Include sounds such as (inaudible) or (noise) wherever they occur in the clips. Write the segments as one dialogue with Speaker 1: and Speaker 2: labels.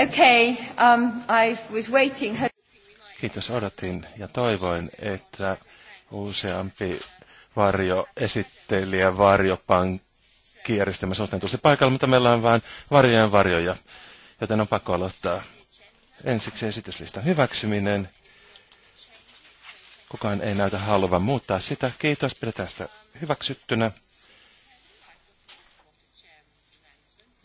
Speaker 1: Okay, um, I was waiting.
Speaker 2: Kiitos, odotin ja toivoin, että useampi varjo esittelijä varjopankkijärjestelmä suhteen tulisi paikalla, mutta meillä on vain varjojen varjoja, joten on pakko aloittaa. Ensiksi esityslistan hyväksyminen. Kukaan ei näytä haluavan muuttaa sitä. Kiitos, pidetään sitä hyväksyttynä.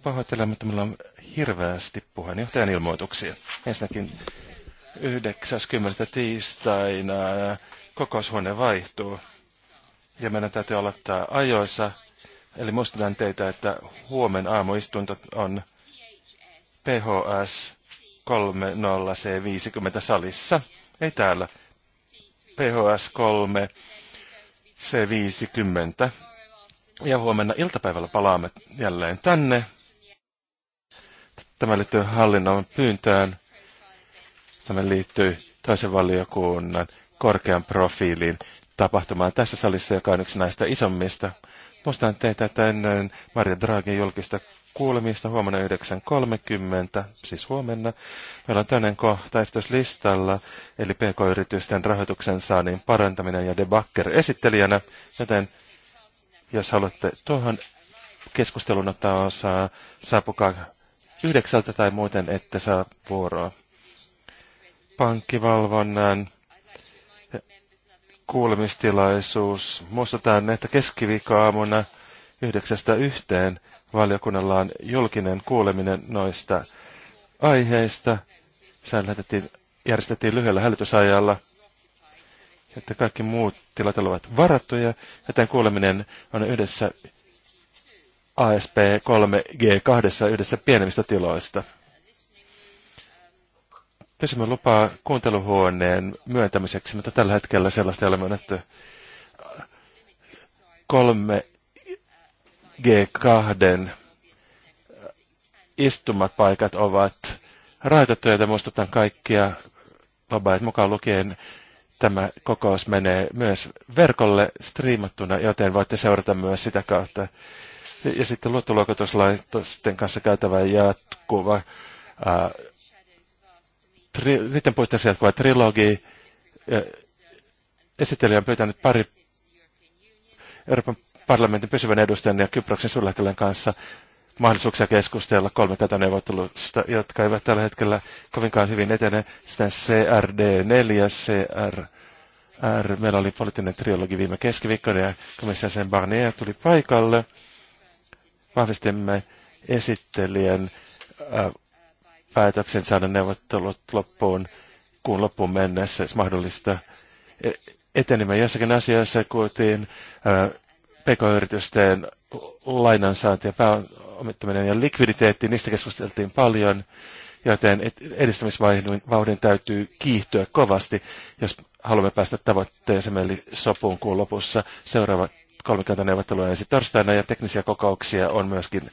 Speaker 2: Pahoittelen, mutta meillä on hirveästi puheenjohtajan ilmoituksia. Ensinnäkin 90. tiistaina kokoushuone vaihtuu ja meidän täytyy aloittaa ajoissa. Eli muistutan teitä, että huomen aamuistunto on PHS 30C50 salissa. Ei täällä. PHS 3 C50. Ja huomenna iltapäivällä palaamme jälleen tänne. Tämä liittyy hallinnon pyyntöön. Tämä liittyy toisen valiokunnan korkean profiilin tapahtumaan tässä salissa, joka on yksi näistä isommista. Muistan teitä tänään Maria Draghi julkista kuulemista huomenna 9.30, siis huomenna. Meillä on toinen kohta listalla, eli PK-yritysten rahoituksen saannin parantaminen ja debakker esittelijänä, joten jos haluatte tuohon keskustelun ottaa osaa, saapukaa yhdeksältä tai muuten että saa vuoroa. Pankkivalvonnan kuulemistilaisuus. Muistutan, että keskiviikkoaamuna yhdeksästä yhteen valiokunnalla on julkinen kuuleminen noista aiheista. Sehän järjestettiin lyhyellä hälytysajalla, että kaikki muut tilat ovat varattuja, joten kuuleminen on yhdessä ASP3G2 yhdessä pienemmistä tiloista. Pysymme lupaa kuunteluhuoneen myöntämiseksi, mutta tällä hetkellä sellaista ei ole myönnetty. 3G2 istumapaikat ovat rajoitettuja, ja muistutan kaikkia lobait mukaan lukien tämä kokous menee myös verkolle striimattuna, joten voitte seurata myös sitä kautta. Ja, sitten luottoluokituslaitosten kanssa käytävä jatkuva, ää, tri, niiden puitteissa jatkuva trilogi. Ja esittelijä on pyytänyt pari Euroopan parlamentin pysyvän edustajan ja Kyproksen suurlähtölen kanssa mahdollisuuksia keskustella Kolme neuvottelusta, jotka eivät tällä hetkellä kovinkaan hyvin etene. Sitten CRD4, CR, Meillä oli poliittinen triologi viime keskiviikkona ja komissaari Barnier tuli paikalle vahvistimme esittelijän äh, päätöksen saada neuvottelut loppuun kuun loppuun mennessä, jos mahdollista. E, etenimme jossakin asioissa, kuultiin äh, pk-yritysten lainansaanti ja pääomittaminen ja likviditeetti, niistä keskusteltiin paljon, joten edistämisvauhdin täytyy kiihtyä kovasti, jos haluamme päästä tavoitteeseen eli sopuun kuun lopussa. Seuraava kolmikantaneuvotteluja ensi torstaina ja teknisiä kokouksia on myöskin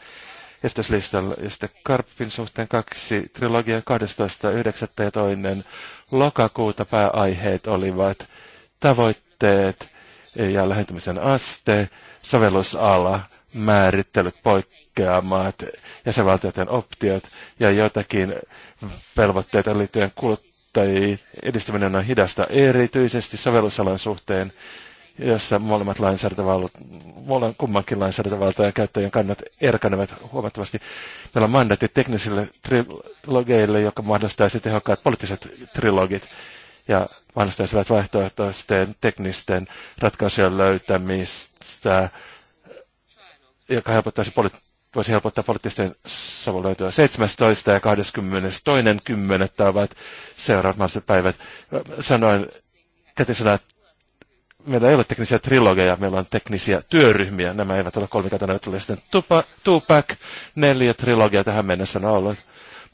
Speaker 2: estoslistalla, Ja sitten Karpin suhteen kaksi trilogia 12.9. ja toinen lokakuuta pääaiheet olivat tavoitteet ja lähentymisen aste, sovellusala, määrittelyt, poikkeamat, jäsenvaltioiden optiot ja jotakin velvoitteita liittyen kuluttajiin. Edistyminen on hidasta erityisesti sovellusalan suhteen jossa molemmat lainsäädäntövallat, molemmat kummankin lainsäädäntövalta ja käyttäjien kannat erkanevat huomattavasti. Meillä on mandaatti teknisille trilogeille, joka mahdollistaisi tehokkaat poliittiset trilogit ja mahdollistaisivat vaihtoehtoisten teknisten ratkaisujen löytämistä, joka helpottaisi poli- voisi helpottaa poliittisten löytyä. 17. ja kymmenettä ovat seuraavat mahdolliset päivät. Sanoin kätisanat meillä ei ole teknisiä trilogeja, meillä on teknisiä työryhmiä. Nämä eivät ole tulee sitten tupa, Tupac, neljä trilogia tähän mennessä on ollut.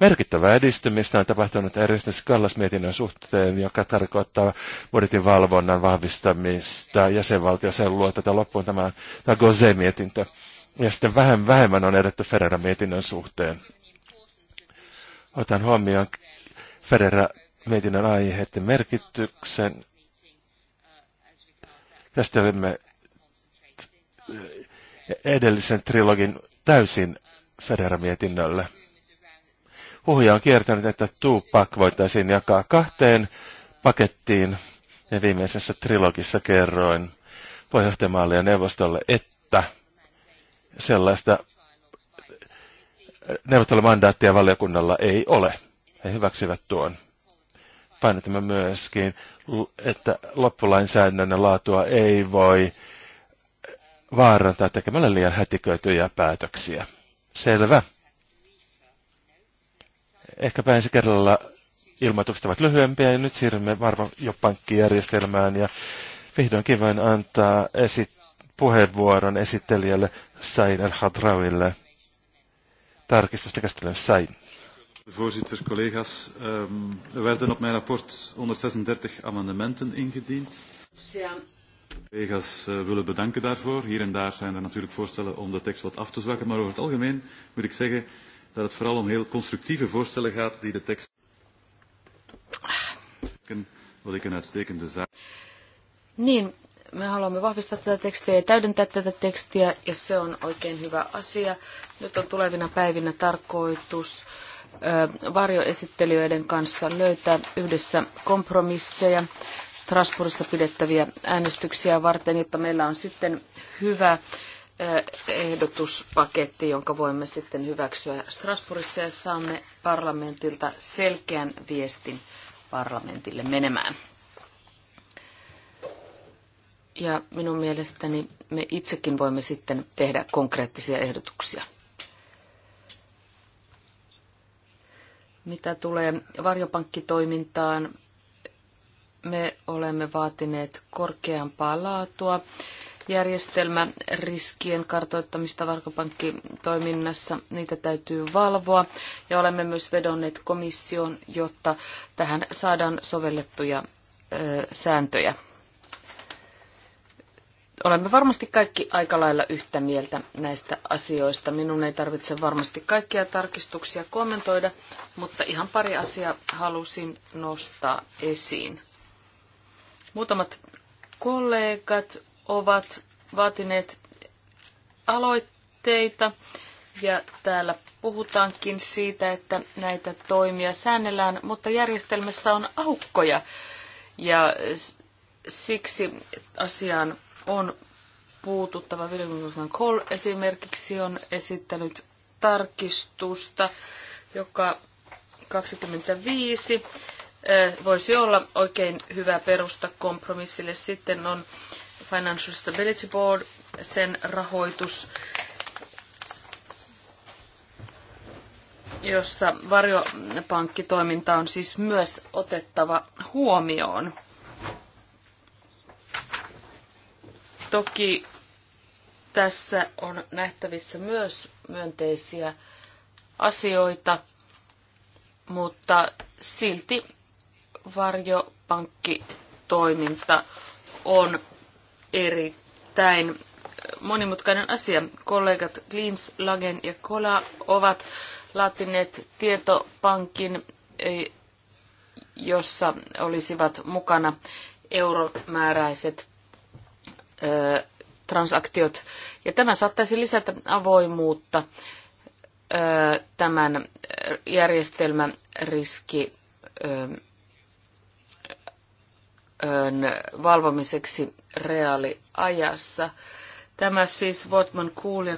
Speaker 2: Merkittävää edistymistä on tapahtunut eristys Kallas-mietinnön suhteen, joka tarkoittaa budjetin valvonnan vahvistamista jäsenvaltiossa luo tätä loppuun tämä, tämä Goze-mietintö. Ja sitten vähän vähemmän on edetty Ferrera-mietinnön suhteen. Otan huomioon Ferrera-mietinnön aiheiden merkityksen käsittelemme eh, edellisen trilogin täysin Federa-mietinnölle. Huhuja on kiertänyt, että Tupac voitaisiin jakaa kahteen pakettiin, ja viimeisessä trilogissa kerroin puheenjohtajamaalle ja neuvostolle, että sellaista eh, neuvottelumandaattia valiokunnalla ei ole. He hyväksyvät tuon. Painotamme myöskin että loppulainsäädännön laatua ei voi vaarantaa tekemällä liian hätiköityjä päätöksiä. Selvä. Ehkäpä ensi kerralla ilmoitukset ovat lyhyempiä ja nyt siirrymme varmaan jo pankkijärjestelmään ja vihdoinkin voin antaa esit- puheenvuoron esittelijälle Sain El-Hadrawille. Tarkistusta käsittelen Sain. Voorzitter, collega's, ehm, er werden op mijn rapport 136 amendementen ingediend. Ja. Collega's eh, willen bedanken daarvoor. Hier en daar zijn er natuurlijk voorstellen om de tekst wat af te zwakken, maar over het algemeen moet ik zeggen dat het vooral om heel constructieve voorstellen gaat die de tekst. Wat ik een uitstekende zaak.
Speaker 1: Niin, me haluamme vahvistaa tätä tekstiä ja täydentää tätä tekstiä, ja se on oikein hyvä asia. Nyt on tulevina päivinä tarkoitus varjoesittelijöiden kanssa löytää yhdessä kompromisseja Strasbourgissa pidettäviä äänestyksiä varten, jotta meillä on sitten hyvä ehdotuspaketti, jonka voimme sitten hyväksyä Strasbourgissa ja saamme parlamentilta selkeän viestin parlamentille menemään. Ja minun mielestäni me itsekin voimme sitten tehdä konkreettisia ehdotuksia. Mitä tulee varjopankkitoimintaan, me olemme vaatineet korkeampaa laatua järjestelmä riskien kartoittamista varkopankkitoiminnassa. Niitä täytyy valvoa ja olemme myös vedonneet komission, jotta tähän saadaan sovellettuja ö, sääntöjä olemme varmasti kaikki aika lailla yhtä mieltä näistä asioista. Minun ei tarvitse varmasti kaikkia tarkistuksia kommentoida, mutta ihan pari asiaa halusin nostaa esiin. Muutamat kollegat ovat vaatineet aloitteita ja täällä puhutaankin siitä, että näitä toimia säännellään, mutta järjestelmässä on aukkoja ja siksi asiaan on puututtava. Viljelmän Kol esimerkiksi on esittänyt tarkistusta, joka 25 voisi olla oikein hyvä perusta kompromissille. Sitten on Financial Stability Board, sen rahoitus, jossa varjopankkitoiminta on siis myös otettava huomioon. Toki tässä on nähtävissä myös myönteisiä asioita, mutta silti varjopankkitoiminta on erittäin monimutkainen asia. Kollegat Glins, Lagen ja Kola ovat laatineet tietopankin, e, jossa olisivat mukana euromääräiset transaktiot. Ja tämä saattaisi lisätä avoimuutta tämän järjestelmän riski valvomiseksi reaaliajassa. Tämä siis Votman Kuul ja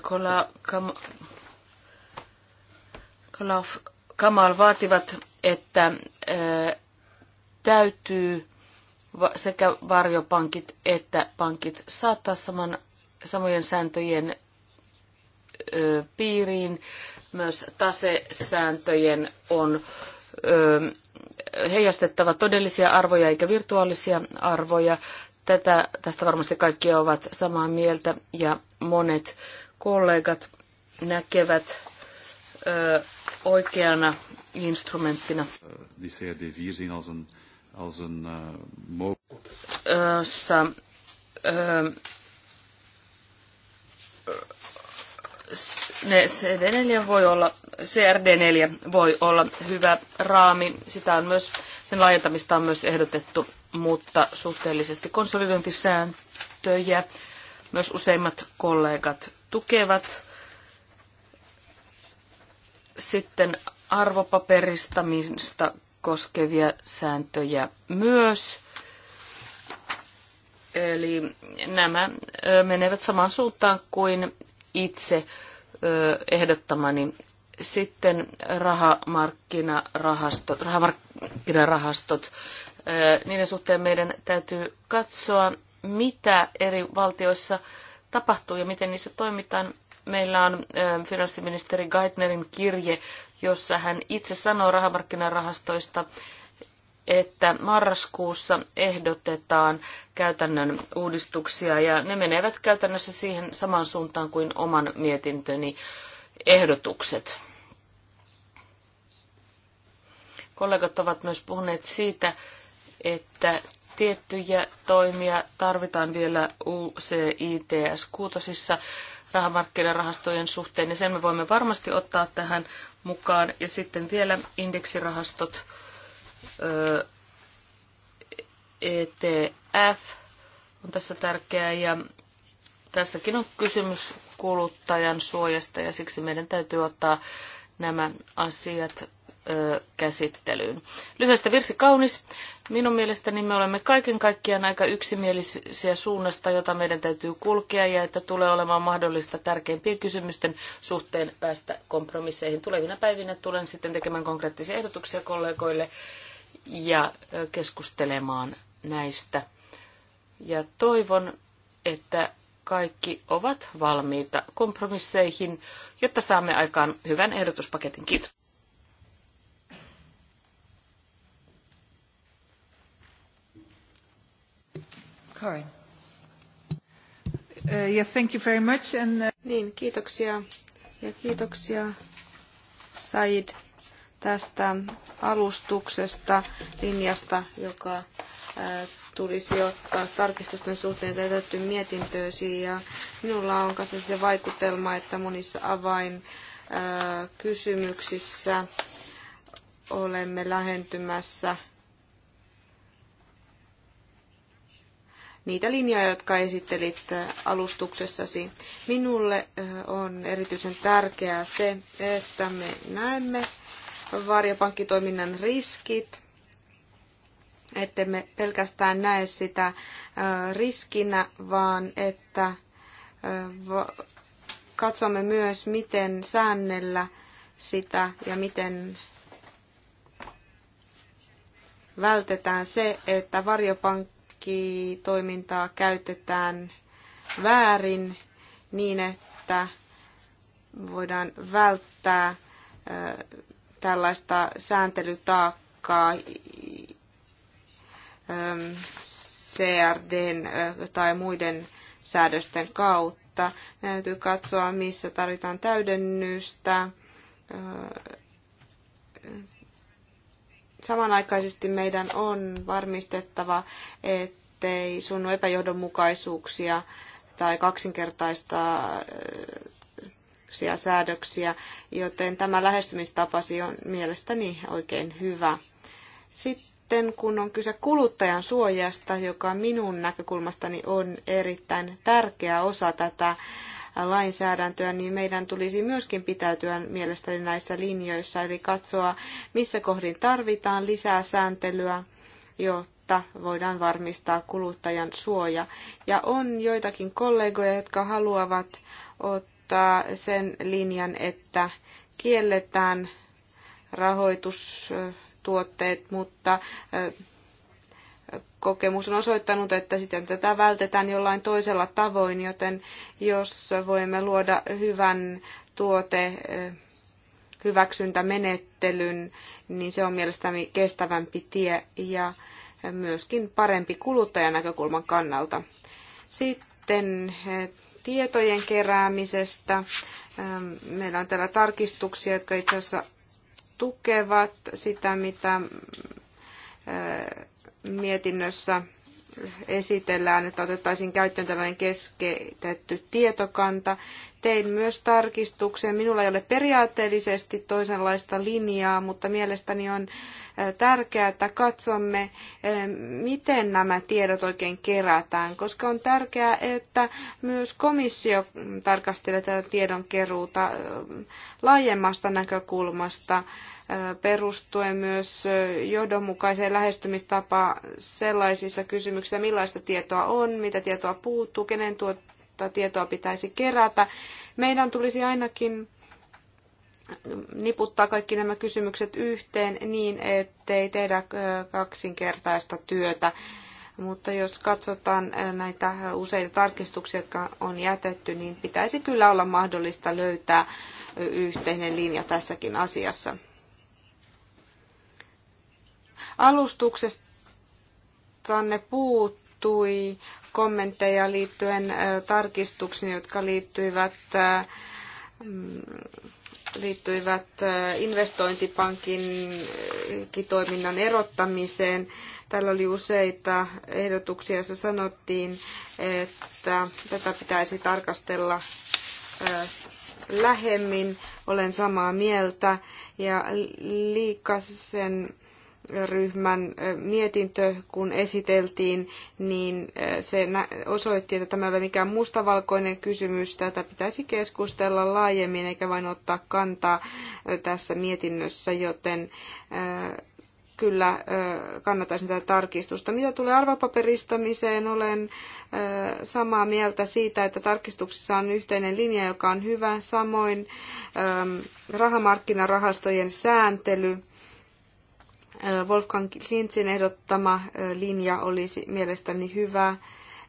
Speaker 1: Kamal vaativat, että täytyy sekä varjopankit että pankit saattaa saman, samojen sääntöjen ö, piiriin. Myös tasesääntöjen on ö, heijastettava todellisia arvoja eikä virtuaalisia arvoja. Tätä, tästä varmasti kaikki ovat samaa mieltä ja monet kollegat näkevät ö, oikeana instrumenttina.
Speaker 2: Uh, als een eh,
Speaker 1: eh, ne CD4 voi olla, CRD4 voi olla hyvä raami. Sitä on myös, sen laajentamista on myös ehdotettu, mutta suhteellisesti konsolidointisääntöjä myös useimmat kollegat tukevat. Sitten arvopaperistamista koskevia sääntöjä myös. Eli nämä menevät samaan suuntaan kuin itse ehdottamani. Sitten rahamarkkinarahastot, rahamarkkinarahastot. Niiden suhteen meidän täytyy katsoa, mitä eri valtioissa tapahtuu ja miten niissä toimitaan. Meillä on finanssiministeri Geithnerin kirje jossa hän itse sanoo rahamarkkinarahastoista, että marraskuussa ehdotetaan käytännön uudistuksia ja ne menevät käytännössä siihen samaan suuntaan kuin oman mietintöni ehdotukset. Kollegat ovat myös puhuneet siitä, että tiettyjä toimia tarvitaan vielä UCITS kuutosissa rahamarkkinarahastojen suhteen, niin sen me voimme varmasti ottaa tähän mukaan. Ja sitten vielä indeksirahastot, ETF on tässä tärkeää ja tässäkin on kysymys kuluttajan suojasta ja siksi meidän täytyy ottaa nämä asiat käsittelyyn. Lyhyestä virsi kaunis. Minun mielestäni me olemme kaiken kaikkiaan aika yksimielisiä suunnasta, jota meidän täytyy kulkea ja että tulee olemaan mahdollista tärkeimpien kysymysten suhteen päästä kompromisseihin. Tulevina päivinä tulen sitten tekemään konkreettisia ehdotuksia kollegoille ja keskustelemaan näistä. Ja toivon, että kaikki ovat valmiita kompromisseihin, jotta saamme aikaan hyvän ehdotuspaketin. Kiitos. Karin.
Speaker 3: Uh, yes, thank you very much. And, uh... Niin, kiitoksia. Ja kiitoksia Said tästä alustuksesta, linjasta, joka äh, tulisi ottaa tarkistusten suhteen täytetty mietintöösi. Ja minulla on kanssa se vaikutelma, että monissa avainkysymyksissä äh, olemme lähentymässä niitä linjoja, jotka esittelit äh, alustuksessasi. Minulle äh, on erityisen tärkeää se, että me näemme varjopankkitoiminnan riskit, että me pelkästään näe sitä äh, riskinä, vaan että katsomme myös, miten säännellä sitä ja miten vältetään se, että varjopankki pankkitoimintaa käytetään väärin niin, että voidaan välttää tällaista sääntelytaakkaa CRDn tai muiden säädösten kautta. Täytyy katsoa, missä tarvitaan täydennystä Samanaikaisesti meidän on varmistettava, ettei sunnu epäjohdonmukaisuuksia tai kaksinkertaista äh, säädöksiä, joten tämä lähestymistapasi on mielestäni oikein hyvä. Sitten kun on kyse kuluttajan suojasta, joka minun näkökulmastani on erittäin tärkeä osa tätä lainsäädäntöä, niin meidän tulisi myöskin pitäytyä mielestäni näissä linjoissa, eli katsoa, missä kohdin tarvitaan lisää sääntelyä, jotta voidaan varmistaa kuluttajan suoja. Ja on joitakin kollegoja, jotka haluavat ottaa sen linjan, että kielletään rahoitustuotteet, mutta kokemus on osoittanut, että sitten tätä vältetään jollain toisella tavoin, joten jos voimme luoda hyvän tuote hyväksyntämenettelyn, niin se on mielestäni kestävämpi tie ja myöskin parempi kuluttajan näkökulman kannalta. Sitten tietojen keräämisestä. Meillä on täällä tarkistuksia, jotka itse asiassa tukevat sitä, mitä mietinnössä esitellään, että otettaisiin käyttöön tällainen keskeytetty tietokanta. Tein myös tarkistuksen. Minulla ei ole periaatteellisesti toisenlaista linjaa, mutta mielestäni on tärkeää, että katsomme, miten nämä tiedot oikein kerätään, koska on tärkeää, että myös komissio tarkastelee tätä tiedon keruuta laajemmasta näkökulmasta perustuen myös johdonmukaiseen lähestymistapaan sellaisissa kysymyksissä, millaista tietoa on, mitä tietoa puuttuu, kenen tuota tietoa pitäisi kerätä. Meidän tulisi ainakin niputtaa kaikki nämä kysymykset yhteen niin, ettei tehdä kaksinkertaista työtä. Mutta jos katsotaan näitä useita tarkistuksia, jotka on jätetty, niin pitäisi kyllä olla mahdollista löytää yhteinen linja tässäkin asiassa. Alustuksestanne puuttui kommentteja liittyen tarkistuksiin, jotka liittyivät, mm, liittyivät investointipankin toiminnan erottamiseen. Täällä oli useita ehdotuksia, joissa sanottiin, että tätä pitäisi tarkastella lähemmin. Olen samaa mieltä ja liikasen ryhmän mietintö, kun esiteltiin, niin se osoitti, että tämä ei ole mikään mustavalkoinen kysymys. Tätä pitäisi keskustella laajemmin eikä vain ottaa kantaa tässä mietinnössä, joten kyllä kannattaisin tätä tarkistusta. Mitä tulee arvopaperistamiseen, olen samaa mieltä siitä, että tarkistuksissa on yhteinen linja, joka on hyvä. Samoin rahamarkkinarahastojen sääntely Wolfgang Klintzin ehdottama linja olisi mielestäni hyvä,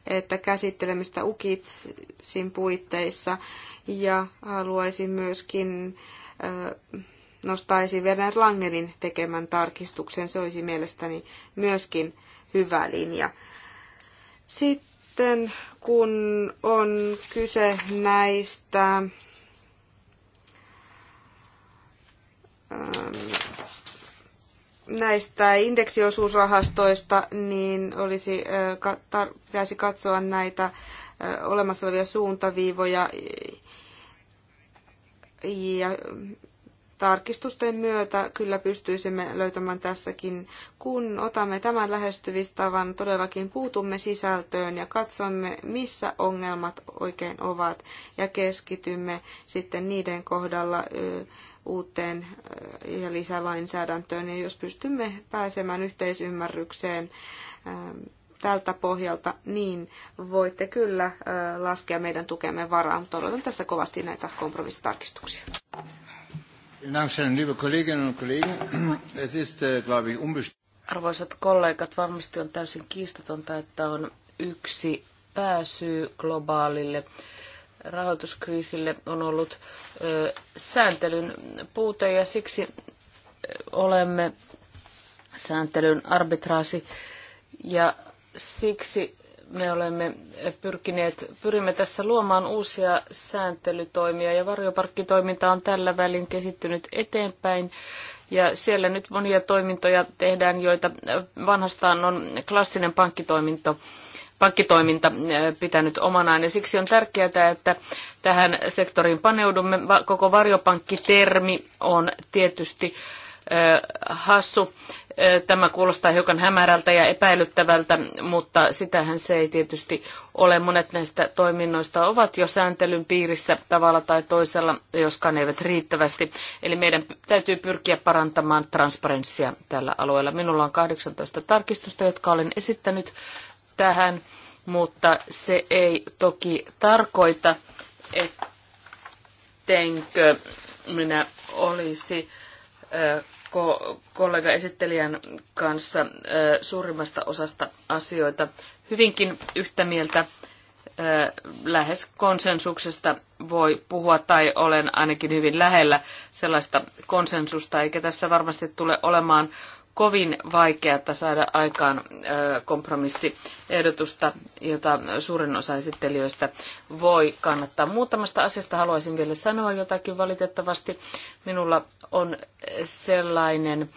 Speaker 3: että käsittelemistä UKITSin puitteissa ja haluaisin myöskin nostaisi Werner Langenin tekemän tarkistuksen. Se olisi mielestäni myöskin hyvä linja. Sitten kun on kyse näistä näistä indeksiosuusrahastoista, niin olisi, pitäisi katsoa näitä olemassa olevia suuntaviivoja ja tarkistusten myötä kyllä pystyisimme löytämään tässäkin, kun otamme tämän lähestyvistavan, todellakin puutumme sisältöön ja katsomme, missä ongelmat oikein ovat ja keskitymme sitten niiden kohdalla uuteen ja lisälainsäädäntöön. Ja jos pystymme pääsemään yhteisymmärrykseen tältä pohjalta, niin voitte kyllä laskea meidän tukemme varaan. Mutta odotan tässä kovasti näitä kompromissitarkistuksia.
Speaker 1: Äh, Arvoisat kollegat, varmasti on täysin kiistatonta, että on yksi pääsy globaalille rahoituskriisille on ollut sääntelyn puute ja siksi olemme sääntelyn arbitraasi ja siksi me olemme pyrkineet, pyrimme tässä luomaan uusia sääntelytoimia ja varjoparkkitoiminta on tällä välin kehittynyt eteenpäin. Ja siellä nyt monia toimintoja tehdään, joita vanhastaan on klassinen pankkitoiminto pankkitoiminta eh, pitänyt omanaan. Ja siksi on tärkeää, että tähän sektoriin paneudumme. Koko varjopankkitermi on tietysti eh, hassu. Eh, tämä kuulostaa hiukan hämärältä ja epäilyttävältä, mutta sitähän se ei tietysti ole. Monet näistä toiminnoista ovat jo sääntelyn piirissä tavalla tai toisella, joskaan eivät riittävästi. Eli meidän täytyy pyrkiä parantamaan transparenssia tällä alueella. Minulla on 18 tarkistusta, jotka olen esittänyt tähän, mutta se ei toki tarkoita, ettenkö minä olisi kollega esittelijän kanssa suurimmasta osasta asioita hyvinkin yhtä mieltä. Lähes konsensuksesta voi puhua tai olen ainakin hyvin lähellä sellaista konsensusta, eikä tässä varmasti tule olemaan kovin vaikeata saada aikaan kompromissiehdotusta, jota suurin osa esittelijöistä voi kannattaa. Muutamasta asiasta haluaisin vielä sanoa jotakin valitettavasti. Minulla on sellainen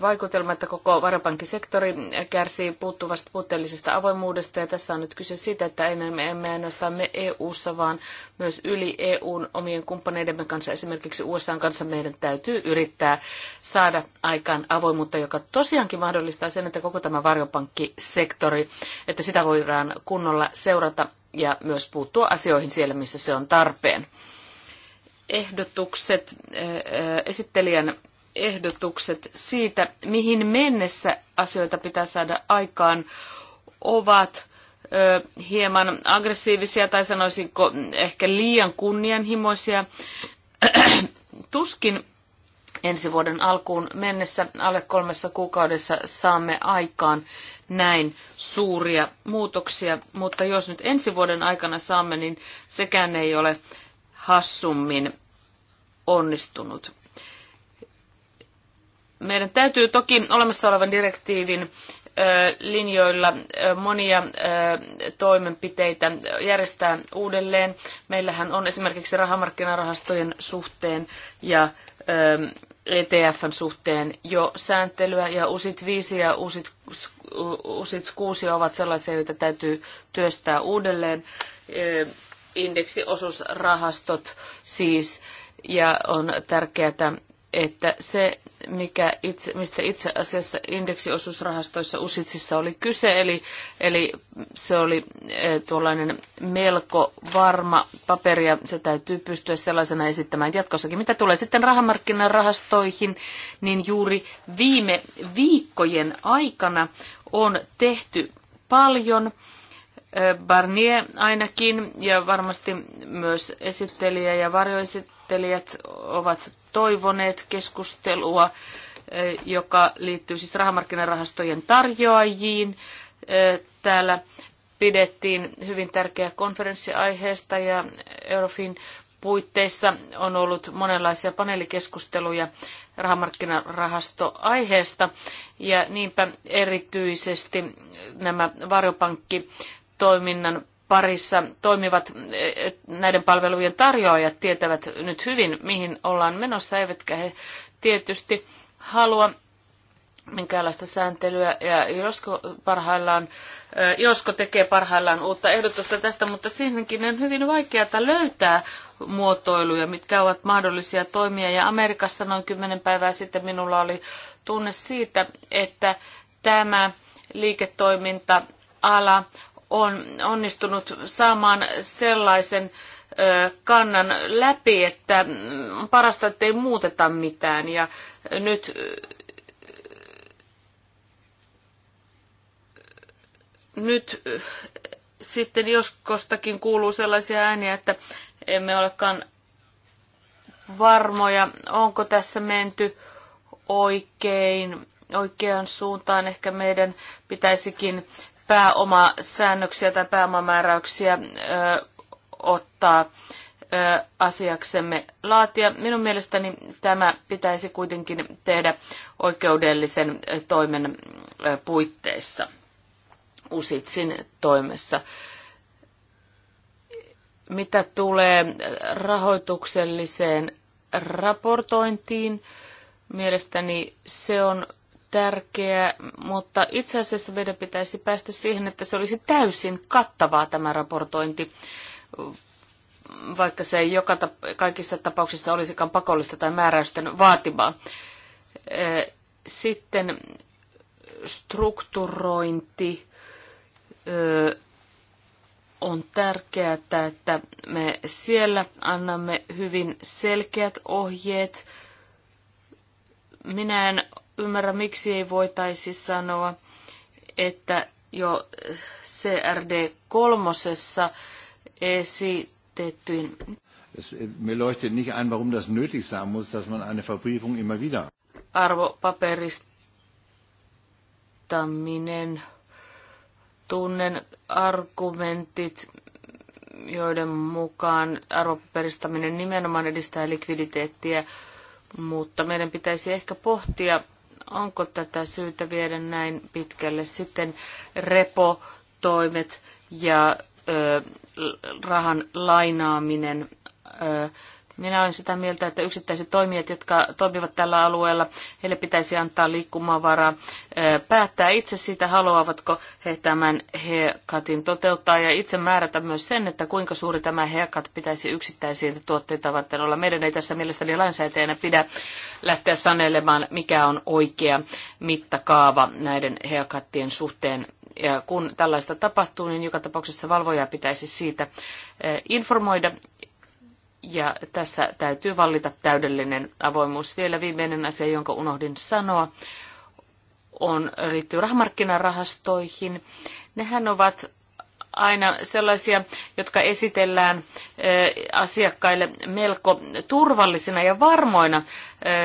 Speaker 1: vaikutelma, että koko varapankkisektori kärsii puuttuvasta puutteellisesta avoimuudesta ja tässä on nyt kyse siitä, että emme, emme ainoastaan me EU-ssa, vaan myös yli EUn omien kumppaneidemme kanssa, esimerkiksi USAn kanssa meidän täytyy yrittää saada aikaan avoimuutta, joka tosiaankin mahdollistaa sen, että koko tämä varapankkisektori, että sitä voidaan kunnolla seurata ja myös puuttua asioihin siellä, missä se on tarpeen ehdotukset, esittelijän ehdotukset siitä, mihin mennessä asioita pitää saada aikaan, ovat hieman aggressiivisia tai sanoisinko ehkä liian kunnianhimoisia. (clears throat) Tuskin ensi vuoden alkuun mennessä alle kolmessa kuukaudessa saamme aikaan näin suuria muutoksia, mutta jos nyt ensi vuoden aikana saamme, niin sekään ei ole hassummin onnistunut. Meidän täytyy toki olemassa olevan direktiivin linjoilla monia toimenpiteitä järjestää uudelleen. Meillähän on esimerkiksi rahamarkkinarahastojen suhteen ja ETFn suhteen jo sääntelyä ja usit viisi ja usit, usit kuusi ovat sellaisia, joita täytyy työstää uudelleen indeksiosuusrahastot siis, ja on tärkeää, että se, mikä itse, mistä itse asiassa indeksiosuusrahastoissa Usitsissa oli kyse, eli, eli se oli e, tuollainen melko varma paperi ja se täytyy pystyä sellaisena esittämään jatkossakin. Mitä tulee sitten rahamarkkinarahastoihin, niin juuri viime viikkojen aikana on tehty paljon Barnier ainakin ja varmasti myös esittelijä ja varjoesittelijät ovat toivoneet keskustelua, joka liittyy siis rahamarkkinarahastojen tarjoajiin. Täällä pidettiin hyvin tärkeä konferenssi aiheesta ja Eurofin puitteissa on ollut monenlaisia paneelikeskusteluja rahamarkkinarahastoaiheesta ja niinpä erityisesti nämä varjopankki toiminnan parissa toimivat eh, näiden palvelujen tarjoajat tietävät nyt hyvin, mihin ollaan menossa, eivätkä he tietysti halua minkäänlaista sääntelyä. Ja Josko, parhaillaan, eh, Josko tekee parhaillaan uutta ehdotusta tästä, mutta siinäkin on hyvin vaikeaa löytää muotoiluja, mitkä ovat mahdollisia toimia. Ja Amerikassa noin kymmenen päivää sitten minulla oli tunne siitä, että tämä liiketoiminta ala on onnistunut saamaan sellaisen kannan läpi, että mm, parasta, että ei muuteta mitään. Ja nyt nyt sitten joskostakin kuuluu sellaisia ääniä, että emme olekaan varmoja, onko tässä menty oikein, oikeaan suuntaan. Ehkä meidän pitäisikin pääomasäännöksiä tai pääomamääräyksiä ottaa asiaksemme laatia. Minun mielestäni tämä pitäisi kuitenkin tehdä oikeudellisen toimen puitteissa, USITSin toimessa. Mitä tulee rahoitukselliseen raportointiin, mielestäni se on tärkeä, mutta itse asiassa meidän pitäisi päästä siihen, että se olisi täysin kattavaa tämä raportointi, vaikka se ei joka tap- kaikissa tapauksissa olisikaan pakollista tai määräysten vaatimaa. Sitten strukturointi on tärkeää, että me siellä annamme hyvin selkeät ohjeet. Minä en ymmärrä, miksi ei voitaisi sanoa, että jo CRD kolmosessa esitettyin.
Speaker 3: Me leuchtet nicht ein, warum das nötig sein muss, dass man eine Verbriefung immer wieder.
Speaker 1: Arvopaperistaminen, tunnen argumentit, joiden mukaan arvopaperistaminen nimenomaan edistää likviditeettiä, mutta meidän pitäisi ehkä pohtia onko tätä syytä viedä näin pitkälle. Sitten repotoimet ja ö, rahan lainaaminen. Ö, minä olen sitä mieltä, että yksittäiset toimijat, jotka toimivat tällä alueella, heille pitäisi antaa liikkumavaraa päättää itse siitä, haluavatko he tämän haircutin toteuttaa ja itse määrätä myös sen, että kuinka suuri tämä haircut pitäisi yksittäisiä tuotteita varten olla. Meidän ei tässä mielestäni lainsäätäjänä pidä lähteä sanelemaan, mikä on oikea mittakaava näiden haircuttien suhteen ja kun tällaista tapahtuu, niin joka tapauksessa valvoja pitäisi siitä informoida ja tässä täytyy vallita täydellinen avoimuus. Vielä viimeinen asia, jonka unohdin sanoa, on, liittyy rahamarkkinarahastoihin. Nehän ovat aina sellaisia, jotka esitellään eh, asiakkaille melko turvallisina ja varmoina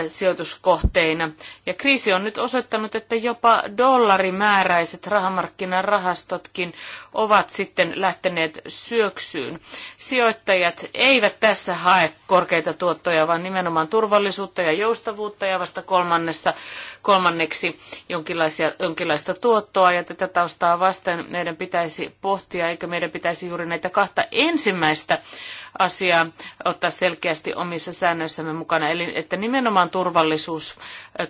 Speaker 1: sijoituskohteina. Ja kriisi on nyt osoittanut, että jopa dollarimääräiset rahamarkkinarahastotkin ovat sitten lähteneet syöksyyn. Sijoittajat eivät tässä hae korkeita tuottoja, vaan nimenomaan turvallisuutta ja joustavuutta ja vasta kolmannessa, kolmanneksi jonkinlaisia, jonkinlaista tuottoa. Ja tätä taustaa vasten meidän pitäisi pohtia, eikö meidän pitäisi juuri näitä kahta ensimmäistä asia ottaa selkeästi omissa säännöissämme mukana, eli että nimenomaan turvallisuus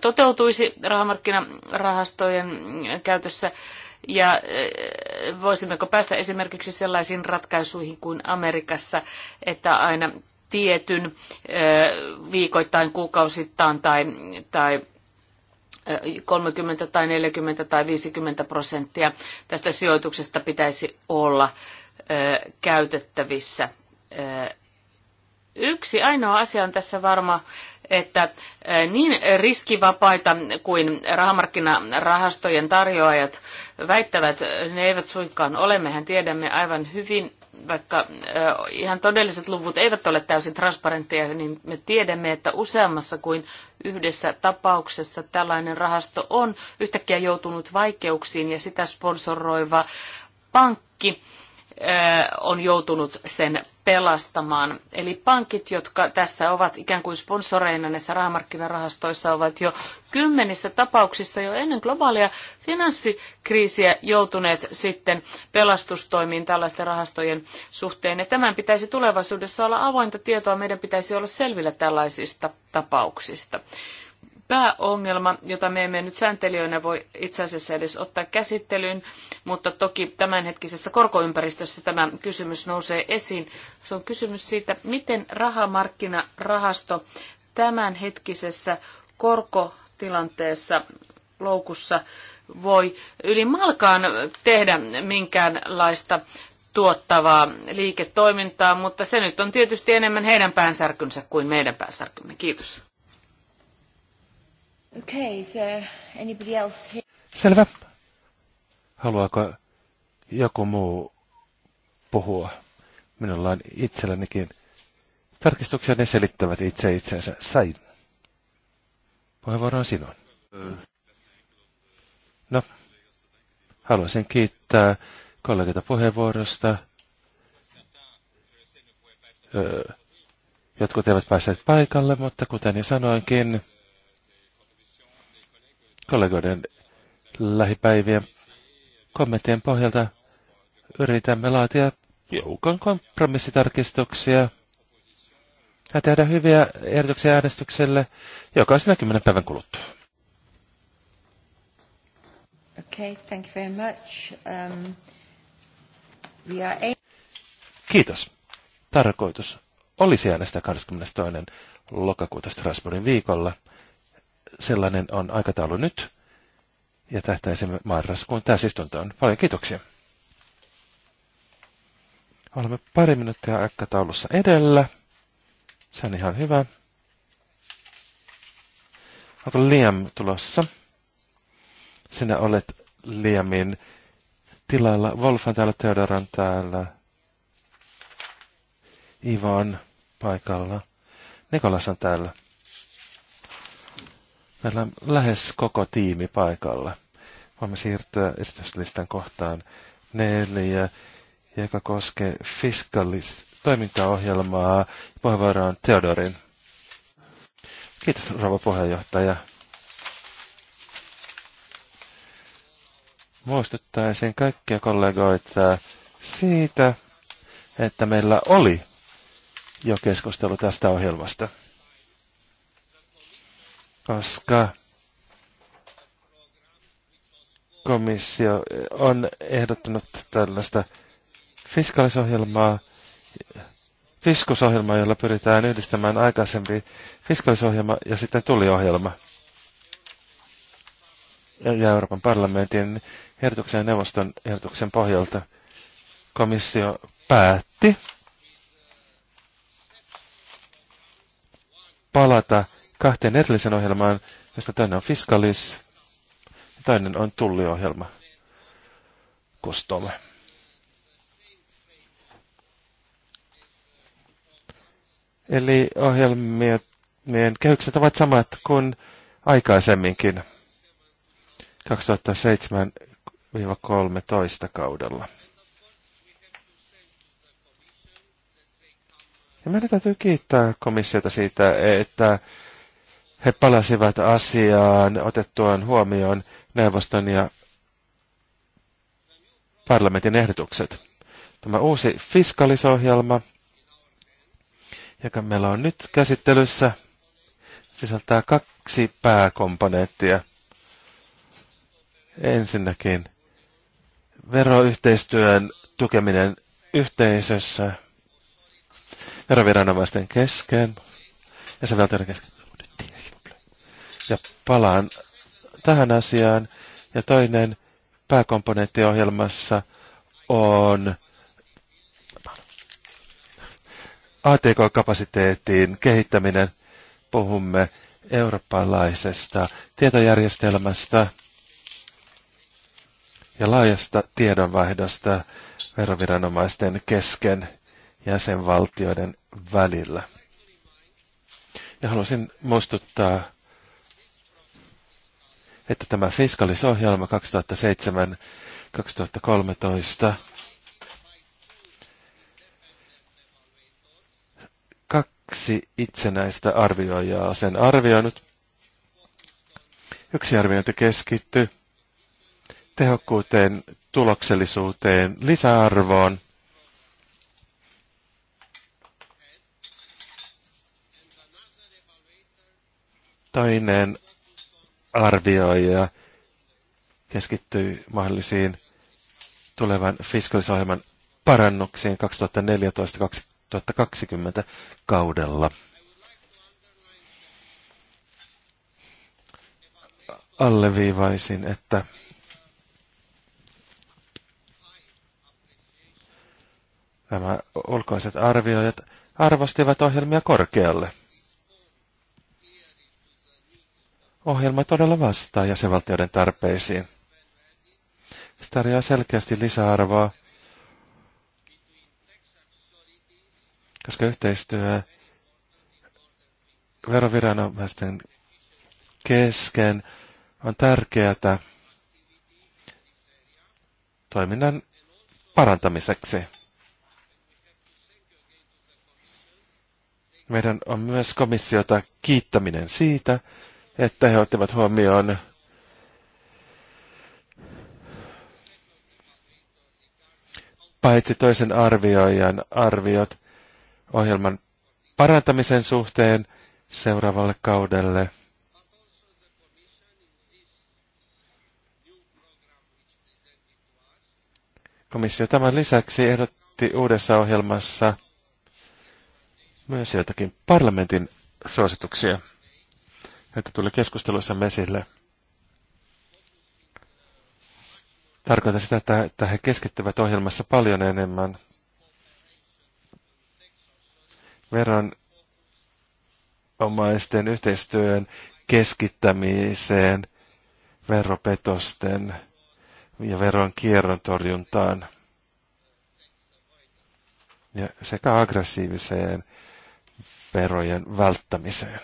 Speaker 1: toteutuisi rahamarkkinarahastojen käytössä. Ja voisimmeko päästä esimerkiksi sellaisiin ratkaisuihin kuin Amerikassa, että aina tietyn viikoittain, kuukausittain tai, tai 30 tai 40 tai 50 prosenttia tästä sijoituksesta pitäisi olla käytettävissä Yksi ainoa asia on tässä varma, että niin riskivapaita kuin rahamarkkinarahastojen tarjoajat väittävät, ne eivät suinkaan ole. Mehän tiedämme aivan hyvin, vaikka ihan todelliset luvut eivät ole täysin transparentteja, niin me tiedämme, että useammassa kuin yhdessä tapauksessa tällainen rahasto on yhtäkkiä joutunut vaikeuksiin ja sitä sponsoroiva pankki on joutunut sen pelastamaan. Eli pankit, jotka tässä ovat ikään kuin sponsoreina näissä rahamarkkinarahastoissa, ovat jo kymmenissä tapauksissa jo ennen globaalia finanssikriisiä joutuneet sitten pelastustoimiin tällaisten rahastojen suhteen. Ja tämän pitäisi tulevaisuudessa olla avointa tietoa, meidän pitäisi olla selvillä tällaisista tapauksista pääongelma, jota me emme nyt sääntelijöinä voi itse asiassa edes ottaa käsittelyyn, mutta toki tämänhetkisessä korkoympäristössä tämä kysymys nousee esiin. Se on kysymys siitä, miten rahamarkkinarahasto tämänhetkisessä korkotilanteessa loukussa voi yli malkaan tehdä minkäänlaista tuottavaa liiketoimintaa, mutta se nyt on tietysti enemmän heidän päänsärkynsä kuin meidän päänsärkymme. Kiitos. Okay, anybody else here?
Speaker 2: Selvä. Haluaako joku muu puhua? Minulla on itsellänikin tarkistuksia, ne selittävät itse itseänsä. Sain. Puheenvuoro on sinun. No, haluaisin kiittää kollegita puheenvuorosta. Jotkut eivät päässeet paikalle, mutta kuten jo sanoinkin, kollegoiden lähipäivien kommenttien pohjalta yritämme laatia joukon kompromissitarkistuksia ja tehdä hyviä ehdotuksia äänestykselle jokaisena kymmenen päivän kuluttua.
Speaker 1: Okay, thank you very much. Um, we are a-
Speaker 2: Kiitos. Tarkoitus olisi äänestää 22. lokakuuta Strasbourgin viikolla – sellainen on aikataulu nyt. Ja tähtäisimme marraskuun täysistuntoon. Paljon kiitoksia. Olemme pari minuuttia aikataulussa edellä. Se on ihan hyvä. Onko Liam tulossa? Sinä olet Liamin tilalla. Wolf on täällä, Theodor on täällä. Ivan paikalla. Nikolas on täällä. Meillä on lähes koko tiimi paikalla. Voimme siirtyä esityslistan kohtaan neljä, joka koskee fiskalis toimintaohjelmaa. Puheenvuoro on Theodorin. Kiitos, rouva puheenjohtaja. Muistuttaisin kaikkia kollegoita siitä, että meillä oli jo keskustelu tästä ohjelmasta koska komissio on ehdottanut tällaista fiskalisohjelmaa, fiskusohjelmaa, jolla pyritään yhdistämään aikaisempi fiskalisohjelma ja sitten tuliohjelma. Ja Euroopan parlamentin ehdotuksen ja neuvoston ehdotuksen pohjalta komissio päätti palata kahteen erillisen ohjelmaan, josta toinen on Fiskalis ja toinen on tulliohjelma. Custom. Eli ohjelmien kehykset ovat samat kuin aikaisemminkin 2007-13 kaudella. Ja meidän täytyy kiittää komissiota siitä, että he palasivat asiaan otettuaan huomioon neuvoston ja parlamentin ehdotukset. Tämä uusi fiskalisohjelma, joka meillä on nyt käsittelyssä, sisältää kaksi pääkomponenttia. Ensinnäkin veroyhteistyön tukeminen yhteisössä, veroviranomaisten kesken ja sen kesken ja palaan tähän asiaan. Ja toinen pääkomponentti ohjelmassa on ATK-kapasiteetin kehittäminen. Puhumme eurooppalaisesta tietojärjestelmästä ja laajasta tiedonvaihdosta veroviranomaisten kesken jäsenvaltioiden välillä. Ja haluaisin muistuttaa että tämä fiskalisohjelma 2007-2013 kaksi itsenäistä arvioijaa sen arvioinut. Yksi arviointi keskittyy tehokkuuteen, tuloksellisuuteen, lisäarvoon. Toinen arvioi ja keskittyi mahdollisiin tulevan fiskalisohjelman parannuksiin 2014-2020 kaudella. Alleviivaisin, että nämä ulkoiset arvioijat arvostivat ohjelmia korkealle – ohjelma todella vastaa jäsenvaltioiden tarpeisiin. Se tarjoaa selkeästi lisäarvoa, koska yhteistyö veroviranomaisten kesken on tärkeää toiminnan parantamiseksi. Meidän on myös komissiota kiittäminen siitä, että he ottivat huomioon paitsi toisen arvioijan arviot ohjelman parantamisen suhteen seuraavalle kaudelle. Komissio tämän lisäksi ehdotti uudessa ohjelmassa myös joitakin parlamentin suosituksia että tuli keskusteluissa mesille. Tarkoitan sitä, että, että he keskittyvät ohjelmassa paljon enemmän veron omaisten yhteistyön keskittämiseen, veropetosten ja veron kierron torjuntaan ja sekä aggressiiviseen verojen välttämiseen.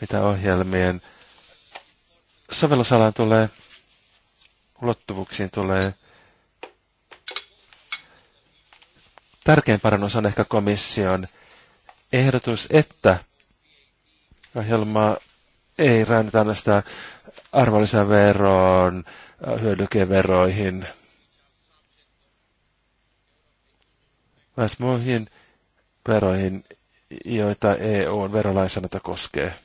Speaker 2: mitä ohjelmien sovellusalaan tulee, ulottuvuuksiin tulee. Tärkein parannus on ehkä komission ehdotus, että ohjelma ei räännetä näistä arvonlisäveroon, hyödykeveroihin, myös muihin veroihin, joita e on verolainsäädäntö koskee.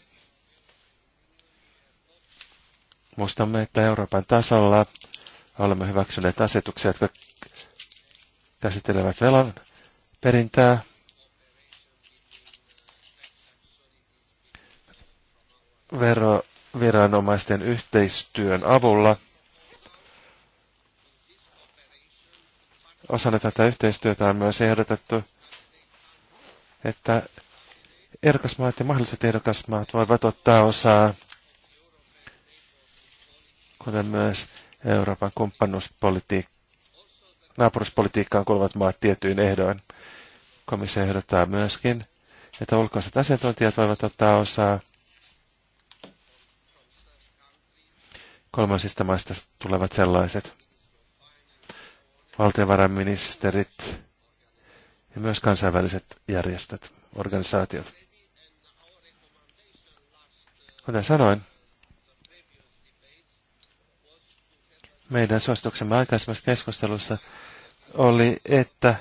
Speaker 2: Muistamme, että Euroopan tasolla olemme hyväksyneet asetuksia, jotka käsittelevät velan perintää. veroviranomaisten yhteistyön avulla. Osana tätä yhteistyötä on myös ehdotettu, että ehdokasmaat ja mahdolliset ehdokasmaat voivat ottaa osaa kuten myös Euroopan kumppanuuspolitiik- naapuruspolitiikkaan kuuluvat maat tietyin ehdoin. Komissio ehdottaa myöskin, että ulkoiset asiantuntijat voivat ottaa osaa kolmansista maista tulevat sellaiset. Valtiovarainministerit ja myös kansainväliset järjestöt, organisaatiot. Kuten sanoin, meidän suosituksemme aikaisemmassa keskustelussa oli, että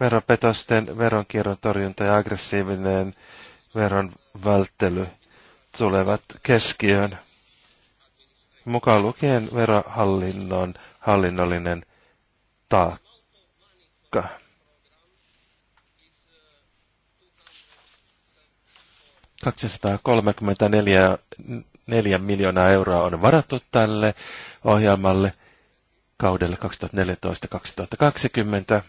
Speaker 2: veropetosten veronkierron torjunta ja aggressiivinen veron välttely tulevat keskiöön, mukaan lukien verohallinnon hallinnollinen taakka. neljä neljä miljoonaa euroa on varattu tälle ohjelmalle kaudelle 2014-2020.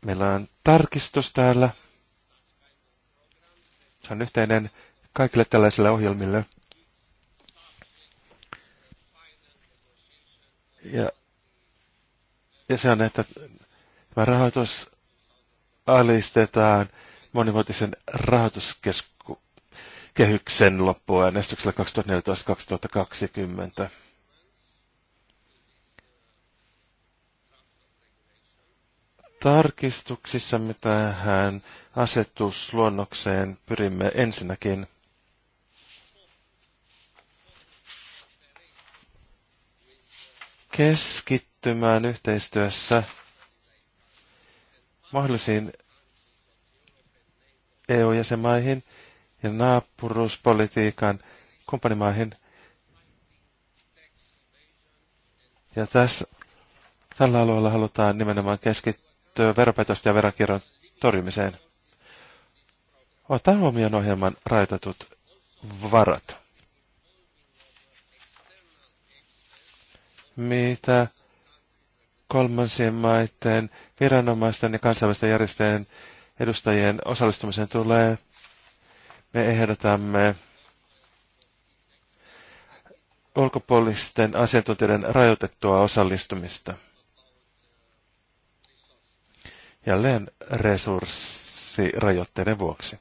Speaker 2: Meillä on tarkistus täällä. Se on yhteinen kaikille tällaisille ohjelmille. Ja, ja se on, että tämä rahoitus alistetaan monivuotisen rahoituskeskuksen kehyksen loppuäänestyksellä 2014-2020. mitä hän asetusluonnokseen pyrimme ensinnäkin keskittymään yhteistyössä mahdollisiin EU-jäsenmaihin ja naapuruuspolitiikan kumppanimaihin. Ja tässä, tällä alueella halutaan nimenomaan keskittyä veropetosta ja veronkierron torjumiseen. Ota huomioon ohjelman rajoitetut varat. Mitä kolmansien maiden viranomaisten ja kansainvälisten järjestöjen edustajien osallistumiseen tulee, me ehdotamme ulkopuolisten asiantuntijoiden rajoitettua osallistumista. Jälleen resurssirajoitteiden vuoksi.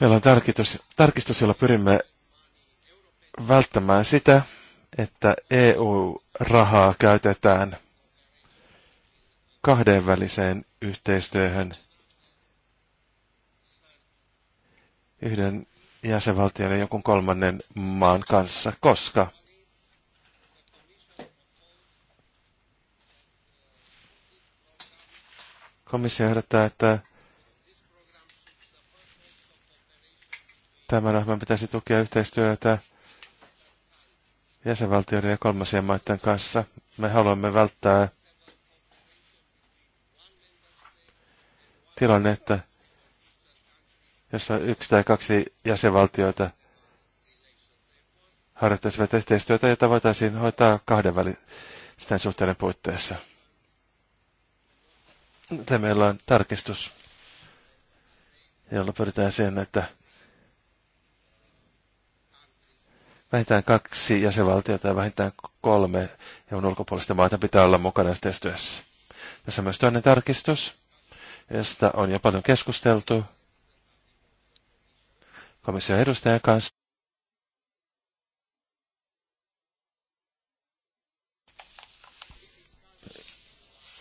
Speaker 2: Meillä on tarkistus, tarkistus, jolla pyrimme välttämään sitä, että EU-rahaa käytetään kahdenväliseen yhteistyöhön yhden jäsenvaltion ja jonkun kolmannen maan kanssa, koska komissio ehdottaa, että Tämän ohjelman pitäisi tukea yhteistyötä jäsenvaltioiden ja kolmasien maiden kanssa. Me haluamme välttää tilannetta, jossa yksi tai kaksi jäsenvaltioita harjoittaisivat yhteistyötä, jota voitaisiin hoitaa kahdenvälisten suhteiden puitteissa. Tämä meillä on tarkistus, jolla pyritään siihen, että vähintään kaksi jäsenvaltiota ja vähintään kolme EUn ulkopuolista maata pitää olla mukana yhteistyössä. Tässä on myös toinen tarkistus, josta on jo paljon keskusteltu komission edustajan kanssa.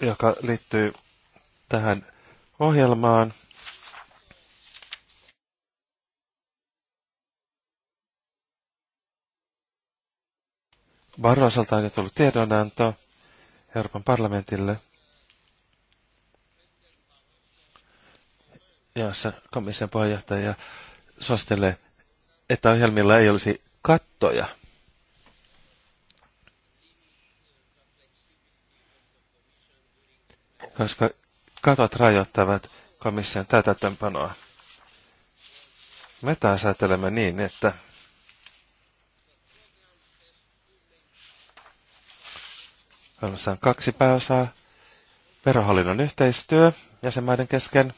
Speaker 2: joka liittyy tähän ohjelmaan – Barrosalta on jo tullut tiedonanto Euroopan parlamentille, jossa komission puheenjohtaja suosittelee, että ohjelmilla ei olisi kattoja. Koska katot rajoittavat komission täytäntöönpanoa. Me taas ajattelemme niin, että Ohjelmassa on kaksi pääosaa. Verohallinnon yhteistyö jäsenmaiden kesken.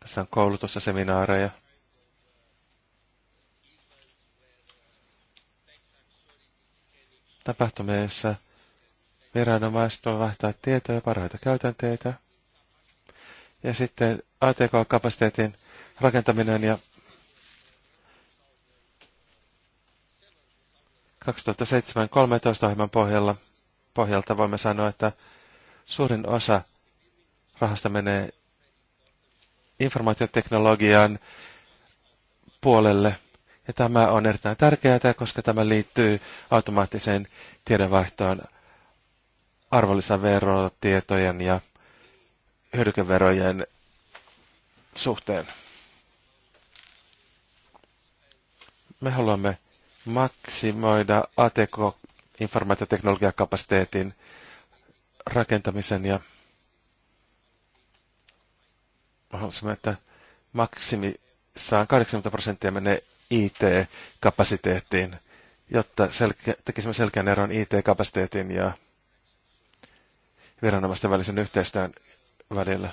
Speaker 2: Tässä on koulutus ja seminaareja. Tapahtumia, joissa viranomaiset vaihtaa tietoja ja parhaita käytänteitä. Ja sitten ATK-kapasiteetin rakentaminen ja 2007-2013 ohjelman pohjalla, pohjalta voimme sanoa, että suurin osa rahasta menee informaatioteknologian puolelle. Ja tämä on erittäin tärkeää, koska tämä liittyy automaattiseen tiedonvaihtoon arvonlisäverotietojen ja hyödykeverojen suhteen. Me haluamme maksimoida ATK-informaatioteknologiakapasiteetin rakentamisen ja haluaisimme, että maksimi maksimissaan 80 prosenttia menee IT-kapasiteettiin, jotta selke- tekisimme selkeän eron IT-kapasiteetin ja viranomaisten välisen yhteistyön välillä.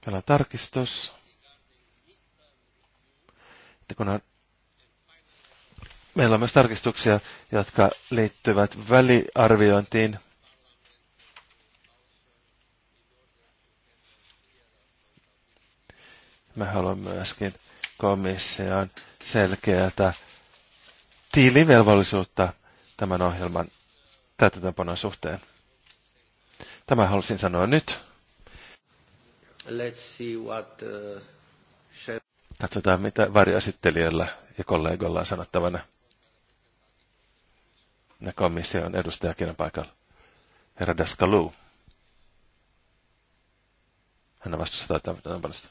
Speaker 2: Täällä on tarkistus. Ja kun meillä on myös tarkistuksia, jotka liittyvät väliarviointiin. Mä haluan myöskin komission selkeätä tiilivelvollisuutta tämän ohjelman täytäntöönpanon suhteen. Tämä halusin sanoa nyt. Let's see what, uh, Katsotaan, mitä varjoesittelijällä ja kollegolla on sanottavana. Ja komission edustajakin on paikalla. Herra Daskalu. Hän on vastuussa tämmöistä.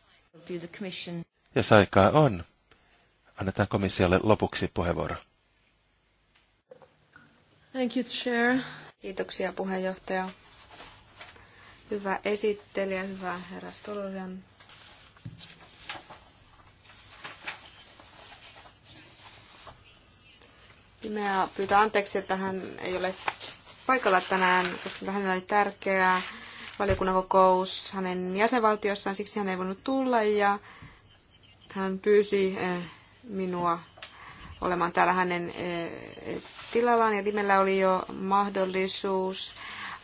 Speaker 2: Jos aikaa on, annetaan komissiolle lopuksi puheenvuoro.
Speaker 3: Thank you, Chair. Kiitoksia puheenjohtaja. Hyvä esittelijä, hyvä herra Stolorian. Pimeä pyytää anteeksi, että hän ei ole paikalla tänään, koska hänellä oli tärkeää valiokunnan kokous hänen jäsenvaltiossaan, siksi hän ei voinut tulla ja hän pyysi eh, minua olemaan täällä hänen eh, tilallaan ja Timellä oli jo mahdollisuus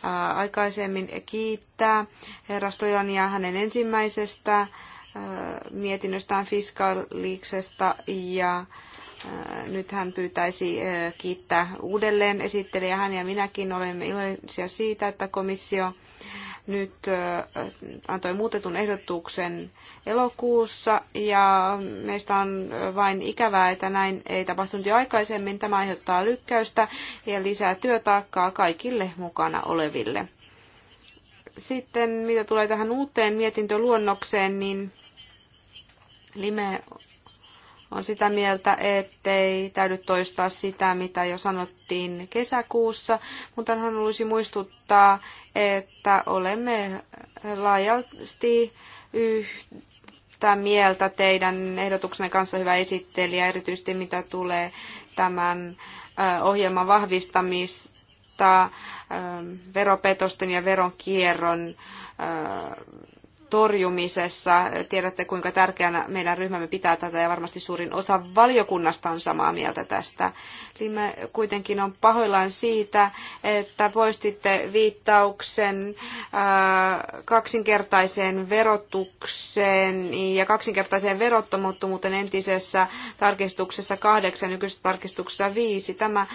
Speaker 3: eh, aikaisemmin kiittää herra Stojania hänen ensimmäisestä mietinnöstään fiskaaliksesta ja Äh, nyt hän pyytäisi äh, kiittää uudelleen esittelijä. Hän ja minäkin olemme iloisia siitä, että komissio nyt äh, antoi muutetun ehdotuksen elokuussa ja meistä on vain ikävää, että näin ei tapahtunut jo aikaisemmin. Tämä aiheuttaa lykkäystä ja lisää työtaakkaa kaikille mukana oleville. Sitten mitä tulee tähän uuteen mietintöluonnokseen, niin Lime on sitä mieltä, ettei täydy toistaa sitä, mitä jo sanottiin kesäkuussa, mutta hän haluaisi muistuttaa, että olemme laajasti yhtä mieltä teidän ehdotuksenne kanssa, hyvä esittelijä, erityisesti mitä tulee tämän ohjelman vahvistamista veropetosten ja veronkierron torjumisessa. Tiedätte, kuinka tärkeänä meidän ryhmämme pitää tätä ja varmasti suurin osa valiokunnasta on samaa mieltä tästä. Lime kuitenkin on pahoillaan siitä, että poistitte viittauksen äh, kaksinkertaiseen verotukseen ja kaksinkertaiseen verottomuuteen entisessä tarkistuksessa kahdeksan, nykyisessä tarkistuksessa viisi. Tämä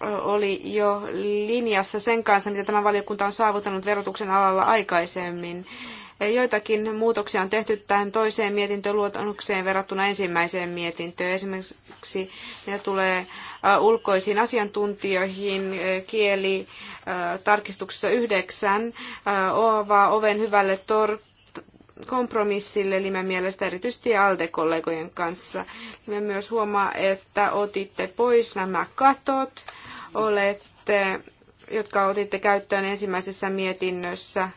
Speaker 3: oli jo linjassa sen kanssa, mitä tämä valiokunta on saavuttanut verotuksen alalla aikaisemmin. Joitakin muutoksia on tehty tähän toiseen mietintöluotokseen verrattuna ensimmäiseen mietintöön. Esimerkiksi ne tulee ulkoisiin asiantuntijoihin kieli tarkistuksessa yhdeksän ova oven hyvälle tor- kompromissille Limen mielestä erityisesti ALDE-kollegojen kanssa. Me myös huomaa, että otitte pois nämä katot olette, jotka otitte käyttöön ensimmäisessä mietinnössä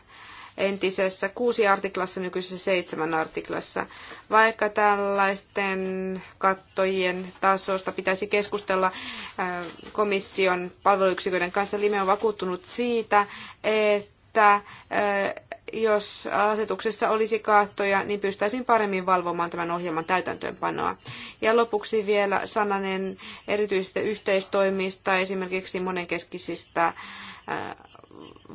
Speaker 3: entisessä kuusi artiklassa, nykyisessä seitsemän artiklassa. Vaikka tällaisten kattojen tasosta pitäisi keskustella äh, komission palveluyksiköiden kanssa, Lime on vakuuttunut siitä, että että äh, jos asetuksessa olisi kaattoja, niin pystyttäisiin paremmin valvomaan tämän ohjelman täytäntöönpanoa. Ja lopuksi vielä sananen erityisistä yhteistoimista, esimerkiksi monenkeskisistä äh,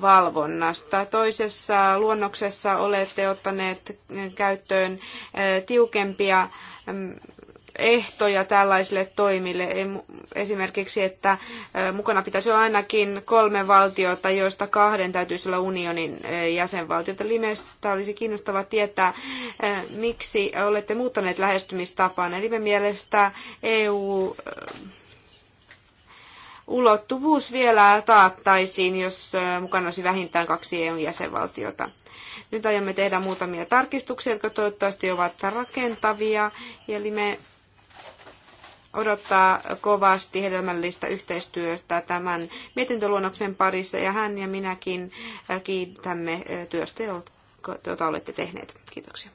Speaker 3: valvonnasta. Toisessa luonnoksessa olette ottaneet käyttöön äh, tiukempia mm, ehtoja tällaisille toimille. Esimerkiksi, että mukana pitäisi olla ainakin kolme valtiota, joista kahden täytyisi olla unionin jäsenvaltiota. Limeestä olisi kiinnostava tietää, miksi olette muuttaneet lähestymistapaan. Eli me mielestä EU ulottuvuus vielä taattaisiin, jos mukana olisi vähintään kaksi EU-jäsenvaltiota. Nyt aiomme tehdä muutamia tarkistuksia, jotka toivottavasti ovat rakentavia. Eli me odottaa kovasti hedelmällistä yhteistyötä tämän mietintöluonnoksen parissa ja hän ja minäkin äh, kiitämme äh,
Speaker 1: työstä, jota olette tehneet. Kiitoksia.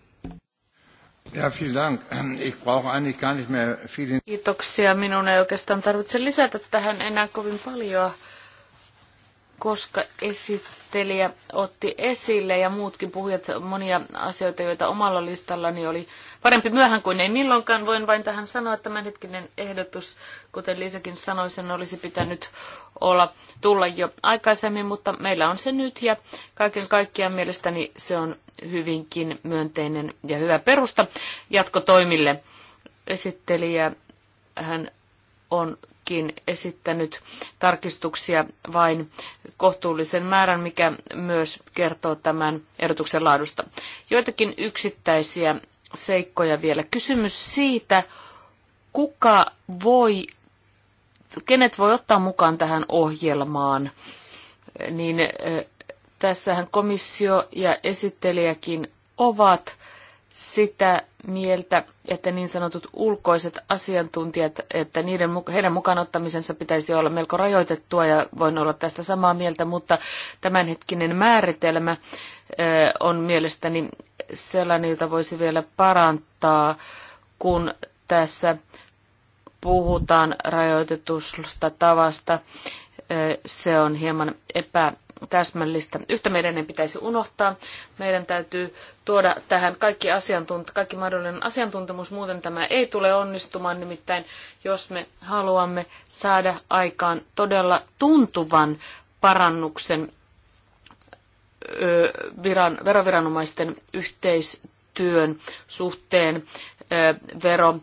Speaker 2: Ja, Dank. Ich gar nicht mehr viel...
Speaker 1: Kiitoksia. Minun ei oikeastaan tarvitse lisätä tähän enää kovin paljon, koska esittelijä otti esille ja muutkin puhujat monia asioita, joita omalla listallani oli Parempi myöhään kuin ei milloinkaan. Voin vain tähän sanoa, että tämänhetkinen ehdotus, kuten Liisakin sanoi, sen olisi pitänyt olla, tulla jo aikaisemmin, mutta meillä on se nyt ja kaiken kaikkiaan mielestäni se on hyvinkin myönteinen ja hyvä perusta jatkotoimille. Esittelijä hän onkin esittänyt tarkistuksia vain kohtuullisen määrän, mikä myös kertoo tämän ehdotuksen laadusta. Joitakin yksittäisiä seikkoja vielä. Kysymys siitä, kuka voi, kenet voi ottaa mukaan tähän ohjelmaan, niin tässähän komissio ja esittelijäkin ovat sitä mieltä, että niin sanotut ulkoiset asiantuntijat, että niiden, heidän ottamisensa pitäisi olla melko rajoitettua ja voin olla tästä samaa mieltä, mutta tämänhetkinen määritelmä on mielestäni sellainen, jota voisi vielä parantaa, kun tässä puhutaan rajoitetusta tavasta. Se on hieman epä täsmällistä. Yhtä meidän ei pitäisi unohtaa. Meidän täytyy tuoda tähän kaikki, asiantunt- kaikki mahdollinen asiantuntemus, muuten tämä ei tule onnistumaan. Nimittäin jos me haluamme saada aikaan todella tuntuvan parannuksen viran, veroviranomaisten yhteistyön suhteen ö, vero,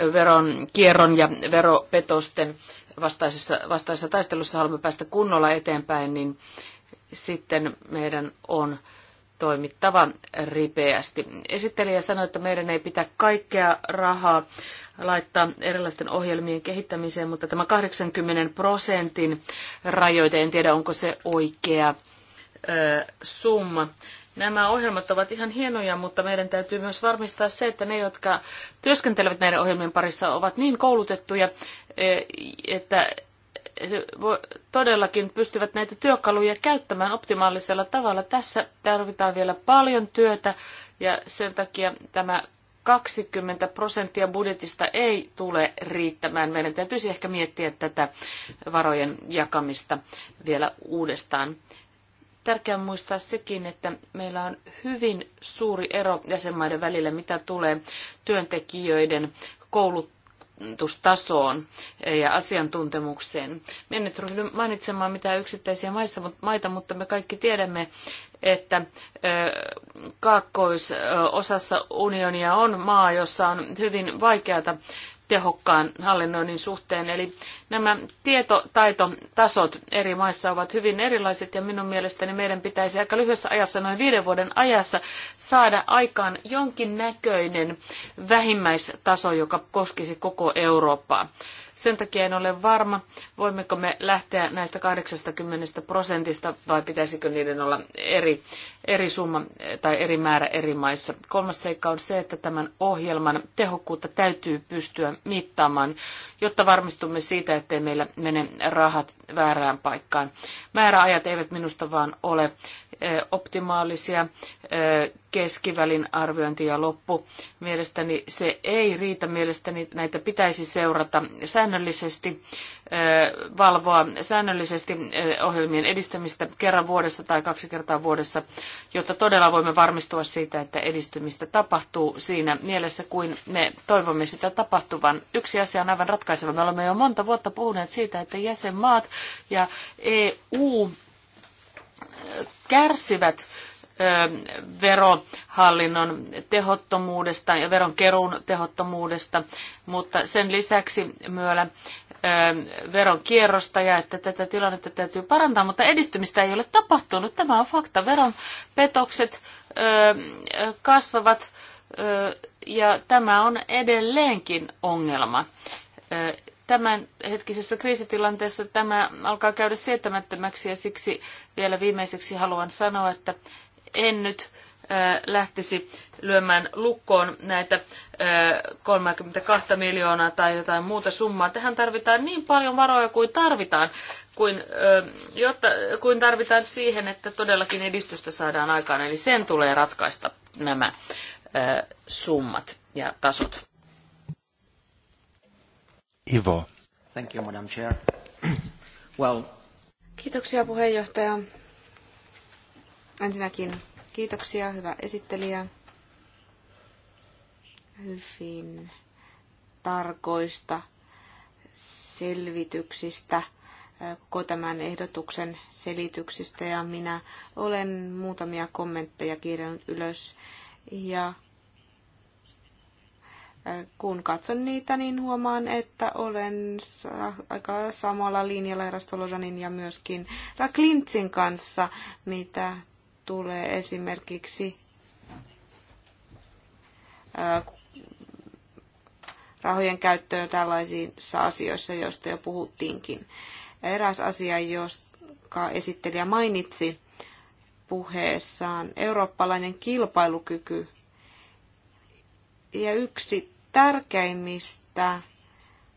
Speaker 1: ö, veron kierron ja veropetosten vastaisessa, vastaisessa taistelussa haluamme päästä kunnolla eteenpäin, niin sitten meidän on toimittava ripeästi. Esittelijä sanoi, että meidän ei pitää kaikkea rahaa laittaa erilaisten ohjelmien kehittämiseen, mutta tämä 80 prosentin rajoite, en tiedä onko se oikea ö, summa. Nämä ohjelmat ovat ihan hienoja, mutta meidän täytyy myös varmistaa se, että ne, jotka työskentelevät näiden ohjelmien parissa, ovat niin koulutettuja, E, että todellakin pystyvät näitä työkaluja käyttämään optimaalisella tavalla. Tässä tarvitaan vielä paljon työtä ja sen takia tämä 20 prosenttia budjetista ei tule riittämään. Meidän täytyisi ehkä miettiä tätä varojen jakamista vielä uudestaan. Tärkeää muistaa sekin, että meillä on hyvin suuri ero jäsenmaiden välillä, mitä tulee työntekijöiden koulut tutkimustasoon ja asiantuntemukseen. Me en nyt ryhdy mainitsemaan mitään yksittäisiä maita, mutta me kaikki tiedämme, että kaakkoisosassa unionia on maa, jossa on hyvin vaikeata tehokkaan hallinnoinnin suhteen. Eli Nämä tietotaitotasot eri maissa ovat hyvin erilaiset ja minun mielestäni meidän pitäisi aika lyhyessä ajassa, noin viiden vuoden ajassa, saada aikaan jonkin näköinen vähimmäistaso, joka koskisi koko Eurooppaa. Sen takia en ole varma, voimmeko me lähteä näistä 80 prosentista vai pitäisikö niiden olla eri, eri summa eh, tai eri määrä eri maissa. Kolmas seikka on se, että tämän ohjelman tehokkuutta täytyy pystyä mittaamaan, jotta varmistumme siitä, siitä, ettei meillä mene rahat väärään paikkaan. Määräajat eivät minusta vaan ole optimaalisia keskivälin arviointi ja loppu. Mielestäni se ei riitä. Mielestäni näitä pitäisi seurata säännöllisesti, valvoa säännöllisesti ohjelmien edistämistä kerran vuodessa tai kaksi kertaa vuodessa, jotta todella voimme varmistua siitä, että edistymistä tapahtuu siinä mielessä, kuin me toivomme sitä tapahtuvan. Yksi asia on aivan ratkaiseva. Me olemme jo monta vuotta puhuneet siitä, että jäsenmaat ja EU kärsivät verohallinnon tehottomuudesta ja veronkeruun tehottomuudesta, mutta sen lisäksi myöllä veron kierrosta ja että tätä tilannetta täytyy parantaa, mutta edistymistä ei ole tapahtunut. Tämä on fakta. Veron petokset kasvavat ja tämä on edelleenkin ongelma. Tämän hetkisessä kriisitilanteessa tämä alkaa käydä sietämättömäksi ja siksi vielä viimeiseksi haluan sanoa, että en nyt lähtisi lyömään lukkoon näitä 32 miljoonaa tai jotain muuta summaa. Tähän tarvitaan niin paljon varoja kuin tarvitaan, kuin, jotta, kuin tarvitaan siihen, että todellakin edistystä saadaan aikaan. Eli sen tulee ratkaista nämä summat ja tasot. Ivo. Thank you, Madam Chair. (clears throat) Well...
Speaker 3: Kiitoksia puheenjohtaja. Ensinnäkin kiitoksia, hyvä esittelijä. Hyvin tarkoista selvityksistä, koko tämän ehdotuksen selityksistä ja minä olen muutamia kommentteja kirjannut ylös ja kun katson niitä, niin huomaan, että olen aika samalla linjalla Erastolodanin ja myöskin Raklintsin kanssa, mitä tulee esimerkiksi äh, rahojen käyttöön tällaisissa asioissa, joista jo puhuttiinkin. Eräs asia, joka esittelijä mainitsi puheessaan, eurooppalainen kilpailukyky. Ja yksi tärkeimmistä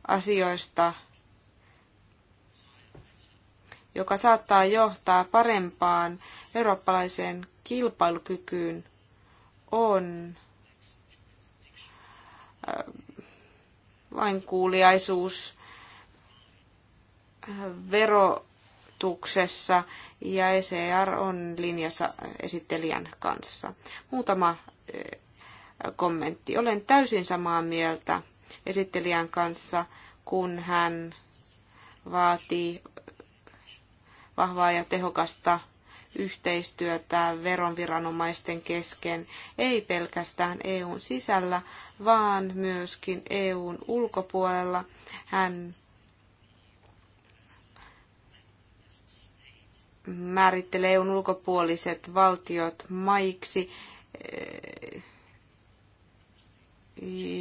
Speaker 3: asioista, joka saattaa johtaa parempaan eurooppalaiseen kilpailukykyyn, on lainkuuliaisuus äh, äh, verotuksessa ja ECR on linjassa esittelijän kanssa. Muutama äh, kommentti. Olen täysin samaa mieltä esittelijän kanssa, kun hän vaatii vahvaa ja tehokasta yhteistyötä veronviranomaisten kesken, ei pelkästään EUn sisällä, vaan myöskin EUn ulkopuolella. Hän määrittelee EUn ulkopuoliset valtiot maiksi,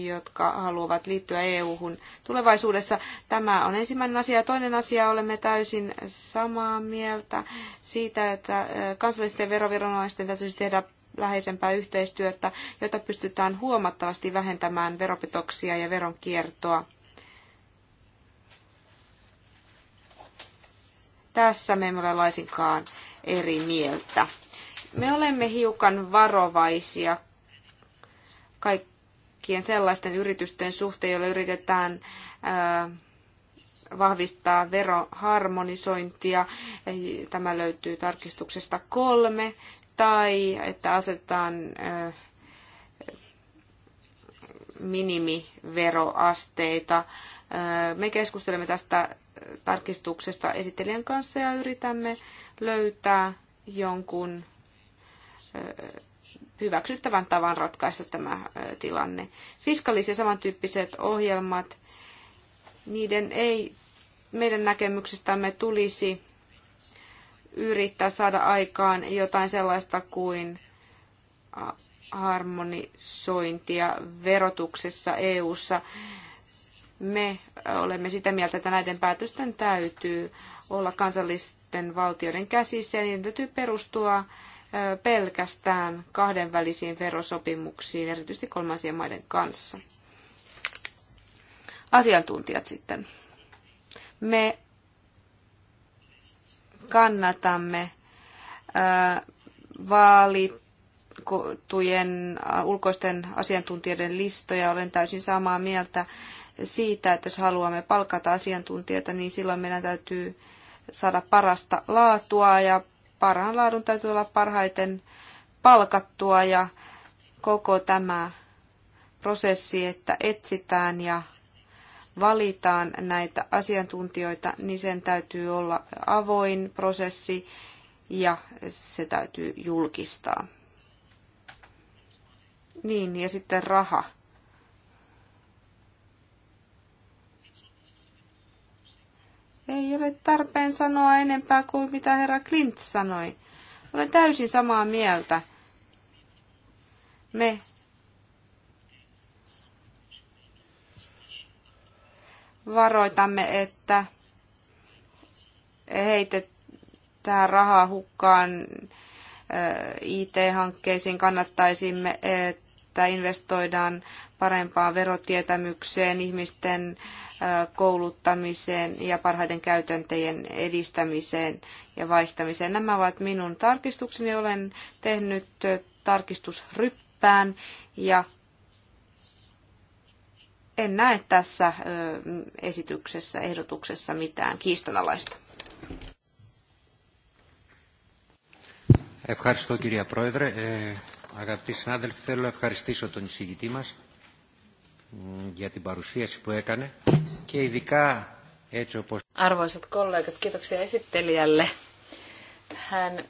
Speaker 3: jotka haluavat liittyä EU-hun tulevaisuudessa. Tämä on ensimmäinen asia. Toinen asia, olemme täysin samaa mieltä siitä, että äh, kansallisten veroviranomaisten täytyisi tehdä läheisempää yhteistyötä, jota pystytään huomattavasti vähentämään veropetoksia ja veronkiertoa. Tässä me emme ole laisinkaan eri mieltä. Me olemme hiukan varovaisia kaikki kaikkien sellaisten yritysten suhteen, joilla yritetään vahvistaa veroharmonisointia. Tämä löytyy tarkistuksesta kolme. Tai että asetetaan minimiveroasteita. Me keskustelemme tästä tarkistuksesta esittelijän kanssa ja yritämme löytää jonkun hyväksyttävän tavan ratkaista tämä tilanne. Fiskalis- samantyyppiset ohjelmat, niiden ei meidän näkemyksestämme tulisi yrittää saada aikaan jotain sellaista kuin harmonisointia verotuksessa EU:ssa. Me olemme sitä mieltä, että näiden päätösten täytyy olla kansallisten valtioiden käsissä ja niiden täytyy perustua pelkästään kahdenvälisiin verosopimuksiin, erityisesti kolmansien maiden kanssa. Asiantuntijat sitten. Me kannatamme vaalittujen ulkoisten asiantuntijoiden listoja. Olen täysin samaa mieltä siitä, että jos haluamme palkata asiantuntijoita, niin silloin meidän täytyy saada parasta laatua ja parhaan laadun täytyy olla parhaiten palkattua ja koko tämä prosessi, että etsitään ja valitaan näitä asiantuntijoita, niin sen täytyy olla avoin prosessi ja se täytyy julkistaa. Niin, ja sitten raha. Ei ole tarpeen sanoa enempää kuin mitä herra Klint sanoi. Olen täysin samaa mieltä. Me varoitamme, että heitetään rahaa hukkaan IT-hankkeisiin. Kannattaisimme, että investoidaan parempaan verotietämykseen, ihmisten äh, kouluttamiseen ja parhaiden käytäntöjen edistämiseen ja vaihtamiseen. Nämä ovat minun tarkistukseni. Olen tehnyt tarkistusryppään ja en näe tässä esityksessä, ehdotuksessa mitään kiistanalaista.
Speaker 2: Ευχαριστώ κυρία Πρόεδρε. Ε, αγαπητοί συνάδελφοι, θέλω να ευχαριστήσω τον εισηγητή μας για την παρουσίαση που έκανε.
Speaker 1: Arvoisat kollegat, kiitoksia esittelijälle. Hän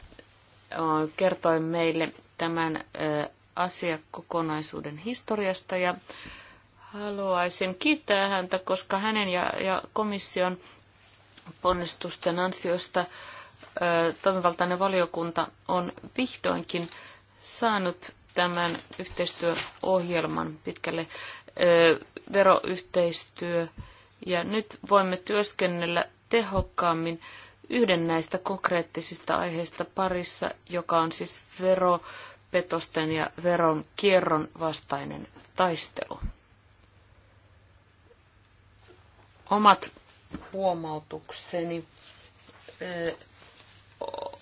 Speaker 1: kertoi meille tämän asiakokonaisuuden historiasta ja haluaisin kiittää häntä, koska hänen ja, ja komission ponnistusten ansiosta toimivaltainen valiokunta on vihdoinkin saanut tämän yhteistyöohjelman pitkälle veroyhteistyö ja nyt voimme työskennellä tehokkaammin yhden näistä konkreettisista aiheista parissa, joka on siis veropetosten ja veron kierron vastainen taistelu. Omat huomautukseni eh,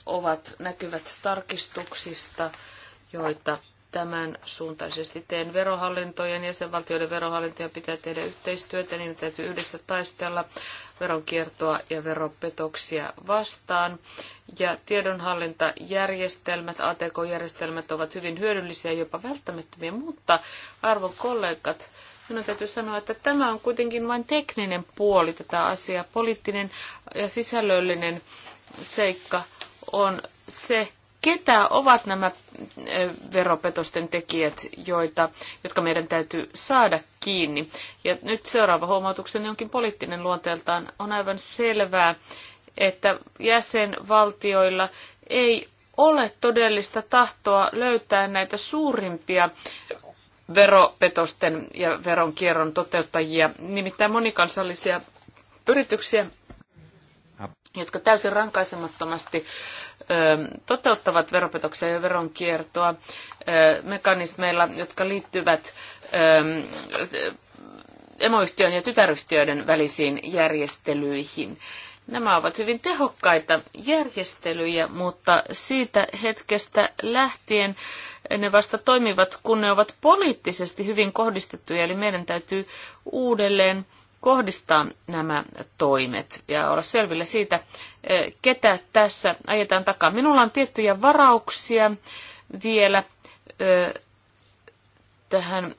Speaker 1: ovat näkyvät tarkistuksista, joita tämän suuntaisesti teen verohallintojen, ja jäsenvaltioiden verohallintojen pitää tehdä yhteistyötä, niin täytyy yhdessä taistella veronkiertoa ja veropetoksia vastaan. Ja tiedonhallintajärjestelmät, ATK-järjestelmät ovat hyvin hyödyllisiä, jopa välttämättömiä, mutta arvon kollegat, minun täytyy sanoa, että tämä on kuitenkin vain tekninen puoli tätä asiaa. Poliittinen ja sisällöllinen seikka on se, ketä ovat nämä veropetosten tekijät, joita, jotka meidän täytyy saada kiinni. Ja nyt seuraava huomautukseni onkin poliittinen luonteeltaan. On aivan selvää, että jäsenvaltioilla ei ole todellista tahtoa löytää näitä suurimpia veropetosten ja veronkierron toteuttajia, nimittäin monikansallisia yrityksiä, jotka täysin rankaisemattomasti toteuttavat veropetoksia ja veronkiertoa mekanismeilla, jotka liittyvät emoyhtiön ja tytäryhtiöiden välisiin järjestelyihin. Nämä ovat hyvin tehokkaita järjestelyjä, mutta siitä hetkestä lähtien ne vasta toimivat, kun ne ovat poliittisesti hyvin kohdistettuja. Eli meidän täytyy uudelleen kohdistaa nämä toimet ja olla selville siitä, eh, ketä tässä ajetaan takaa. Minulla on tiettyjä varauksia vielä eh, tähän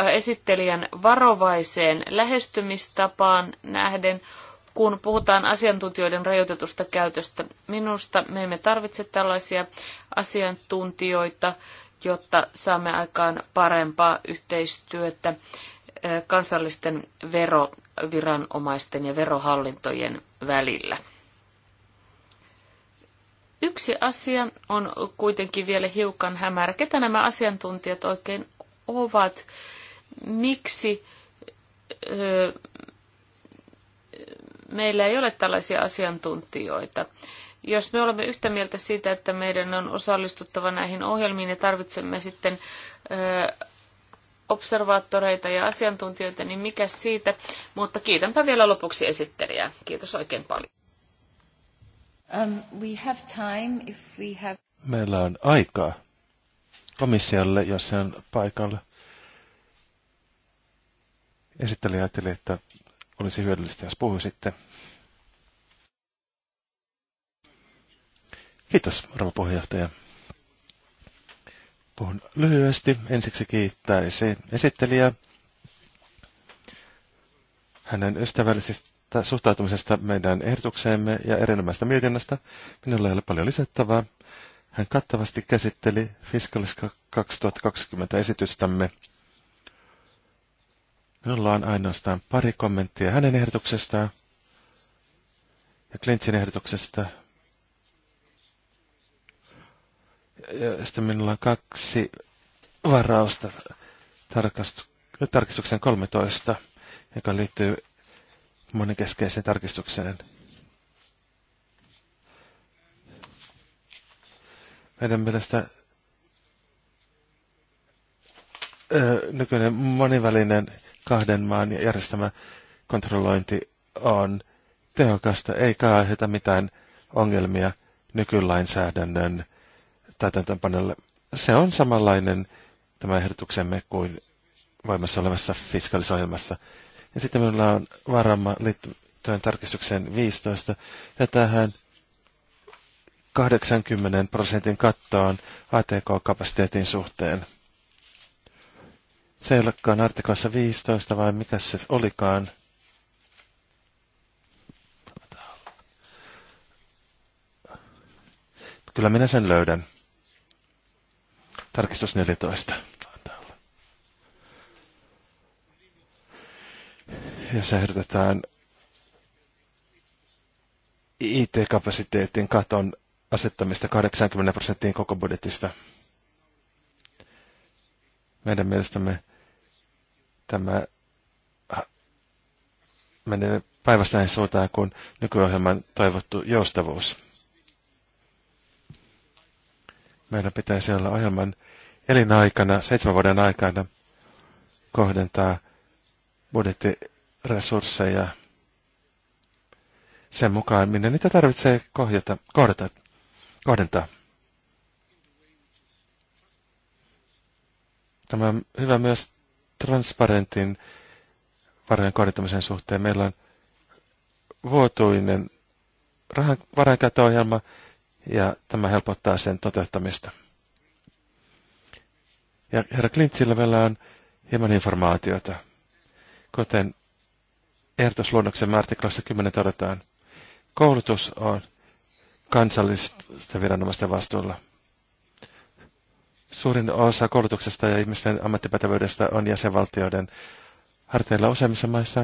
Speaker 1: eh, esittelijän varovaiseen lähestymistapaan nähden, kun puhutaan asiantuntijoiden rajoitetusta käytöstä. Minusta me emme tarvitse tällaisia asiantuntijoita, jotta saamme aikaan parempaa yhteistyötä kansallisten veroviranomaisten ja verohallintojen välillä. Yksi asia on kuitenkin vielä hiukan hämärä. Ketä nämä asiantuntijat oikein ovat? Miksi ö, meillä ei ole tällaisia asiantuntijoita? Jos me olemme yhtä mieltä siitä, että meidän on osallistuttava näihin ohjelmiin ja tarvitsemme sitten ö, observaattoreita ja asiantuntijoita, niin mikä siitä. Mutta kiitänpä vielä lopuksi esittelijää. Kiitos oikein paljon. Um, we have time if we have...
Speaker 2: Meillä on aikaa komissiolle, jos se on paikalla. Esittelijä ajatteli, että olisi hyödyllistä, jos puhuisitte. Kiitos, rouva puheenjohtaja. Puhun lyhyesti. Ensiksi kiittäisin esittelijää hänen ystävällisestä suhtautumisesta meidän ehdotukseemme ja erinomaista mietinnöstä. Minulla ei ole paljon lisättävää. Hän kattavasti käsitteli Fiskalis 2020 esitystämme. Minulla on ainoastaan pari kommenttia hänen ehdotuksestaan ja Clintin ehdotuksesta, Ja sitten minulla on kaksi varausta tarkistuksen 13, joka liittyy monikeskeiseen tarkistukseen. Meidän mielestä nykyinen monivälinen kahden maan järjestämä kontrollointi on tehokasta, eikä aiheuta mitään ongelmia nykylainsäädännön täytäntöönpanolle. Se on samanlainen tämä ehdotuksemme kuin voimassa olevassa fiskalisohjelmassa. Ja sitten meillä on varama liittyen tarkistukseen 15 ja tähän 80 prosentin kattoon ATK-kapasiteetin suhteen. Se ei olekaan artiklassa 15, vai mikä se olikaan. Kyllä minä sen löydän. Tarkistus 14. Ja säädetään IT-kapasiteetin katon asettamista 80 prosenttiin koko budjetista. Meidän mielestämme tämä menee päivästä näin suuntaan kuin nykyohjelman toivottu joustavuus meillä pitäisi olla ohjelman elinaikana, seitsemän vuoden aikana, kohdentaa budjettiresursseja sen mukaan, minne niitä tarvitsee kohdata, kohdata, kohdentaa. Tämä on hyvä myös transparentin varojen kohdentamisen suhteen. Meillä on vuotuinen rahan, varainkäyttöohjelma, ja tämä helpottaa sen toteuttamista. Ja herra Klintsillä vielä on hieman informaatiota. Kuten ehdotusluonnoksen artiklassa 10 todetaan, koulutus on kansallista viranomaisten vastuulla. Suurin osa koulutuksesta ja ihmisten ammattipätevyydestä on jäsenvaltioiden harteilla useimmissa maissa.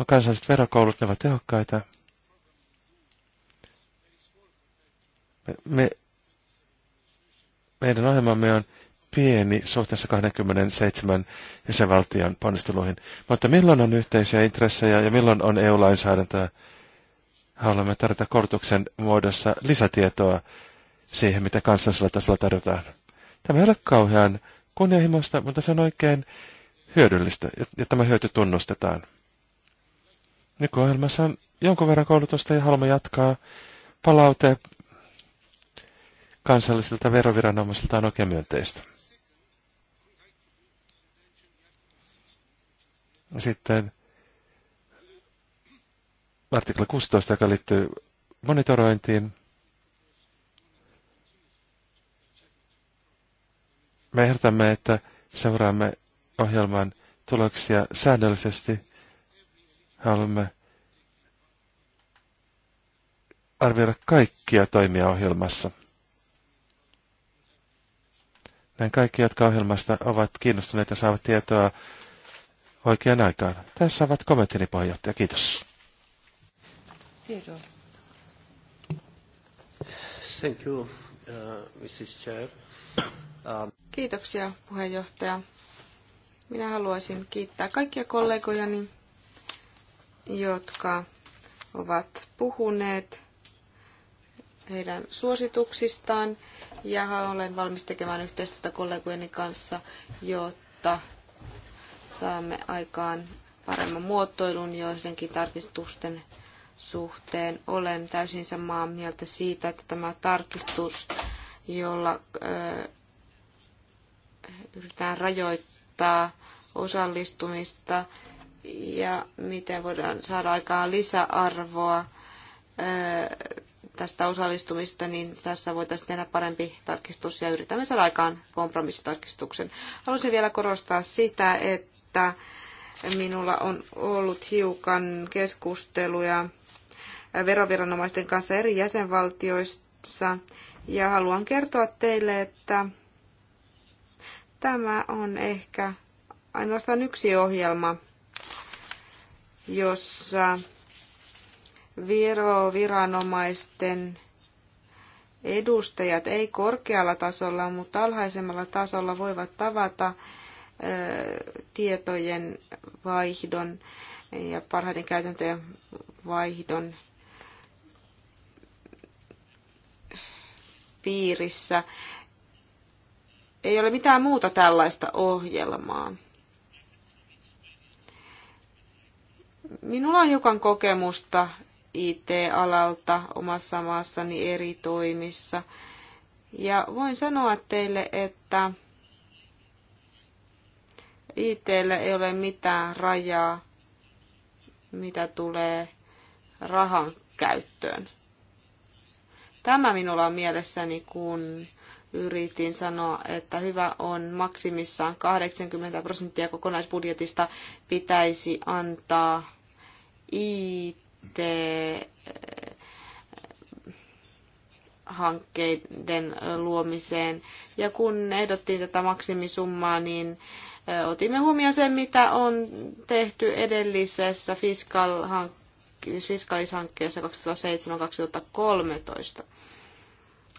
Speaker 2: On kansalliset verokoulut, ne ovat tehokkaita Me, me, meidän ohjelmamme on pieni suhteessa 27 jäsenvaltion ponnisteluihin, mutta milloin on yhteisiä intressejä ja milloin on EU-lainsäädäntöä? Haluamme tarjota koulutuksen muodossa lisätietoa siihen, mitä kansallisella tasolla tarjotaan. Tämä ei ole kauhean kunnianhimoista, mutta se on oikein hyödyllistä, ja tämä hyöty tunnustetaan. Nykyohjelmassa on jonkun verran koulutusta ja haluamme jatkaa palaute- kansallisilta veroviranomaisilta on oikein myönteistä. Sitten artikla 16, joka liittyy monitorointiin. Me ehdotamme, että seuraamme ohjelman tuloksia säännöllisesti. Haluamme arvioida kaikkia toimia ohjelmassa. Näin kaikki, jotka ohjelmasta ovat kiinnostuneita, saavat tietoa oikeaan aikaan. Tässä ovat kommenttini puheenjohtaja. Kiitos.
Speaker 3: Kiitos. Thank you, uh, Mrs. Chair. Um, Kiitoksia puheenjohtaja. Minä haluaisin kiittää kaikkia kollegojani, jotka ovat puhuneet heidän suosituksistaan ja olen valmis tekemään yhteistyötä kollegojeni kanssa, jotta saamme aikaan paremman muotoilun joidenkin tarkistusten suhteen. Olen täysin samaa mieltä siitä, että tämä tarkistus, jolla ö, yritetään rajoittaa osallistumista ja miten voidaan saada aikaan lisäarvoa, ö, tästä osallistumista, niin tässä voitaisiin tehdä parempi tarkistus ja yritämme saada aikaan kompromissitarkistuksen. Haluaisin vielä korostaa sitä, että minulla on ollut hiukan keskusteluja veroviranomaisten kanssa eri jäsenvaltioissa ja haluan kertoa teille, että tämä on ehkä ainoastaan yksi ohjelma, jossa viroviranomaisten edustajat, ei korkealla tasolla, mutta alhaisemmalla tasolla voivat tavata tietojen vaihdon ja parhaiden käytäntöjen vaihdon piirissä. Ei ole mitään muuta tällaista ohjelmaa. Minulla on hiukan kokemusta IT-alalta omassa maassani eri toimissa. Ja voin sanoa teille, että ITllä ei ole mitään rajaa, mitä tulee rahan käyttöön. Tämä minulla on mielessäni, kun yritin sanoa, että hyvä on maksimissaan 80 prosenttia kokonaisbudjetista pitäisi antaa IT te eh, hankkeiden luomiseen. Ja kun ehdottiin tätä maksimisummaa, niin eh, otimme huomioon sen, mitä on tehty edellisessä fiskalishankkeessa 2007-2013.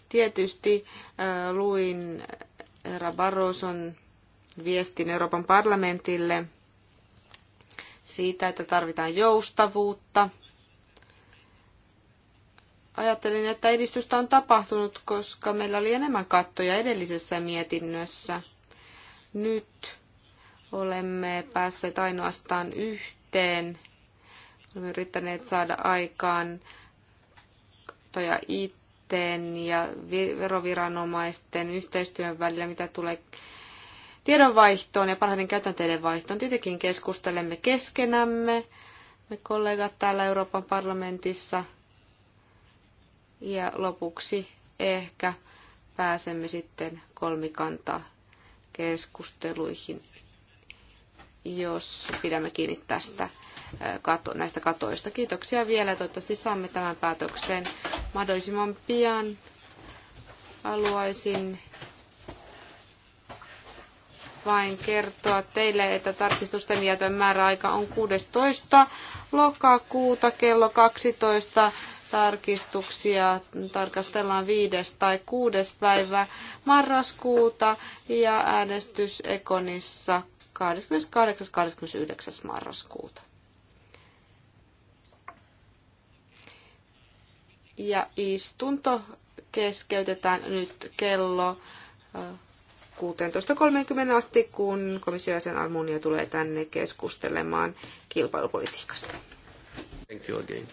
Speaker 3: Tietysti eh, luin Barroson viestin Euroopan parlamentille siitä, että tarvitaan joustavuutta – ajattelin, että edistystä on tapahtunut, koska meillä oli enemmän kattoja edellisessä mietinnössä. Nyt olemme päässeet ainoastaan yhteen. Olemme yrittäneet saada aikaan kattoja itteen ja veroviranomaisten yhteistyön välillä, mitä tulee tiedonvaihtoon ja parhaiden käytänteiden vaihtoon. Tietenkin keskustelemme keskenämme, me kollegat täällä Euroopan parlamentissa – ja lopuksi ehkä pääsemme sitten kolmikanta keskusteluihin, jos pidämme kiinni tästä näistä katoista. Kiitoksia vielä. Toivottavasti saamme tämän päätöksen mahdollisimman pian. Haluaisin vain kertoa teille, että tarkistusten jätön määräaika on 16. lokakuuta kello 12 tarkistuksia tarkastellaan viides tai kuudes päivä marraskuuta ja äänestys Ekonissa 28.–29. marraskuuta. Ja istunto keskeytetään nyt kello 16.30 asti, kun komission jäsen Almunia tulee tänne keskustelemaan kilpailupolitiikasta. Thank you again.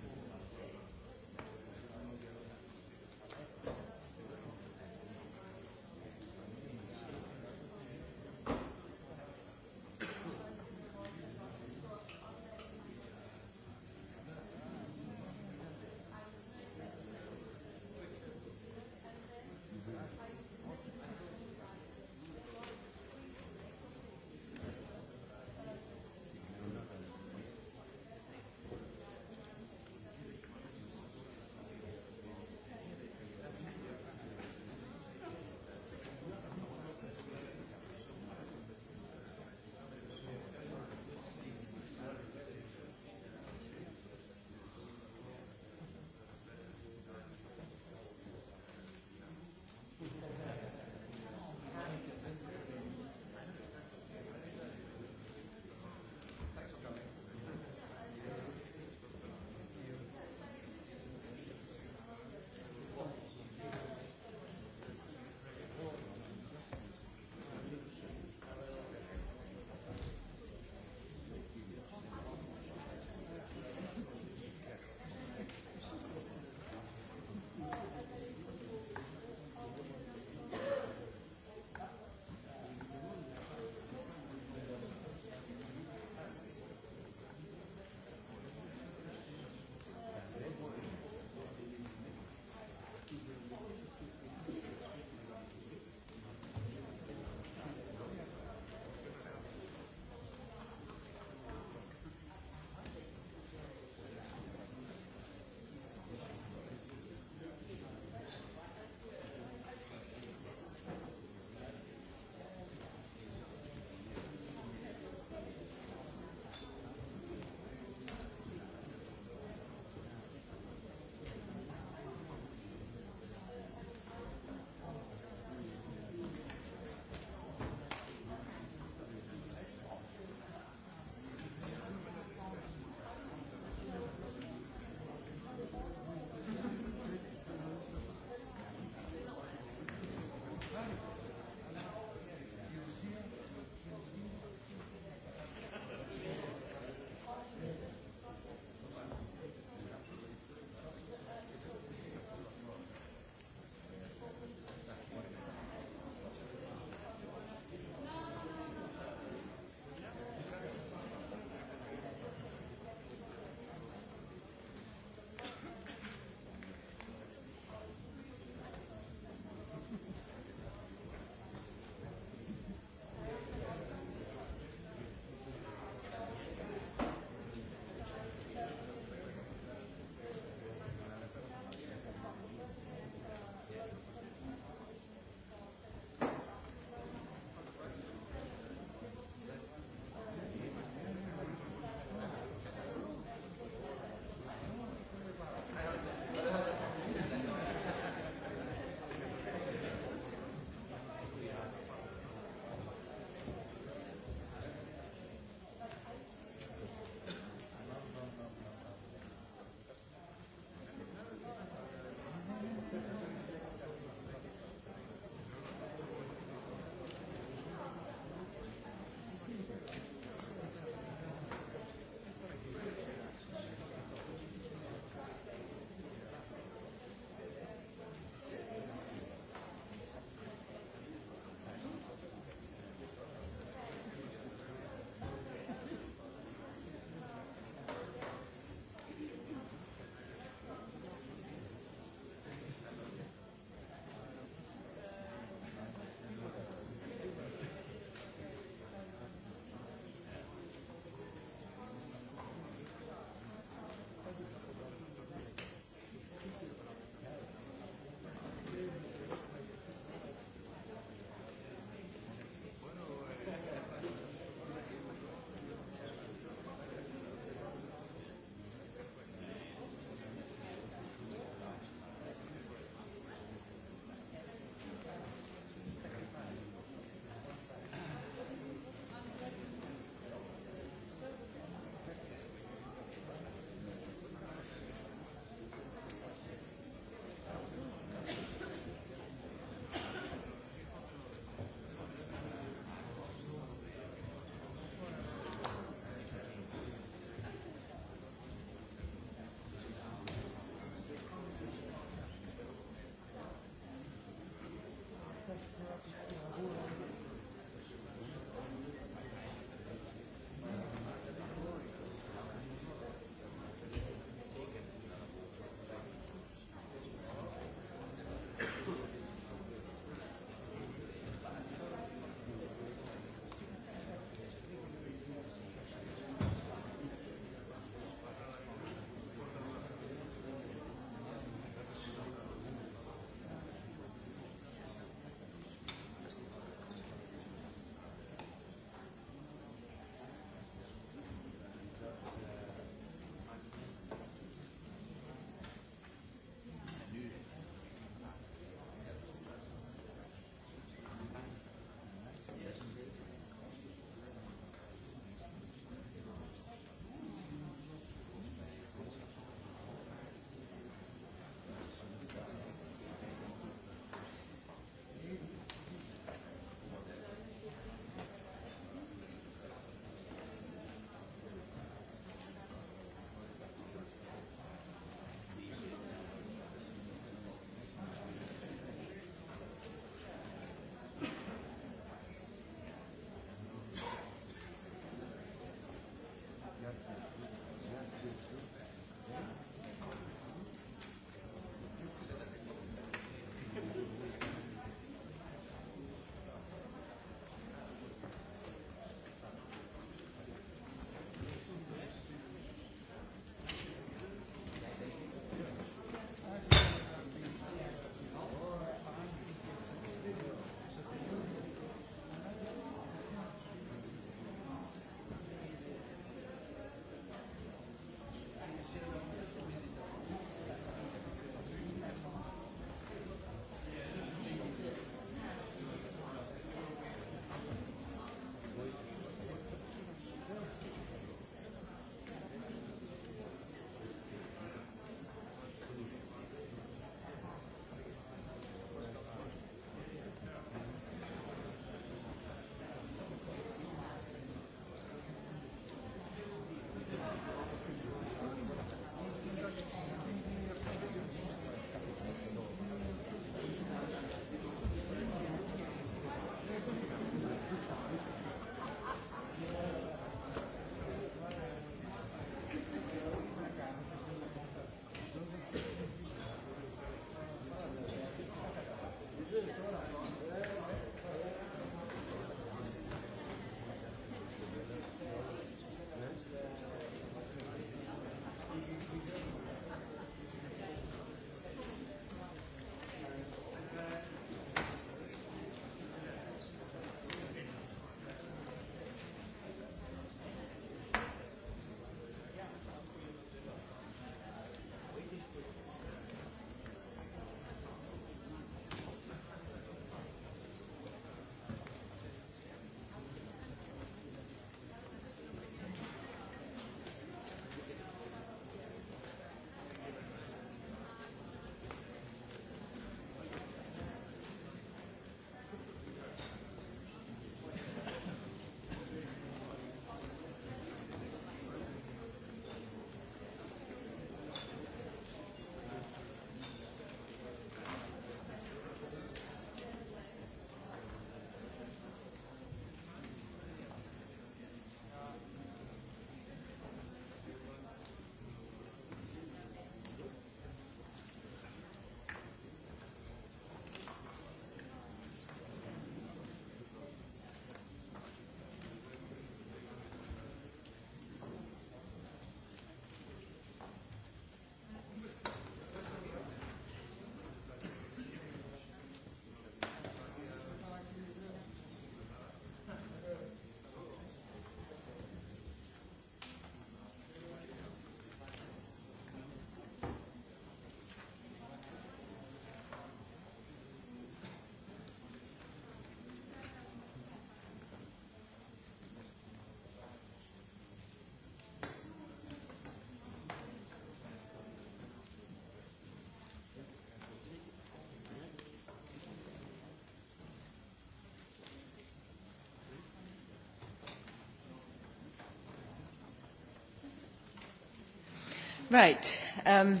Speaker 1: Right. Um...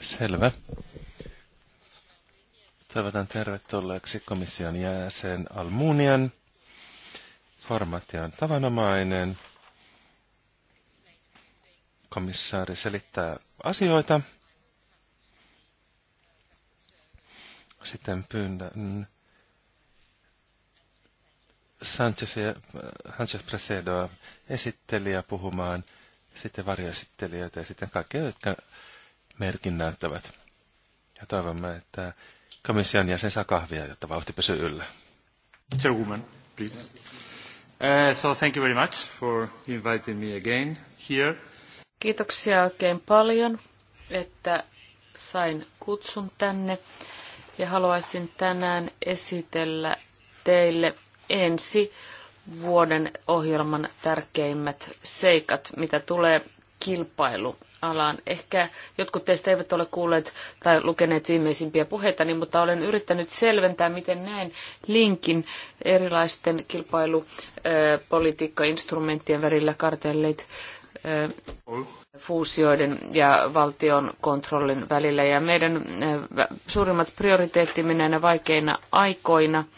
Speaker 2: Selvä. Toivotan tervetulleeksi komission jäsen Almunian. Formaatti on tavanomainen. Komissaari selittää asioita. Sitten pyydän Sanchez, Sanchez Presedoa esittelijä puhumaan – sitten varjoesittelijöitä ja sitten kaikkia, jotka merkin näyttävät. Ja toivomme, että komission jäsen saa kahvia, jotta vauhti pysyy yllä. Chairwoman, please. Uh, so thank you very much for inviting me again here.
Speaker 1: Kiitoksia oikein paljon, että sain kutsun tänne ja haluaisin tänään esitellä teille ensi vuoden ohjelman tärkeimmät seikat, mitä tulee kilpailualaan. Ehkä jotkut teistä eivät ole kuulleet tai lukeneet viimeisimpiä puheita, mutta olen yrittänyt selventää, miten näen linkin erilaisten instrumenttien välillä kartellit fuusioiden ja valtion kontrollin välillä. Ja meidän suurimmat prioriteettimme näinä vaikeina aikoina –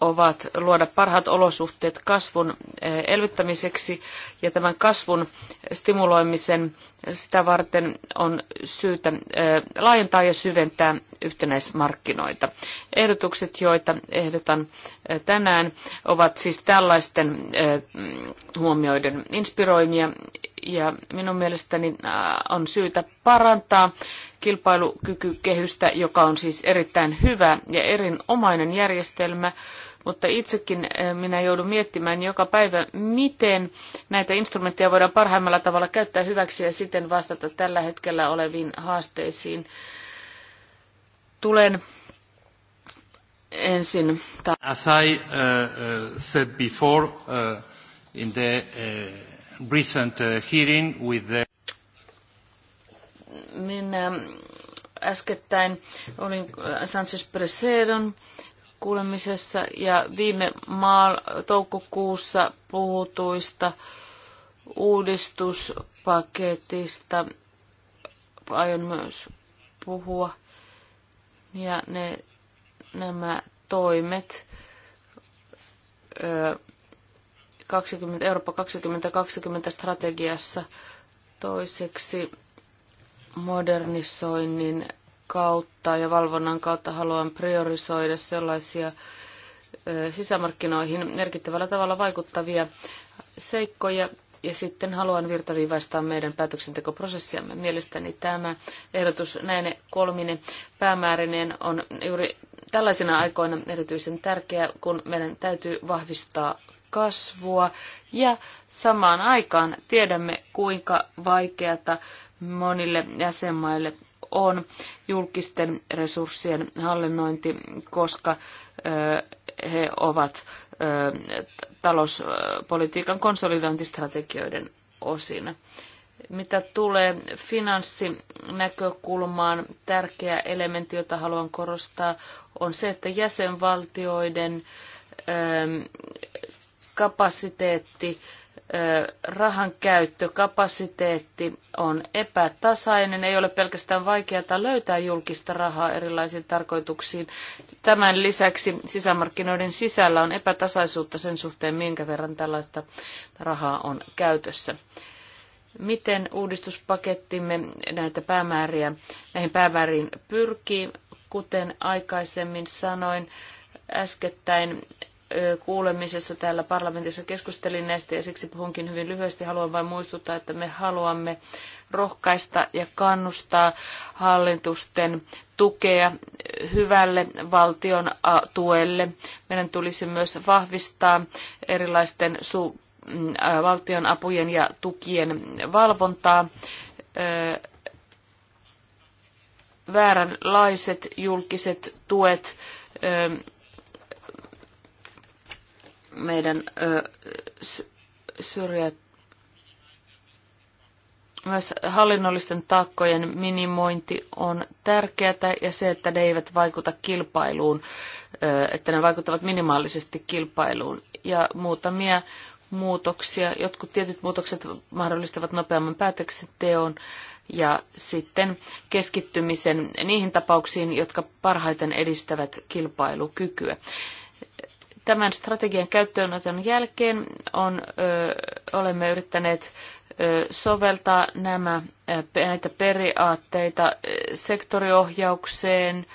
Speaker 1: ovat luoda parhaat olosuhteet kasvun eh, elvyttämiseksi ja tämän kasvun stimuloimisen sitä varten on syytä eh, laajentaa ja syventää yhtenäismarkkinoita. Ehdotukset, joita ehdotan eh, tänään, ovat siis tällaisten huomioiden inspiroimia ja minun mielestäni on syytä parantaa kilpailukykykehystä, joka on siis erittäin hyvä ja erinomainen järjestelmä, mutta itsekin eh, minä joudun miettimään joka päivä, miten näitä instrumentteja voidaan parhaimmalla tavalla käyttää hyväksi ja siten vastata tällä hetkellä oleviin haasteisiin. Tulen ensin.
Speaker 2: As I uh, said before uh, in the uh, recent uh, hearing with the
Speaker 1: minä äskettäin olin äh, Sanchez Presedon kuulemisessa ja viime maal- toukokuussa puhutuista uudistuspaketista aion myös puhua. Ja ne, nämä toimet, 20, Eurooppa 2020 strategiassa toiseksi modernisoinnin kautta ja valvonnan kautta haluan priorisoida sellaisia sisämarkkinoihin merkittävällä tavalla vaikuttavia seikkoja ja sitten haluan virtaviivaistaa meidän päätöksentekoprosessiamme. Mielestäni tämä ehdotus näine kolmine päämäärineen on juuri tällaisina aikoina erityisen tärkeä, kun meidän täytyy vahvistaa kasvua ja samaan aikaan tiedämme, kuinka vaikeata monille jäsenmaille on julkisten resurssien hallinnointi, koska he ovat talouspolitiikan konsolidointistrategioiden osina. Mitä tulee finanssinäkökulmaan, tärkeä elementti, jota haluan korostaa, on se, että jäsenvaltioiden kapasiteetti rahan käyttökapasiteetti on epätasainen. Ei ole pelkästään vaikeaa löytää julkista rahaa erilaisiin tarkoituksiin. Tämän lisäksi sisämarkkinoiden sisällä on epätasaisuutta sen suhteen, minkä verran tällaista rahaa on käytössä. Miten uudistuspakettimme näitä päämääriä, näihin päämääriin pyrkii? Kuten aikaisemmin sanoin, äskettäin kuulemisessa täällä parlamentissa keskustelin näistä ja siksi puhunkin hyvin lyhyesti. Haluan vain muistuttaa, että me haluamme rohkaista ja kannustaa hallitusten tukea hyvälle valtion tuelle. Meidän tulisi myös vahvistaa erilaisten su- mm, valtion apujen ja tukien valvontaa vääränlaiset julkiset tuet meidän syrjät myös hallinnollisten taakkojen minimointi on tärkeää ja se, että ne eivät vaikuta kilpailuun, että ne vaikuttavat minimaalisesti kilpailuun. Ja muutamia muutoksia, jotkut tietyt muutokset mahdollistavat nopeamman päätöksenteon ja sitten keskittymisen niihin tapauksiin, jotka parhaiten edistävät kilpailukykyä. Tämän strategian käyttöönoton jälkeen on, ö, olemme yrittäneet ö, soveltaa nämä, näitä periaatteita sektoriohjaukseen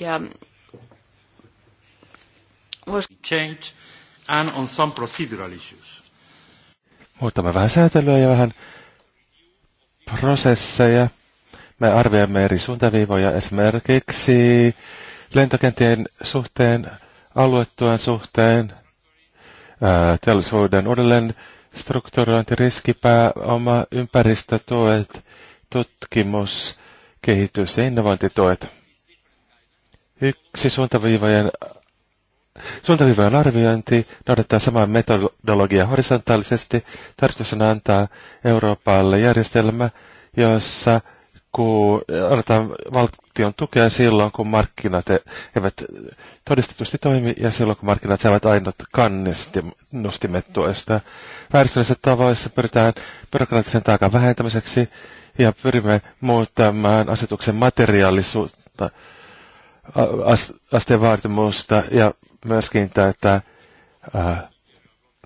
Speaker 1: ja
Speaker 2: change and on some procedural issues. Muutamme vähän säätelyä ja vähän prosesseja. Me arvioimme eri suuntaviivoja esimerkiksi lentokenttien suhteen aluetuen suhteen, teollisuuden uudelleen strukturointi, riskipääoma, ympäristötuet, tutkimus, kehitys ja innovointituet. Yksi suuntaviivojen Suuntaviivojen arviointi noudattaa samaa metodologiaa horisontaalisesti. Tarkoitus on antaa Euroopalle järjestelmä, jossa kun annetaan valtion tukea silloin, kun markkinat e- eivät todistetusti toimi ja silloin, kun markkinat saavat ainut kannustimet tuesta. Vääristyneissä tavoissa pyritään byrokraattisen taakan vähentämiseksi ja pyrimme muuttamaan asetuksen materiaalisuutta, asteen vaatimusta ja myöskin tätä,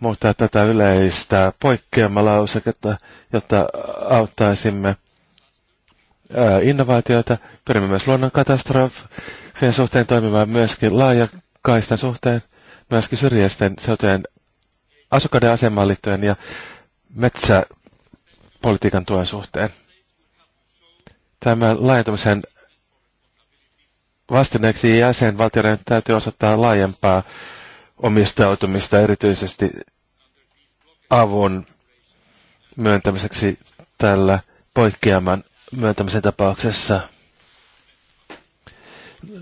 Speaker 2: muuttaa tätä yleistä poikkeamalauseketta, jotta auttaisimme – innovaatioita. Pyrimme myös luonnon katastrofien suhteen toimimaan myöskin laajakaistan suhteen, myöskin syrjäisten seutujen asukkaiden asemaan liittyen ja metsäpolitiikan tuen suhteen. Tämän laajentumisen vastineeksi jäsenvaltioiden täytyy osoittaa laajempaa omistautumista erityisesti avun myöntämiseksi tällä poikkeaman myöntämisen tapauksessa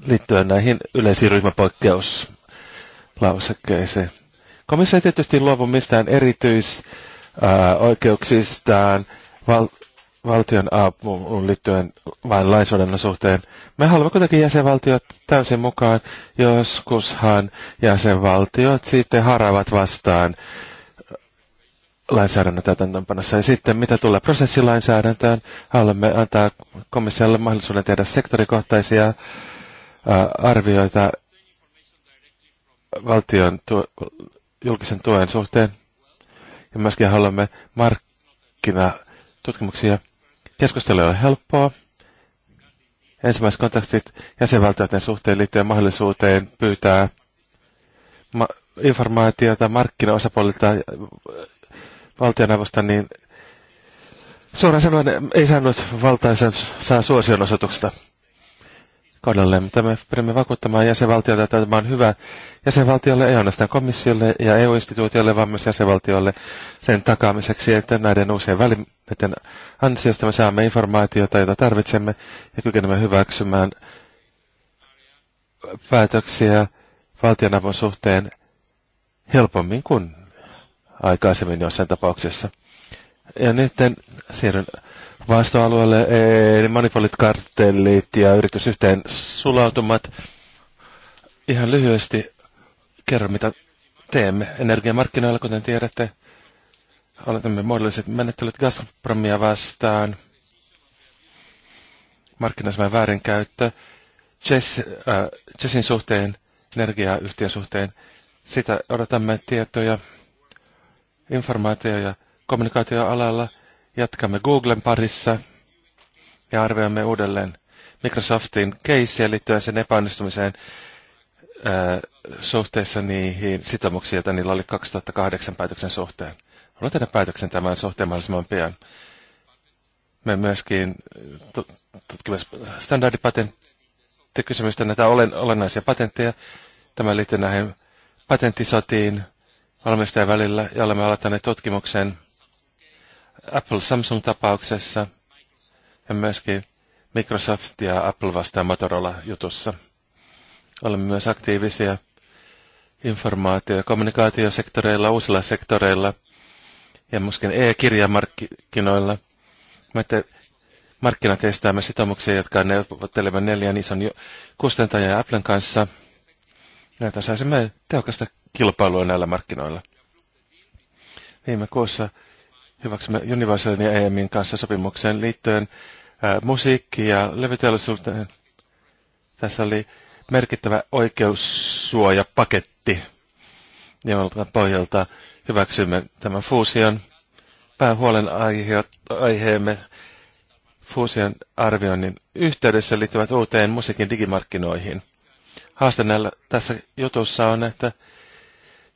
Speaker 2: liittyen näihin yleisiin ryhmäpoikkeuslausekkeisiin. Komissio ei tietysti luovu mistään erityisoikeuksistaan val- valtion apuun liittyen vain lainsäädännön suhteen. Me haluamme kuitenkin jäsenvaltiot täysin mukaan. Joskushan jäsenvaltiot sitten haravat vastaan lainsäädännön täytäntöönpanossa. Ja sitten mitä tulee prosessilainsäädäntöön, haluamme antaa komissiolle mahdollisuuden tehdä sektorikohtaisia arvioita valtion tu- julkisen tuen suhteen. Ja myöskin haluamme markkinatutkimuksia. Keskustelu on helppoa. Ensimmäiset kontaktit jäsenvaltioiden suhteen liittyen mahdollisuuteen pyytää ma- informaatiota markkinaosapuolilta valtioneuvosta, niin suoraan sanoen ei saanut valtaisen saa suosionosoituksesta kodalle, mutta me pyrimme vakuuttamaan jäsenvaltioita, että tämä on hyvä jäsenvaltiolle, ei ainoastaan komissiolle ja EU-instituutiolle, vaan myös jäsenvaltiolle sen takaamiseksi, että näiden uusien välineiden ansiosta me saamme informaatiota, jota tarvitsemme ja kykenemme hyväksymään päätöksiä valtionavun suhteen helpommin kuin aikaisemmin jossain tapauksessa. Ja nyt siirryn vastoalueelle, eli manipulit, kartellit ja yritysyhteen sulautumat. Ihan lyhyesti kerro, mitä teemme energiamarkkinoilla, kuten tiedätte. Oletamme muodolliset menettelyt Gazpromia vastaan. Markkinasman väärinkäyttö. Chess, äh, Chessin suhteen, energiayhtiön suhteen. Sitä odotamme tietoja informaatio- ja kommunikaatioalalla. Jatkamme Googlen parissa ja arvioimme uudelleen Microsoftin keissiä liittyen sen epäonnistumiseen ää, suhteessa niihin sitoumuksiin, joita niillä oli 2008 päätöksen suhteen. Haluan tehdä päätöksen tämän suhteen mahdollisimman pian. Me myöskin tutkimme standardipatenttikysymystä, näitä olen, olennaisia patentteja. Tämä liittyy näihin patenttisotiin, valmistajan välillä ja olemme aloittaneet tutkimuksen Apple-Samsung-tapauksessa ja myöskin Microsoft ja Apple vastaan Motorola-jutussa. Olemme myös aktiivisia informaatio- ja kommunikaatiosektoreilla, uusilla sektoreilla ja myöskin e-kirjamarkkinoilla. Me testaa myös sitoumuksia, jotka neuvottelemme neljän ison kustantajan ja Applen kanssa. Näitä saisimme tehokasta kilpailua näillä markkinoilla. Viime kuussa hyväksymme Universalin ja EMin kanssa sopimukseen liittyen ää, musiikki- ja levyteollisuuteen. Tässä oli merkittävä oikeussuojapaketti, jolta pohjalta hyväksymme tämän fuusion. Päähuolen aiheemme fuusion arvioinnin yhteydessä liittyvät uuteen musiikin digimarkkinoihin. Haaste näillä tässä jutussa on, että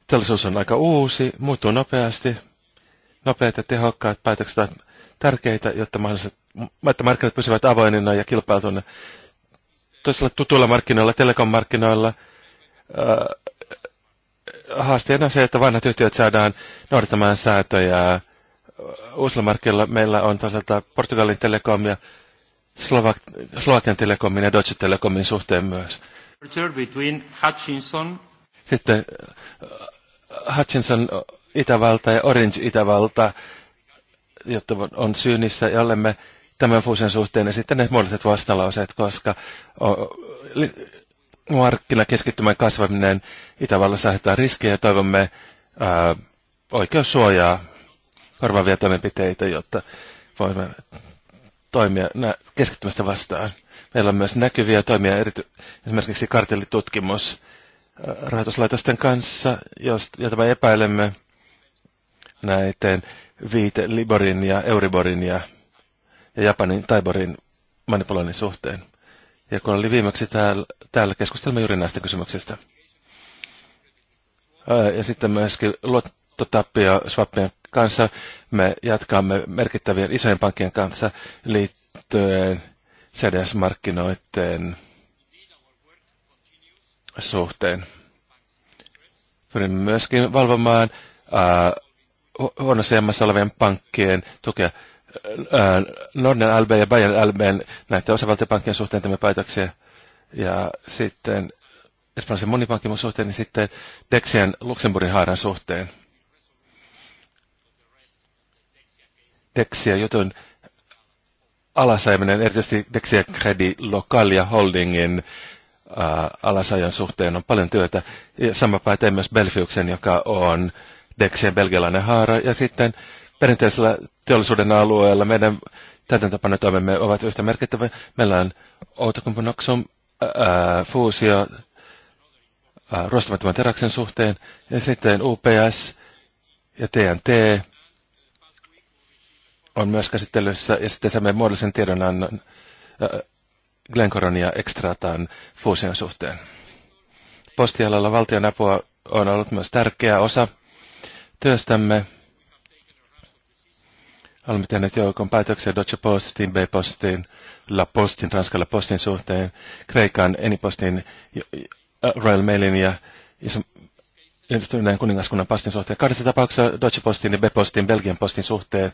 Speaker 2: Teollisuus on aika uusi, muuttuu nopeasti. Nopeat ja tehokkaat päätökset ovat tärkeitä, jotta, jotta markkinat pysyvät avoinina ja kilpailtuina. Toisella tutuilla markkinoilla, telekom-markkinoilla, äh, haasteena on se, että vanhat yhtiöt saadaan noudattamaan sääntöjä. Uusilla markkinoilla meillä on toisaalta Portugalin telekom ja Slovak, Slovakian telekomin ja Deutsche Telekomin suhteen myös. Sitten Hutchinson Itävalta ja Orange Itävalta, jotta on syynissä ja olemme tämän fuusion suhteen esittäneet muodostet vastalauseet, koska markkinakeskittymän kasvaminen Itävallassa aiheuttaa riskejä ja toivomme ää, oikeussuojaa korvaavia toimenpiteitä, jotta voimme toimia keskittymistä vastaan. Meillä on myös näkyviä toimia, erity, esimerkiksi kartellitutkimus, rahoituslaitosten kanssa, joita me epäilemme näiden viite Liborin ja Euriborin ja, ja Japanin Taiborin manipuloinnin suhteen. Ja kun oli viimeksi täällä, täällä keskustelma juuri näistä kysymyksistä. Ja sitten myöskin luottotappio swappien kanssa me jatkamme merkittävien isojen pankkien kanssa liittyen CDS-markkinoiden suhteen. Pyrimme myöskin valvomaan ää, huonossa jämässä olevien pankkien tukea. Norden LB ja Bayern LB näiden osavaltiopankkien suhteen teemme päätöksiä. Ja sitten Espanjan monipankin suhteen, niin sitten Dexian Luxemburgin haaran suhteen. Dexia jutun alasajaminen, erityisesti Dexia Credit Local ja Holdingin alasajon suhteen on paljon työtä. Ja sama pätee myös Belfiuksen, joka on Dexien belgialainen haara. Ja sitten perinteisellä teollisuuden alueella meidän toimemme ovat yhtä merkittäviä. Meillä on Outokumpu Noxum fuusio ruostamattoman teräksen suhteen ja sitten UPS ja TNT on myös käsittelyssä ja sitten saamme muodollisen tiedonannon Glencoron ja fuusion suhteen. Postialalla valtion apua on ollut myös tärkeä osa työstämme. Olemme tehneet joukon päätöksiä Deutsche Postin, B-Postin, La Postin, Ranskalla Postin suhteen, Kreikan Enipostin, äh, Royal Mailin ja Yhdistyneen kuningaskunnan postin suhteen. Kahdessa tapauksessa Deutsche Postin ja B-Postin, Belgian postin suhteen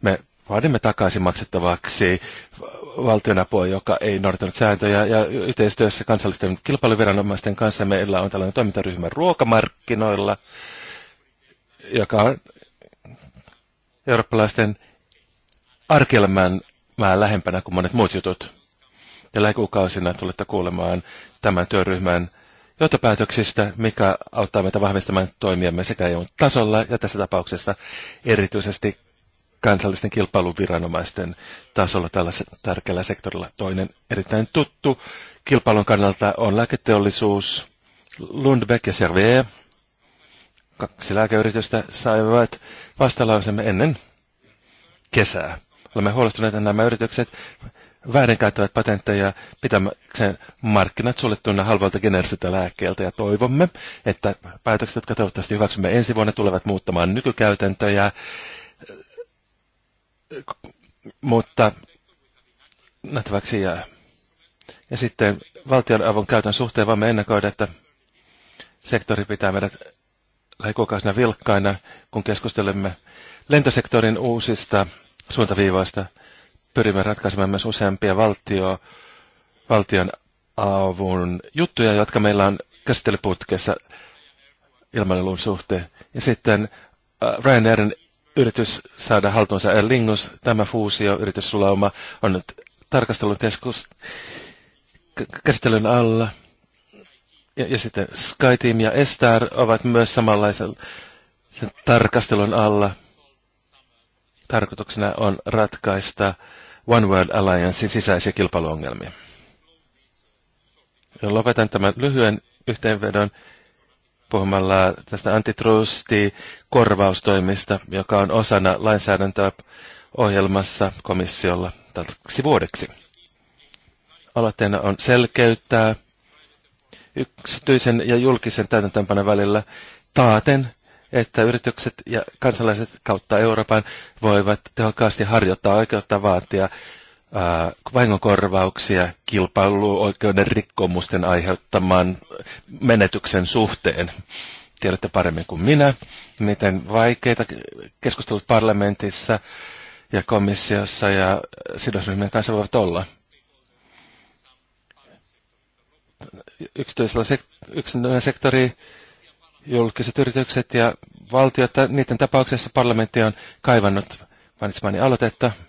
Speaker 2: me vaadimme takaisin maksettavaksi valtionapua, joka ei noudattanut sääntöjä. Ja yhteistyössä kansallisten kilpailuviranomaisten kanssa meillä on tällainen toimintaryhmä ruokamarkkinoilla, joka on eurooppalaisten arkielämään lähempänä kuin monet muut jutut. Ja lähikuukausina tulette kuulemaan tämän työryhmän johtopäätöksistä, mikä auttaa meitä vahvistamaan toimiamme sekä eu tasolla ja tässä tapauksessa erityisesti kansallisten kilpailuviranomaisten tasolla tällä tärkeällä sektorilla. Toinen erittäin tuttu kilpailun kannalta on lääketeollisuus. Lundbeck ja Servier, kaksi lääkeyritystä, saivat vastalausemme ennen kesää. Olemme huolestuneita, että nämä yritykset väärinkäyttävät patentteja pitämään markkinat suljettuna halvalta geneerisiltä lääkkeiltä ja toivomme, että päätökset, jotka toivottavasti hyväksymme ensi vuonna, tulevat muuttamaan nykykäytäntöjä mutta nähtäväksi jää. Ja sitten valtion avun käytön suhteen voimme ennakoida, että sektori pitää meidät lähikuukausina vilkkaina, kun keskustelemme lentosektorin uusista suuntaviivoista. Pyrimme ratkaisemaan myös useampia valtio, valtion avun juttuja, jotka meillä on käsittelyputkessa ilmailun suhteen. Ja sitten äh, Ryanairin yritys saada haltuunsa El Lingus. Tämä fuusio yrityslauma on nyt tarkastelun keskus käsittelyn alla. Ja, ja sitten SkyTeam ja Estar ovat myös samanlaisen sen tarkastelun alla. Tarkoituksena on ratkaista One World Alliancein sisäisiä kilpailuongelmia. Ja lopetan tämän lyhyen yhteenvedon puhumalla tästä antitrusti-korvaustoimista, joka on osana lainsäädäntöä ohjelmassa komissiolla tältäksi vuodeksi. Aloitteena on selkeyttää yksityisen ja julkisen täytäntöönpanon välillä taaten, että yritykset ja kansalaiset kautta Euroopan voivat tehokkaasti harjoittaa oikeutta vaatia Äh, vahingonkorvauksia kilpailuoikeuden rikkomusten aiheuttaman menetyksen suhteen. Tiedätte paremmin kuin minä, miten vaikeita keskustelut parlamentissa ja komissiossa ja sidosryhmien kanssa voivat olla. Yksityisellä sek- sektori, julkiset yritykset ja valtiot, niiden tapauksessa parlamentti on kaivannut mainitsemani aloitetta –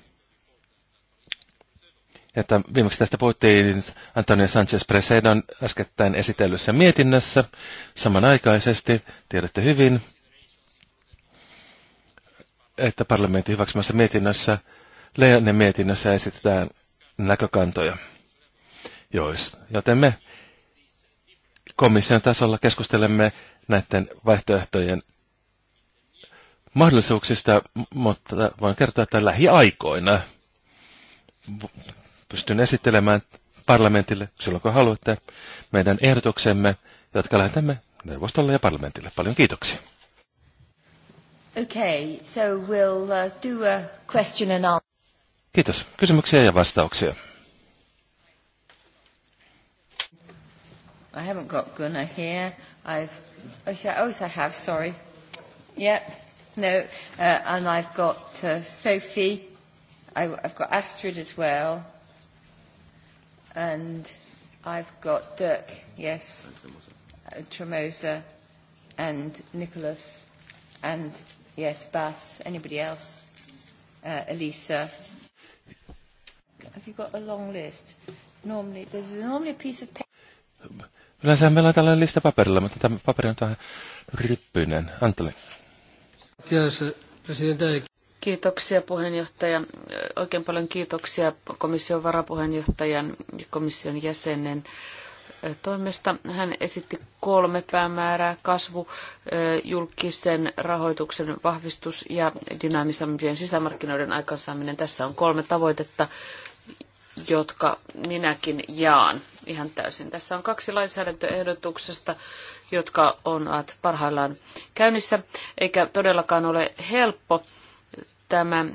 Speaker 2: että viimeksi tästä puhuttiin Antonio Sanchez Presedon äskettäin esitellyssä mietinnössä samanaikaisesti. Tiedätte hyvin, että parlamentin hyväksymässä mietinnössä, Leonen mietinnössä esitetään näkökantoja, jois, joten me komission tasolla keskustelemme näiden vaihtoehtojen mahdollisuuksista, mutta voin kertoa, että lähiaikoina pystyn esittelemään parlamentille, silloin kun haluatte, meidän ehdotuksemme, jotka lähetämme neuvostolle ja parlamentille. Paljon kiitoksia.
Speaker 1: Okay, so we'll uh, do a question and answer.
Speaker 2: Kiitos. Kysymyksiä ja vastauksia.
Speaker 1: I haven't got Gunnar here. I've, oh, I, oh, I have, sorry. Yep, no, uh, and I've got uh, Sophie. I, I've got Astrid as well and I've got Dirk, yes, and Tremosa, Uh, Tremosa, and Nicholas, and yes, Bass. Anybody else? Uh, Elisa. Have you got a long list? Normally, there's normally a piece of paper.
Speaker 2: Yleensä meillä on tällainen lista paperilla, mutta tämä paperi on vähän rippyinen. Anteli.
Speaker 1: Kiitos, presidentti. Kiitoksia puheenjohtaja. Oikein paljon kiitoksia komission varapuheenjohtajan ja komission jäsenen toimesta. Hän esitti kolme päämäärää, kasvu, julkisen rahoituksen vahvistus ja dynaamisempien sisämarkkinoiden aikaansaaminen. Tässä on kolme tavoitetta, jotka minäkin jaan ihan täysin. Tässä on kaksi lainsäädäntöehdotuksesta, jotka on parhaillaan käynnissä, eikä todellakaan ole helppo tämä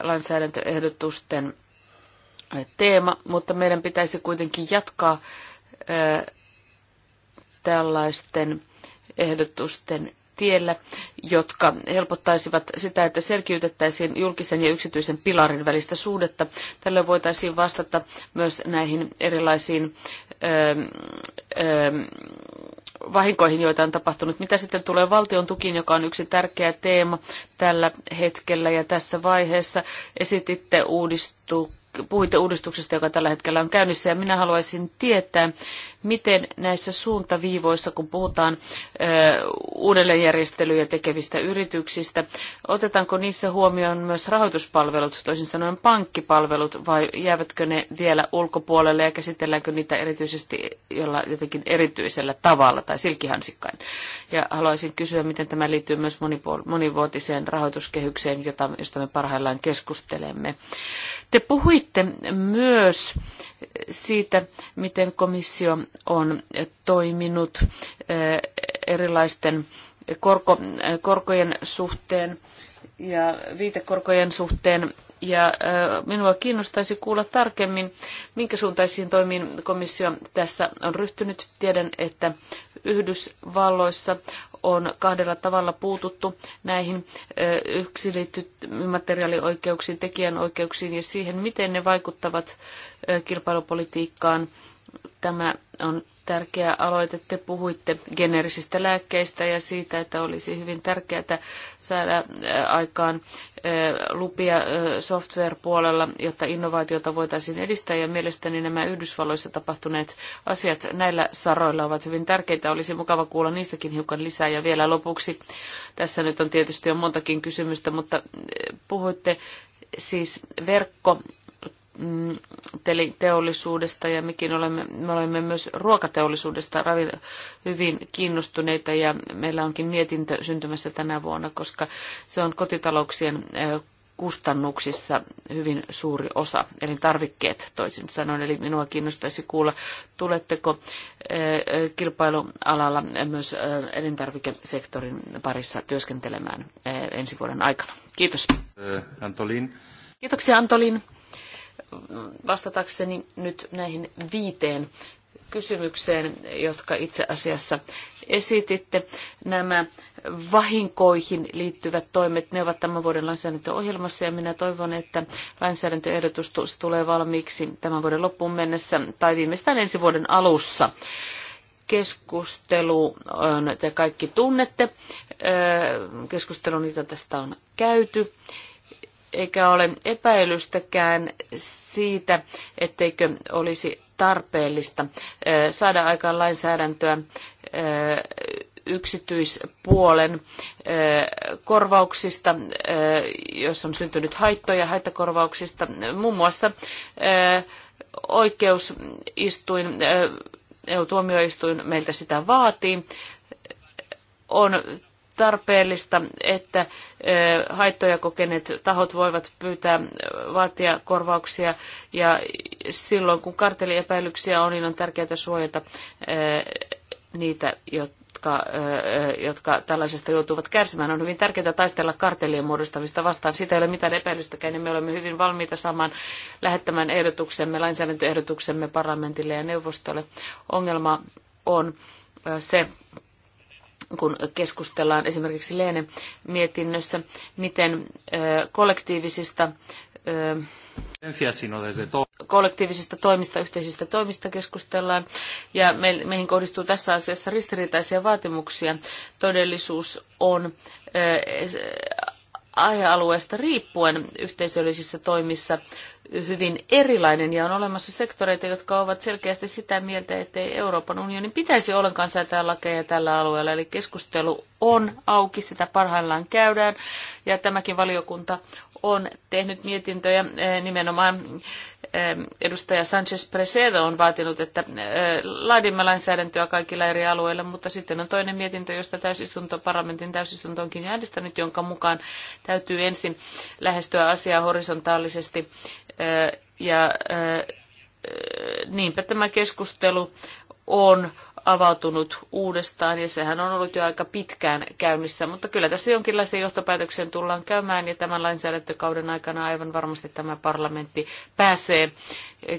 Speaker 1: lainsäädäntöehdotusten teema, mutta meidän pitäisi kuitenkin jatkaa tällaisten ehdotusten tiellä, jotka helpottaisivat sitä, että selkiytettäisiin julkisen ja yksityisen pilarin välistä suhdetta. Tällöin voitaisiin vastata myös näihin erilaisiin ö, ö, vahinkoihin, joita on tapahtunut. Mitä sitten tulee valtion tukiin, joka on yksi tärkeä teema tällä hetkellä ja tässä vaiheessa esititte uudistuksia puhuttu puiteuudistuksesta, joka tällä hetkellä on käynnissä, ja minä haluaisin tietää, miten näissä suuntaviivoissa, kun puhutaan ö, uudelleenjärjestelyjä tekevistä yrityksistä, otetaanko niissä huomioon myös rahoituspalvelut, toisin sanoen pankkipalvelut, vai jäävätkö ne vielä ulkopuolelle ja käsitelläänkö niitä erityisesti jolla jotenkin erityisellä tavalla tai silkihansikkain? Ja haluaisin kysyä, miten tämä liittyy myös monivuotiseen rahoituskehykseen, jota, josta me parhaillaan keskustelemme. Te te puhuitte myös siitä, miten komissio on toiminut eh, erilaisten korko, eh, korkojen suhteen ja viitekorkojen suhteen. Ja eh, minua kiinnostaisi kuulla tarkemmin, minkä suuntaisiin toimiin komissio tässä on ryhtynyt. Tiedän, että Yhdysvalloissa on kahdella tavalla puututtu näihin yksilitty materiaalioikeuksiin, tekijänoikeuksiin ja siihen, miten ne vaikuttavat kilpailupolitiikkaan Tämä on tärkeä aloite. Te puhuitte generisistä lääkkeistä ja siitä, että olisi hyvin tärkeää saada äh, aikaan äh, lupia äh, software-puolella, jotta innovaatiota voitaisiin edistää. Ja mielestäni nämä Yhdysvalloissa tapahtuneet asiat näillä saroilla ovat hyvin tärkeitä. Olisi mukava kuulla niistäkin hiukan lisää. Ja vielä lopuksi, tässä nyt on tietysti jo montakin kysymystä, mutta puhuitte siis verkko Mm, teollisuudesta ja mekin olemme, me olemme myös ruokateollisuudesta hyvin kiinnostuneita ja meillä onkin mietintö syntymässä tänä vuonna, koska se on kotitalouksien kustannuksissa hyvin suuri osa, eli tarvikkeet toisin sanoen. Eli minua kiinnostaisi kuulla, tuletteko kilpailualalla myös elintarvikesektorin parissa työskentelemään ensi vuoden aikana. Kiitos.
Speaker 2: Antolin. Kiitoksia
Speaker 1: Antolin vastatakseni nyt näihin viiteen kysymykseen, jotka itse asiassa esititte. Nämä vahinkoihin liittyvät toimet, ne ovat tämän vuoden lainsäädäntöohjelmassa ja minä toivon, että lainsäädäntöehdotus tulee valmiiksi tämän vuoden loppuun mennessä tai viimeistään ensi vuoden alussa. Keskustelu on, te kaikki tunnette, keskustelu niitä tästä on käyty eikä ole epäilystäkään siitä, etteikö olisi tarpeellista saada aikaan lainsäädäntöä yksityispuolen korvauksista, jos on syntynyt haittoja, haittakorvauksista, muun muassa oikeusistuin, EU-tuomioistuin meiltä sitä vaatii, on tarpeellista, että haittoja kokeneet tahot voivat pyytää vaatia korvauksia ja silloin kun kartelliepäilyksiä on, niin on tärkeää suojata niitä, jotka, jotka tällaisesta joutuvat kärsimään. On hyvin tärkeää taistella kartelien muodostamista vastaan. Sitä ei ole mitään epäilystäkään, niin me olemme hyvin valmiita saamaan lähettämään ehdotuksemme, lainsäädäntöehdotuksemme parlamentille ja neuvostolle. Ongelma on se, kun keskustellaan esimerkiksi Leene mietinnössä, miten kollektiivisista kollektiivisista toimista, yhteisistä toimista keskustellaan, ja meihin kohdistuu tässä asiassa ristiriitaisia vaatimuksia. Todellisuus on aihealueesta riippuen yhteisöllisissä toimissa hyvin erilainen ja on olemassa sektoreita, jotka ovat selkeästi sitä mieltä, että Euroopan unionin pitäisi ollenkaan säätää lakeja tällä alueella. Eli keskustelu on auki, sitä parhaillaan käydään ja tämäkin valiokunta on tehnyt mietintöjä eh, nimenomaan eh, edustaja Sanchez Presedo on vaatinut, että eh, laadimme lainsäädäntöä kaikilla eri alueilla, mutta sitten on toinen mietintö, josta täysistunto, parlamentin täysistunto onkin äänestänyt, jonka mukaan täytyy ensin lähestyä asiaa horisontaalisesti. Ja niinpä tämä keskustelu on avautunut uudestaan ja sehän on ollut jo aika pitkään käynnissä, mutta kyllä tässä jonkinlaisen johtopäätöksen tullaan käymään ja tämän lainsäädäntökauden aikana aivan varmasti tämä parlamentti pääsee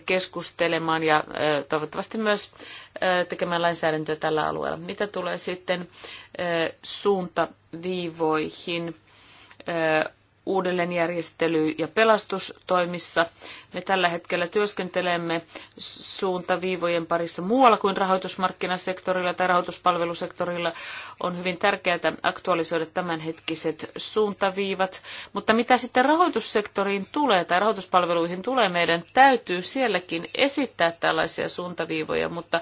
Speaker 1: keskustelemaan ja toivottavasti myös tekemään lainsäädäntöä tällä alueella. Mitä tulee sitten suuntaviivoihin? uudelleenjärjestely- ja pelastustoimissa. Me tällä hetkellä työskentelemme suuntaviivojen parissa muualla kuin rahoitusmarkkinasektorilla tai rahoituspalvelusektorilla. On hyvin tärkeää aktualisoida tämänhetkiset suuntaviivat. Mutta mitä sitten rahoitussektoriin tulee tai rahoituspalveluihin tulee, meidän täytyy sielläkin esittää tällaisia suuntaviivoja, mutta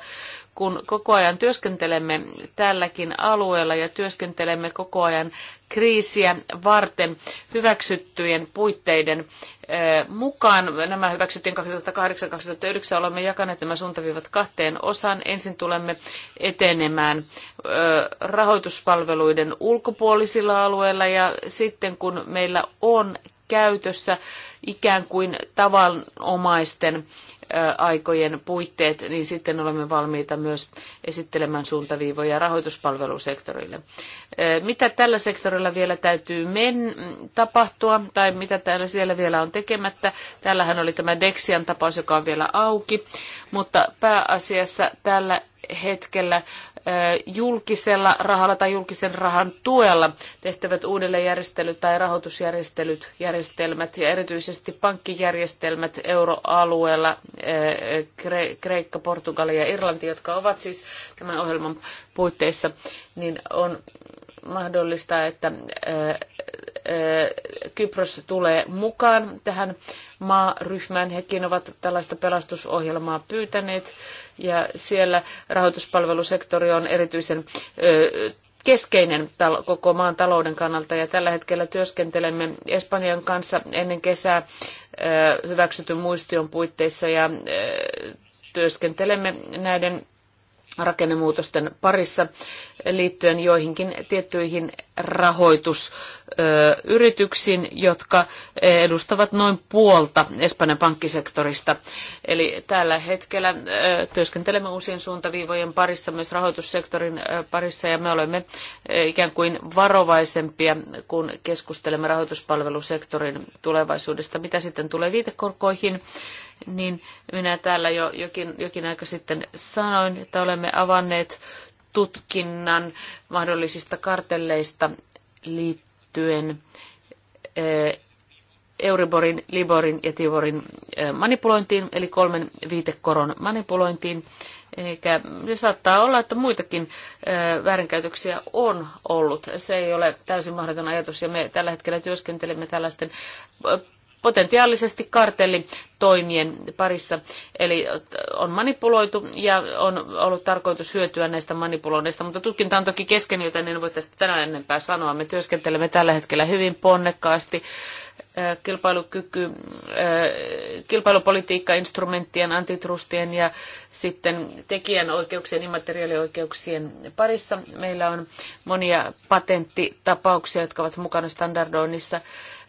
Speaker 1: kun koko ajan työskentelemme tälläkin alueella ja työskentelemme koko ajan kriisiä varten hyväksyttyjen puitteiden mukaan. Nämä hyväksyttiin 2008-2009. Olemme jakaneet nämä suuntaviivat kahteen osaan. Ensin tulemme etenemään rahoituspalveluiden ulkopuolisilla alueilla ja sitten kun meillä on käytössä ikään kuin tavanomaisten aikojen puitteet, niin sitten olemme valmiita myös esittelemään suuntaviivoja rahoituspalvelusektorille. Mitä tällä sektorilla vielä täytyy men- tapahtua tai mitä täällä siellä vielä on tekemättä? Täällähän oli tämä Dexian tapaus, joka on vielä auki, mutta pääasiassa tällä hetkellä julkisella rahalla tai julkisen rahan tuella tehtävät uudelleenjärjestelyt tai rahoitusjärjestelyt, järjestelmät ja erityisesti pankkijärjestelmät euroalueella, Kreikka, Portugali ja Irlanti, jotka ovat siis tämän ohjelman puitteissa, niin on mahdollista, että Kypros tulee mukaan tähän maaryhmään. Hekin ovat tällaista pelastusohjelmaa pyytäneet ja siellä rahoituspalvelusektori on erityisen keskeinen koko maan talouden kannalta ja tällä hetkellä työskentelemme Espanjan kanssa ennen kesää hyväksytyn muistion puitteissa ja työskentelemme näiden rakennemuutosten parissa liittyen joihinkin tiettyihin rahoitusyrityksiin, jotka eh, edustavat noin puolta Espanjan pankkisektorista. Eli tällä hetkellä eh, työskentelemme uusien suuntaviivojen parissa, myös rahoitussektorin eh, parissa, ja me olemme ikään kuin varovaisempia, kun keskustelemme rahoituspalvelusektorin tulevaisuudesta. Mitä sitten tulee viitekorkoihin? niin minä täällä jo jokin, jokin aika sitten sanoin, että olemme avanneet tutkinnan mahdollisista kartelleista liittyen eh, Euriborin, Liborin ja Tivorin eh, manipulointiin, eli kolmen viitekoron manipulointiin. Eikä se saattaa olla, että muitakin eh, väärinkäytöksiä on ollut. Se ei ole täysin mahdoton ajatus, ja me tällä hetkellä työskentelemme tällaisten potentiaalisesti kartellitoimien parissa. Eli on manipuloitu ja on ollut tarkoitus hyötyä näistä manipuloinneista, mutta tutkinta on toki kesken, joten en voi tästä tänään enempää sanoa. Me työskentelemme tällä hetkellä hyvin ponnekkaasti äh, kilpailukyky, äh, kilpailupolitiikka-instrumenttien, antitrustien ja sitten tekijänoikeuksien, immateriaalioikeuksien parissa. Meillä on monia patenttitapauksia, jotka ovat mukana standardoinnissa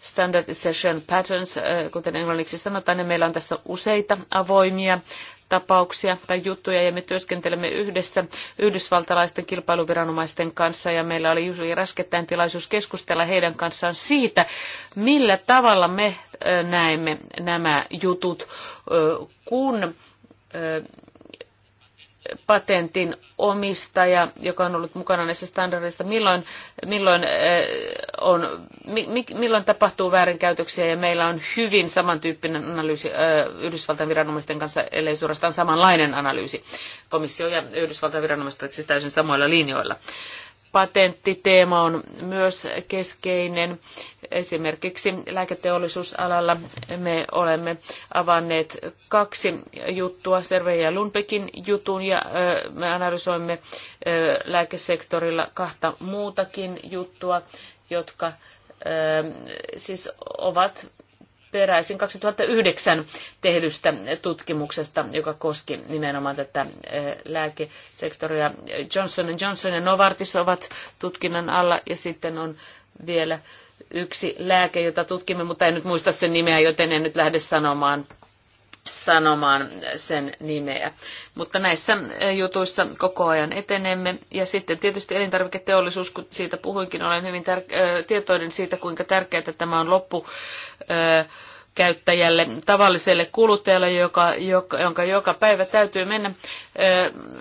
Speaker 1: standardization patterns, äh, kuten englanniksi sanotaan, niin meillä on tässä useita avoimia tapauksia tai juttuja ja me työskentelemme yhdessä yhdysvaltalaisten kilpailuviranomaisten kanssa ja meillä oli juuri raskettain tilaisuus keskustella heidän kanssaan siitä, millä tavalla me äh, näemme nämä jutut, äh, kun patentin omistaja, joka on ollut mukana näissä standardeissa, milloin, milloin, äh, on, mi, milloin tapahtuu väärinkäytöksiä ja meillä on hyvin samantyyppinen analyysi äh, Yhdysvaltain viranomaisten kanssa, ellei suorastaan samanlainen analyysi. Komissio ja Yhdysvaltain viranomaiset siis täysin samoilla linjoilla patenttiteema on myös keskeinen. Esimerkiksi lääketeollisuusalalla me olemme avanneet kaksi juttua, Serve ja Lundbeckin jutun, ja me analysoimme lääkesektorilla kahta muutakin juttua, jotka siis ovat peräisin 2009 tehdystä tutkimuksesta, joka koski nimenomaan tätä eh, lääkesektoria. Johnson Johnson ja Novartis ovat tutkinnan alla ja sitten on vielä yksi lääke, jota tutkimme, mutta en nyt muista sen nimeä, joten en nyt lähde sanomaan sanomaan sen nimeä. Mutta näissä eh, jutuissa koko ajan etenemme. Ja sitten tietysti elintarviketeollisuus, kun siitä puhuinkin, olen hyvin tär- eh, tietoinen siitä, kuinka tärkeää tämä on loppu eh, käyttäjälle, tavalliselle kuluttajalle, joka, joka, jonka joka päivä täytyy mennä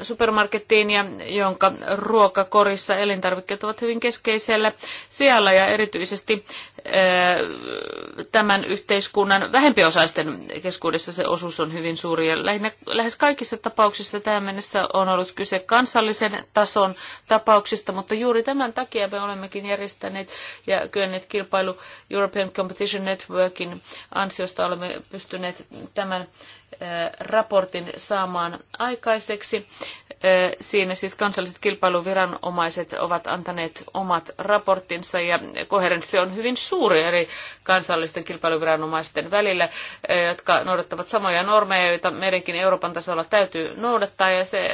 Speaker 1: supermarkettiin ja jonka ruokakorissa elintarvikkeet ovat hyvin keskeisellä sijalla ja erityisesti tämän yhteiskunnan vähempiosaisten keskuudessa se osuus on hyvin suuri ja lähinnä, lähes kaikissa tapauksissa tähän mennessä on ollut kyse kansallisen tason tapauksista, mutta juuri tämän takia me olemmekin järjestäneet ja kyenneet kilpailu European Competition Networkin ansiosta olemme pystyneet tämän raportin saamaan aikaiseksi. Siinä siis kansalliset kilpailuviranomaiset ovat antaneet omat raporttinsa ja koherenssi on hyvin suuri eri kansallisten kilpailuviranomaisten välillä, jotka noudattavat samoja normeja, joita meidänkin Euroopan tasolla täytyy noudattaa ja se,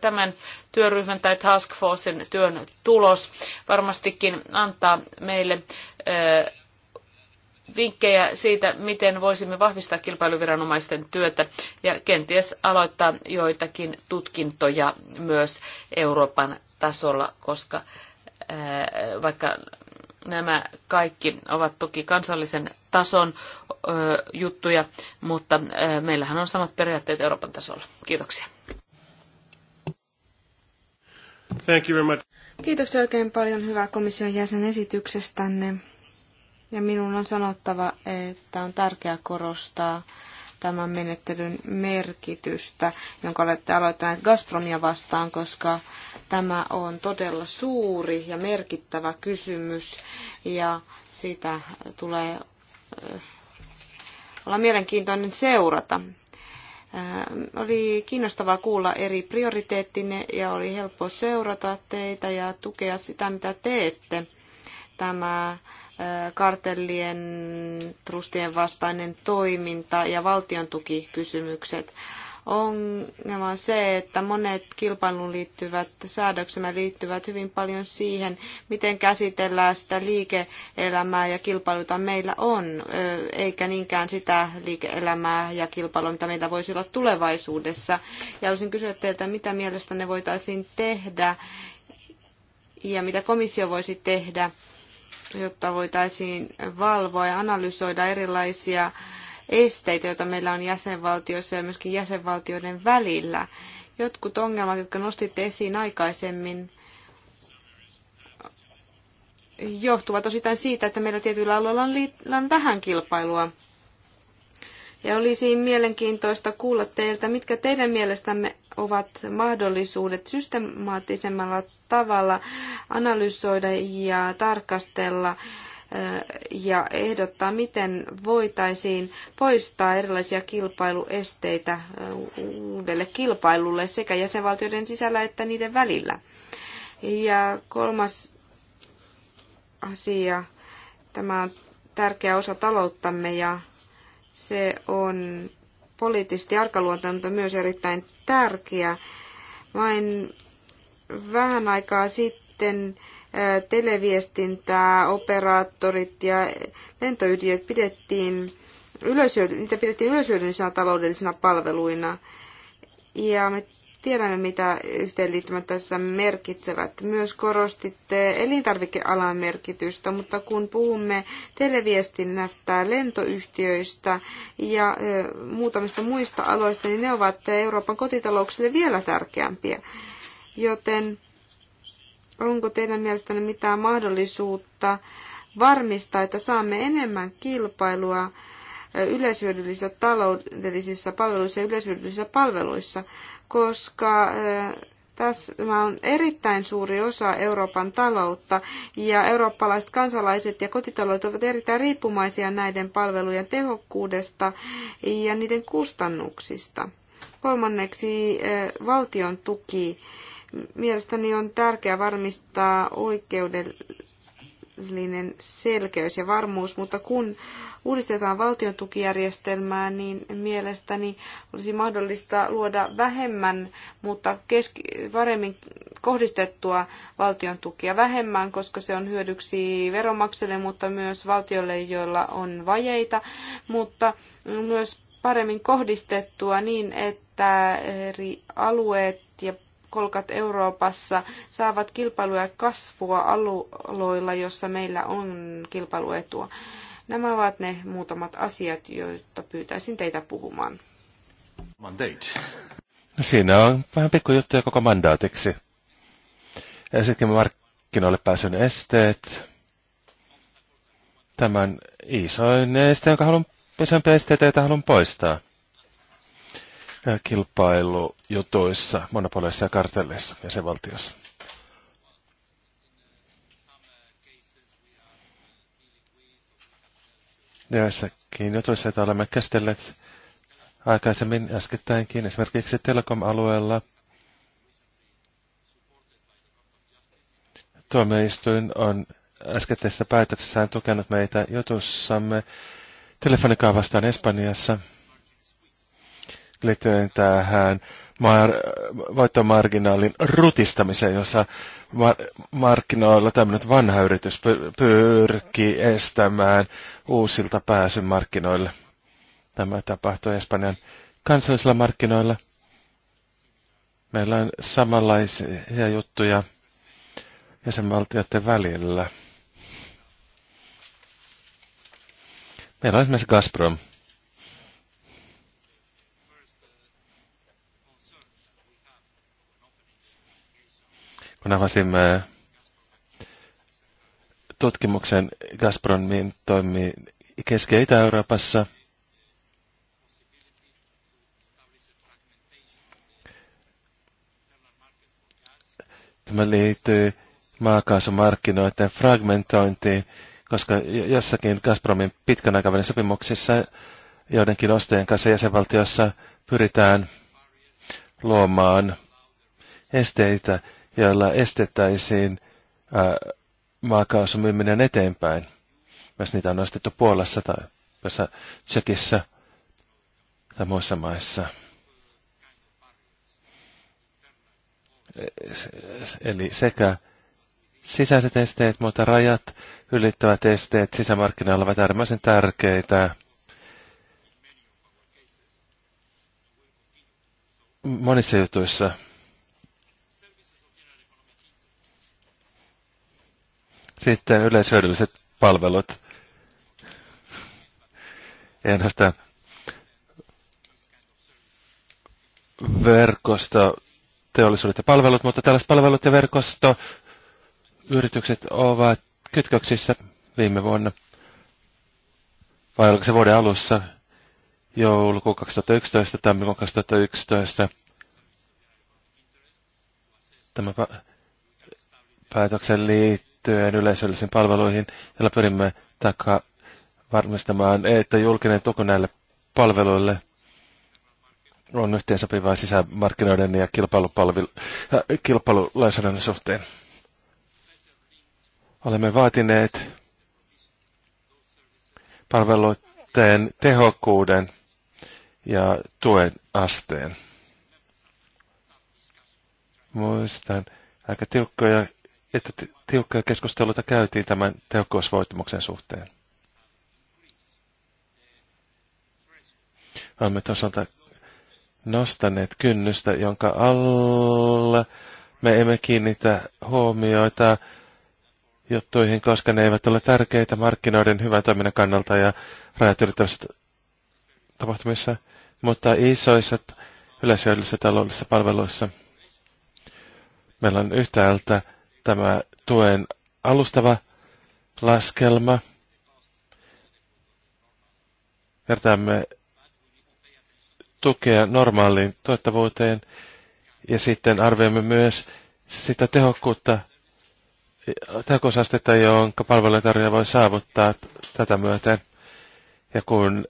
Speaker 1: tämän työryhmän tai task forcen työn tulos varmastikin antaa meille vinkkejä siitä, miten voisimme vahvistaa kilpailuviranomaisten työtä ja kenties aloittaa joitakin tutkintoja myös Euroopan tasolla, koska vaikka nämä kaikki ovat toki kansallisen tason juttuja, mutta meillähän on samat periaatteet Euroopan tasolla. Kiitoksia.
Speaker 2: Thank you very much. Kiitoksia oikein
Speaker 3: paljon hyvää komission jäsen esityksestänne. Ja minun on sanottava, että on tärkeää korostaa tämän menettelyn merkitystä, jonka olette aloittaneet Gazpromia vastaan, koska tämä on todella suuri ja merkittävä kysymys ja sitä tulee äh, olla mielenkiintoinen seurata. Äh, oli kiinnostavaa kuulla eri prioriteettinne ja oli helppo seurata teitä ja tukea sitä, mitä teette. Tämä kartellien, trustien vastainen toiminta ja valtion tukikysymykset. Ongelma on se, että monet kilpailuun liittyvät säädöksemme liittyvät hyvin paljon siihen, miten käsitellään sitä liike-elämää ja kilpailuta meillä on, eikä niinkään sitä liike-elämää ja kilpailua, mitä meillä voisi olla tulevaisuudessa. Ja haluaisin kysyä teiltä, mitä ne voitaisiin tehdä ja mitä komissio voisi tehdä jotta voitaisiin valvoa ja analysoida erilaisia esteitä, joita meillä on jäsenvaltioissa ja myöskin jäsenvaltioiden välillä. Jotkut ongelmat, jotka nostitte esiin aikaisemmin, johtuvat osittain siitä, että meillä tietyillä alueilla on liian vähän kilpailua ja olisi mielenkiintoista kuulla teiltä, mitkä teidän mielestämme ovat mahdollisuudet systemaattisemmalla tavalla analysoida ja tarkastella ja ehdottaa, miten voitaisiin poistaa erilaisia kilpailuesteitä uudelle kilpailulle sekä jäsenvaltioiden sisällä että niiden välillä. Ja kolmas asia, tämä on tärkeä osa talouttamme ja se on poliittisesti arkaluontoinen, mutta myös erittäin tärkeä. Vain vähän aikaa sitten televiestintää, operaattorit ja lentoyhtiöt pidettiin yleishyödy- niitä pidettiin yleishyödyllisinä taloudellisina palveluina. Ja me tiedämme, mitä yhteenliittymät tässä merkitsevät. Myös korostitte elintarvikealan merkitystä, mutta kun puhumme televiestinnästä, lentoyhtiöistä ja muutamista muista aloista, niin ne ovat Euroopan kotitalouksille vielä tärkeämpiä. Joten onko teidän mielestänne mitään mahdollisuutta varmistaa, että saamme enemmän kilpailua yleishyödyllisissä taloudellisissa palveluissa ja yleishyödyllisissä palveluissa? koska eh, Tämä on erittäin suuri osa Euroopan taloutta ja eurooppalaiset kansalaiset ja kotitaloudet ovat erittäin riippumaisia näiden palvelujen tehokkuudesta ja niiden kustannuksista. Kolmanneksi eh, valtion tuki. Mielestäni on tärkeää varmistaa oikeuden taloudellinen selkeys ja varmuus, mutta kun uudistetaan valtion tukijärjestelmää, niin mielestäni olisi mahdollista luoda vähemmän, mutta keski- paremmin kohdistettua valtion tukia vähemmän, koska se on hyödyksi veronmaksajille, mutta myös valtiolle, joilla on vajeita, mutta myös paremmin kohdistettua niin, että eri alueet ja kolkat Euroopassa saavat kilpailua ja kasvua alueilla, jossa meillä on kilpailuetua. Nämä ovat ne muutamat asiat, joita pyytäisin teitä puhumaan.
Speaker 2: Mandate. No siinä on vähän pikkujuttuja koko mandaatiksi. Ensinnäkin markkinoille pääsyn esteet. Tämän isoin este, jonka haluan, isoimpia esteitä, joita haluan poistaa kilpailujutuissa, monopoleissa ja kartelleissa ja sen valtiossa. Joissakin jutuissa, joita olemme käsitelleet aikaisemmin äskettäinkin, esimerkiksi Telekom-alueella, tuomioistuin on äskettäisessä päätöksessään tukenut meitä jutussamme telefonikaa vastaan Espanjassa – liittyen tähän mar- voittomarginaalin rutistamiseen, jossa mar- markkinoilla tämmöinen vanha yritys py- pyrkii estämään uusilta pääsyn markkinoille. Tämä tapahtui Espanjan kansallisilla markkinoilla. Meillä on samanlaisia juttuja jäsenvaltioiden välillä. Meillä on esimerkiksi Gazprom, kun avasimme tutkimuksen Gazpromin toimii Keski- ja Itä-Euroopassa, Tämä liittyy maakaasumarkkinoiden fragmentointiin, koska jossakin Gazpromin pitkän aikavälin sopimuksissa joidenkin ostajien kanssa jäsenvaltiossa pyritään luomaan esteitä, joilla estettäisiin maakaasun myyminen eteenpäin. Myös niitä on nostettu Puolassa tai Tsekissä tai muissa maissa. Eli sekä sisäiset esteet, mutta rajat ylittävät esteet sisämarkkinoilla ovat äärimmäisen tärkeitä. Monissa jutuissa Sitten yleishyödylliset palvelut. enhän sitä verkosto, teollisuudet ja palvelut, mutta tällaiset palvelut ja verkosto yritykset ovat kytköksissä viime vuonna. Vai oliko se vuoden alussa? Joulukuun 2011, tammikuun 2011. Tämä päätöksen liittyy liittyen yleisöllisiin palveluihin, joilla pyrimme takaa varmistamaan, että julkinen tuko näille palveluille on yhteensopivaa sisämarkkinoiden ja kilpailulainsäädännön suhteen. Olemme vaatineet palveluiden tehokkuuden ja tuen asteen. Muistan aika tiukkoja että tiukkoja keskusteluita käytiin tämän tehokkuusvoittamuksen suhteen. Olemme tasolta nostaneet kynnystä, jonka alla me emme kiinnitä huomioita juttuihin, koska ne eivät ole tärkeitä markkinoiden hyvän toiminnan kannalta ja rajat ylittävissä tapahtumissa, mutta isoissa yleishyödyllisissä taloudellisissa palveluissa meillä on yhtäältä tämä tuen alustava laskelma. Vertaamme tukea normaaliin tuottavuuteen ja sitten arvioimme myös sitä tehokkuutta, tehokkuusastetta, jonka palveluntarjoaja voi saavuttaa tätä myöten. Ja kun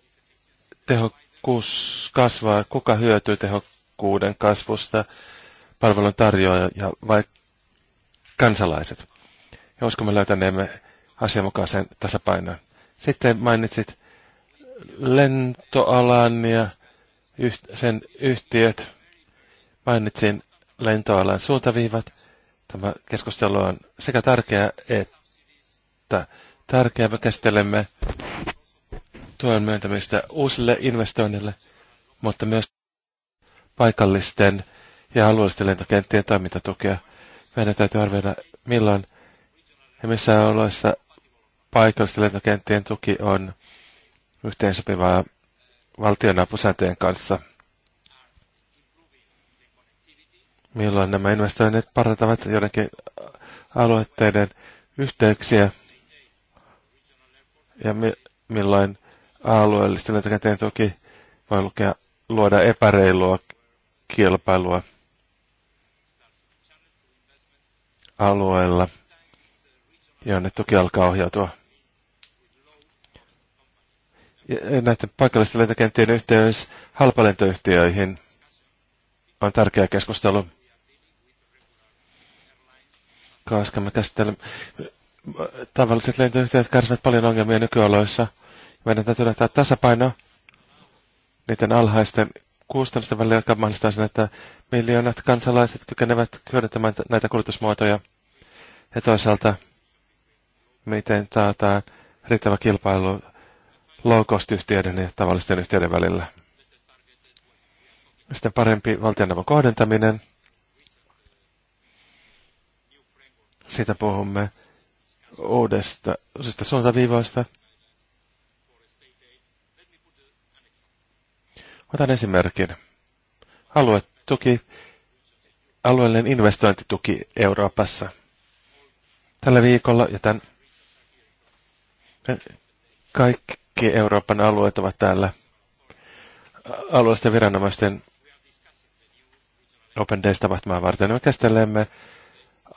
Speaker 2: tehokkuus kasvaa, kuka hyötyy tehokkuuden kasvusta, palvelun tarjoaja vai kansalaiset. Ja me löytäneemme asianmukaisen tasapainon. Sitten mainitsit lentoalan ja sen yhtiöt. Mainitsin lentoalan suuntaviivat. Tämä keskustelu on sekä tärkeä että tärkeä. Me käsittelemme tuen myöntämistä uusille investoinnille, mutta myös paikallisten ja alueellisten lentokenttien toimintatukea meidän täytyy arvioida, milloin ja missä oloissa paikallisten lentokenttien tuki on yhteensopivaa apusääntöjen kanssa. Milloin nämä investoinnit parantavat joidenkin alueiden yhteyksiä ja mi- milloin alueellisten lentokenttien tuki voi lukea, luoda epäreilua kilpailua. alueella, jonne tuki alkaa ohjautua. Ja näiden paikallisten lentokenttien yhteys halpalentoyhtiöihin on tärkeä keskustelu, koska me käsittelemme tavalliset lentoyhtiöt kärsivät paljon ongelmia nykyoloissa. Meidän täytyy näyttää tasapaino niiden alhaisten kustannusten välillä, joka mahdollistaa sen, että Miljoonat kansalaiset kykenevät hyödyntämään näitä kulutusmuotoja ja toisaalta miten taataan riittävä kilpailu low cost yhtiöiden ja tavallisten yhtiöiden välillä. Sitten parempi valtionavun kohdentaminen. Siitä puhumme uudesta, uusista suuntaviivoista. Otan esimerkin. Alue tuki, alueellinen investointituki Euroopassa. Tällä viikolla, joten kaikki Euroopan alueet ovat täällä alueellisten viranomaisten Open Days-tapahtumaa varten. Me käsittelemme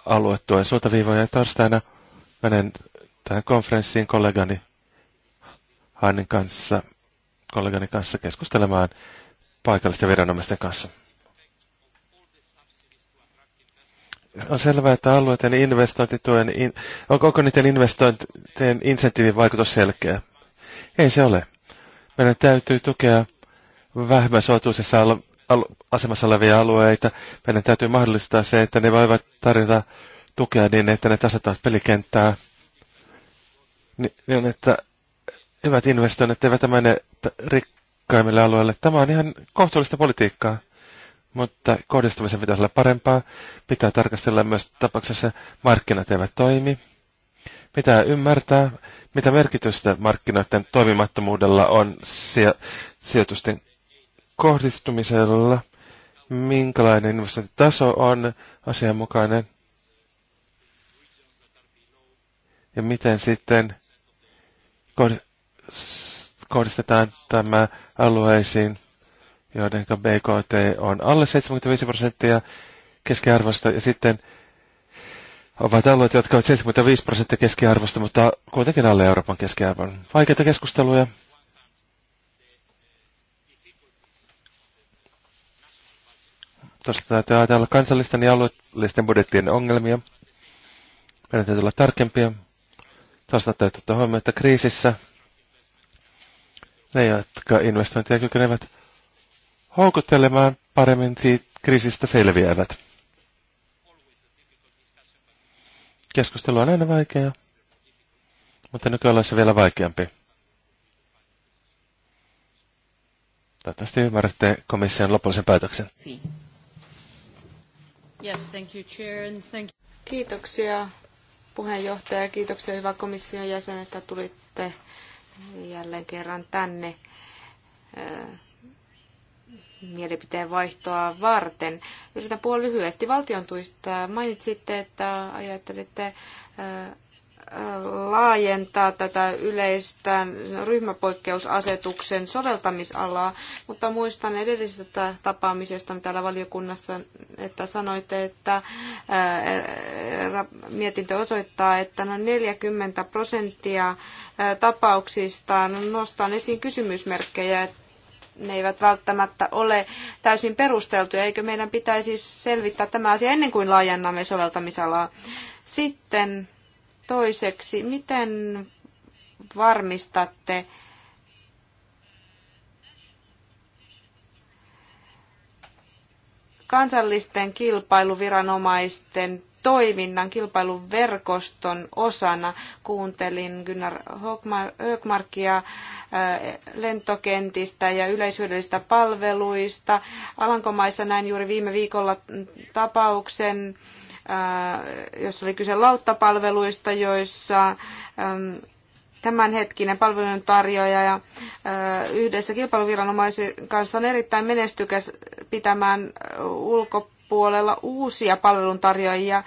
Speaker 2: aluetuen suuntaviivoja torstaina. Menen tähän konferenssiin kollegani Hannin kanssa, kollegani kanssa keskustelemaan paikallisten viranomaisten kanssa. on selvää, että alueiden investointituen, in, onko, niiden investointien insentiivin vaikutus selkeä? Ei se ole. Meidän täytyy tukea vähemmän suotuisessa al, al, asemassa olevia alueita. Meidän täytyy mahdollistaa se, että ne voivat tarjota tukea niin, että ne tasataan pelikenttää. Niin, että hyvät investoinnit eivät mene rikkaimmille alueille. Tämä on ihan kohtuullista politiikkaa mutta kohdistumisen pitäisi olla parempaa. Pitää tarkastella myös tapauksessa markkinat eivät toimi. Pitää ymmärtää, mitä merkitystä markkinoiden toimimattomuudella on sijo- sijoitusten kohdistumisella, minkälainen investointitaso on asianmukainen ja miten sitten kohdistetaan tämä alueisiin joiden BKT on alle 75 prosenttia keskiarvosta, ja sitten ovat alueet, jotka ovat 75 prosenttia keskiarvosta, mutta kuitenkin alle Euroopan keskiarvon. Vaikeita keskusteluja. Tuosta täytyy ajatella kansallisten ja alueellisten budjettien ongelmia. Meidän täytyy olla tarkempia. Tuosta täytyy ottaa huomioon, että kriisissä ne, jotka investointia kykenevät houkuttelemaan paremmin siitä kriisistä selviävät. Keskustelu on aina vaikeaa, mutta nykyään se vielä vaikeampi. Toivottavasti ymmärrätte komission lopullisen päätöksen.
Speaker 1: Yes, thank you, Chair, and thank you.
Speaker 3: Kiitoksia puheenjohtaja, kiitoksia hyvä komission jäsen, että tulitte jälleen kerran tänne äh, mielipiteen vaihtoa varten. Yritän puhua lyhyesti valtion tuista. Mainitsitte, että ajattelitte äh, äh, laajentaa tätä yleistä ryhmäpoikkeusasetuksen soveltamisalaa, mutta muistan edellisestä tapaamisesta täällä valiokunnassa, että sanoitte, että äh, mietintö osoittaa, että noin 40 prosenttia tapauksista nostaa esiin kysymysmerkkejä, että ne eivät välttämättä ole täysin perusteltuja. Eikö meidän pitäisi selvittää tämä asia ennen kuin laajennamme soveltamisalaa? Sitten toiseksi, miten varmistatte, kansallisten kilpailuviranomaisten toiminnan kilpailuverkoston osana. Kuuntelin Gunnar Högmarkia äh, lentokentistä ja yleishyödyllisistä palveluista. Alankomaissa näin juuri viime viikolla tapauksen, äh, jossa oli kyse lauttapalveluista, joissa ähm, tämänhetkinen palveluntarjoaja ja äh, yhdessä kilpailuviranomaisen kanssa on erittäin menestykäs pitämään ulkopuolella puolella uusia palveluntarjoajia.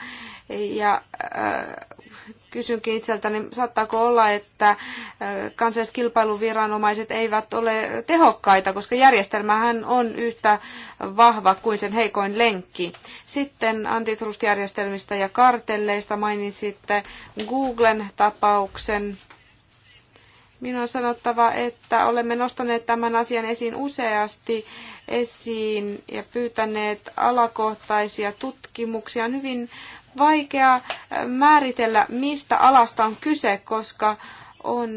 Speaker 3: Ja äh, kysynkin itseltäni, saattaako olla, että äh, kansalliset kilpailuviranomaiset eivät ole tehokkaita, koska järjestelmähän on yhtä vahva kuin sen heikoin lenkki. Sitten antitrustjärjestelmistä ja kartelleista mainitsitte Googlen tapauksen. Minun on sanottava, että olemme nostaneet tämän asian esiin useasti esiin ja pyytäneet alakohtaisia tutkimuksia. On hyvin vaikea äh, määritellä, mistä alasta on kyse, koska on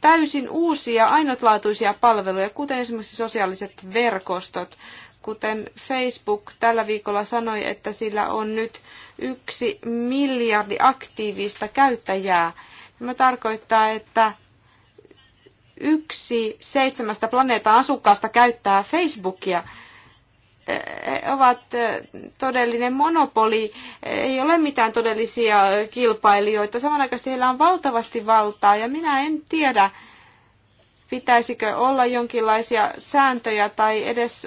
Speaker 3: täysin uusia, ainutlaatuisia palveluja, kuten esimerkiksi sosiaaliset verkostot. Kuten Facebook tällä viikolla sanoi, että sillä on nyt yksi miljardi aktiivista käyttäjää. Tämä tarkoittaa, että yksi seitsemästä planeetan asukkaasta käyttää Facebookia. He e, ovat e, todellinen monopoli, e, ei ole mitään todellisia kilpailijoita. Samanaikaisesti heillä on valtavasti valtaa ja minä en tiedä, pitäisikö olla jonkinlaisia sääntöjä tai edes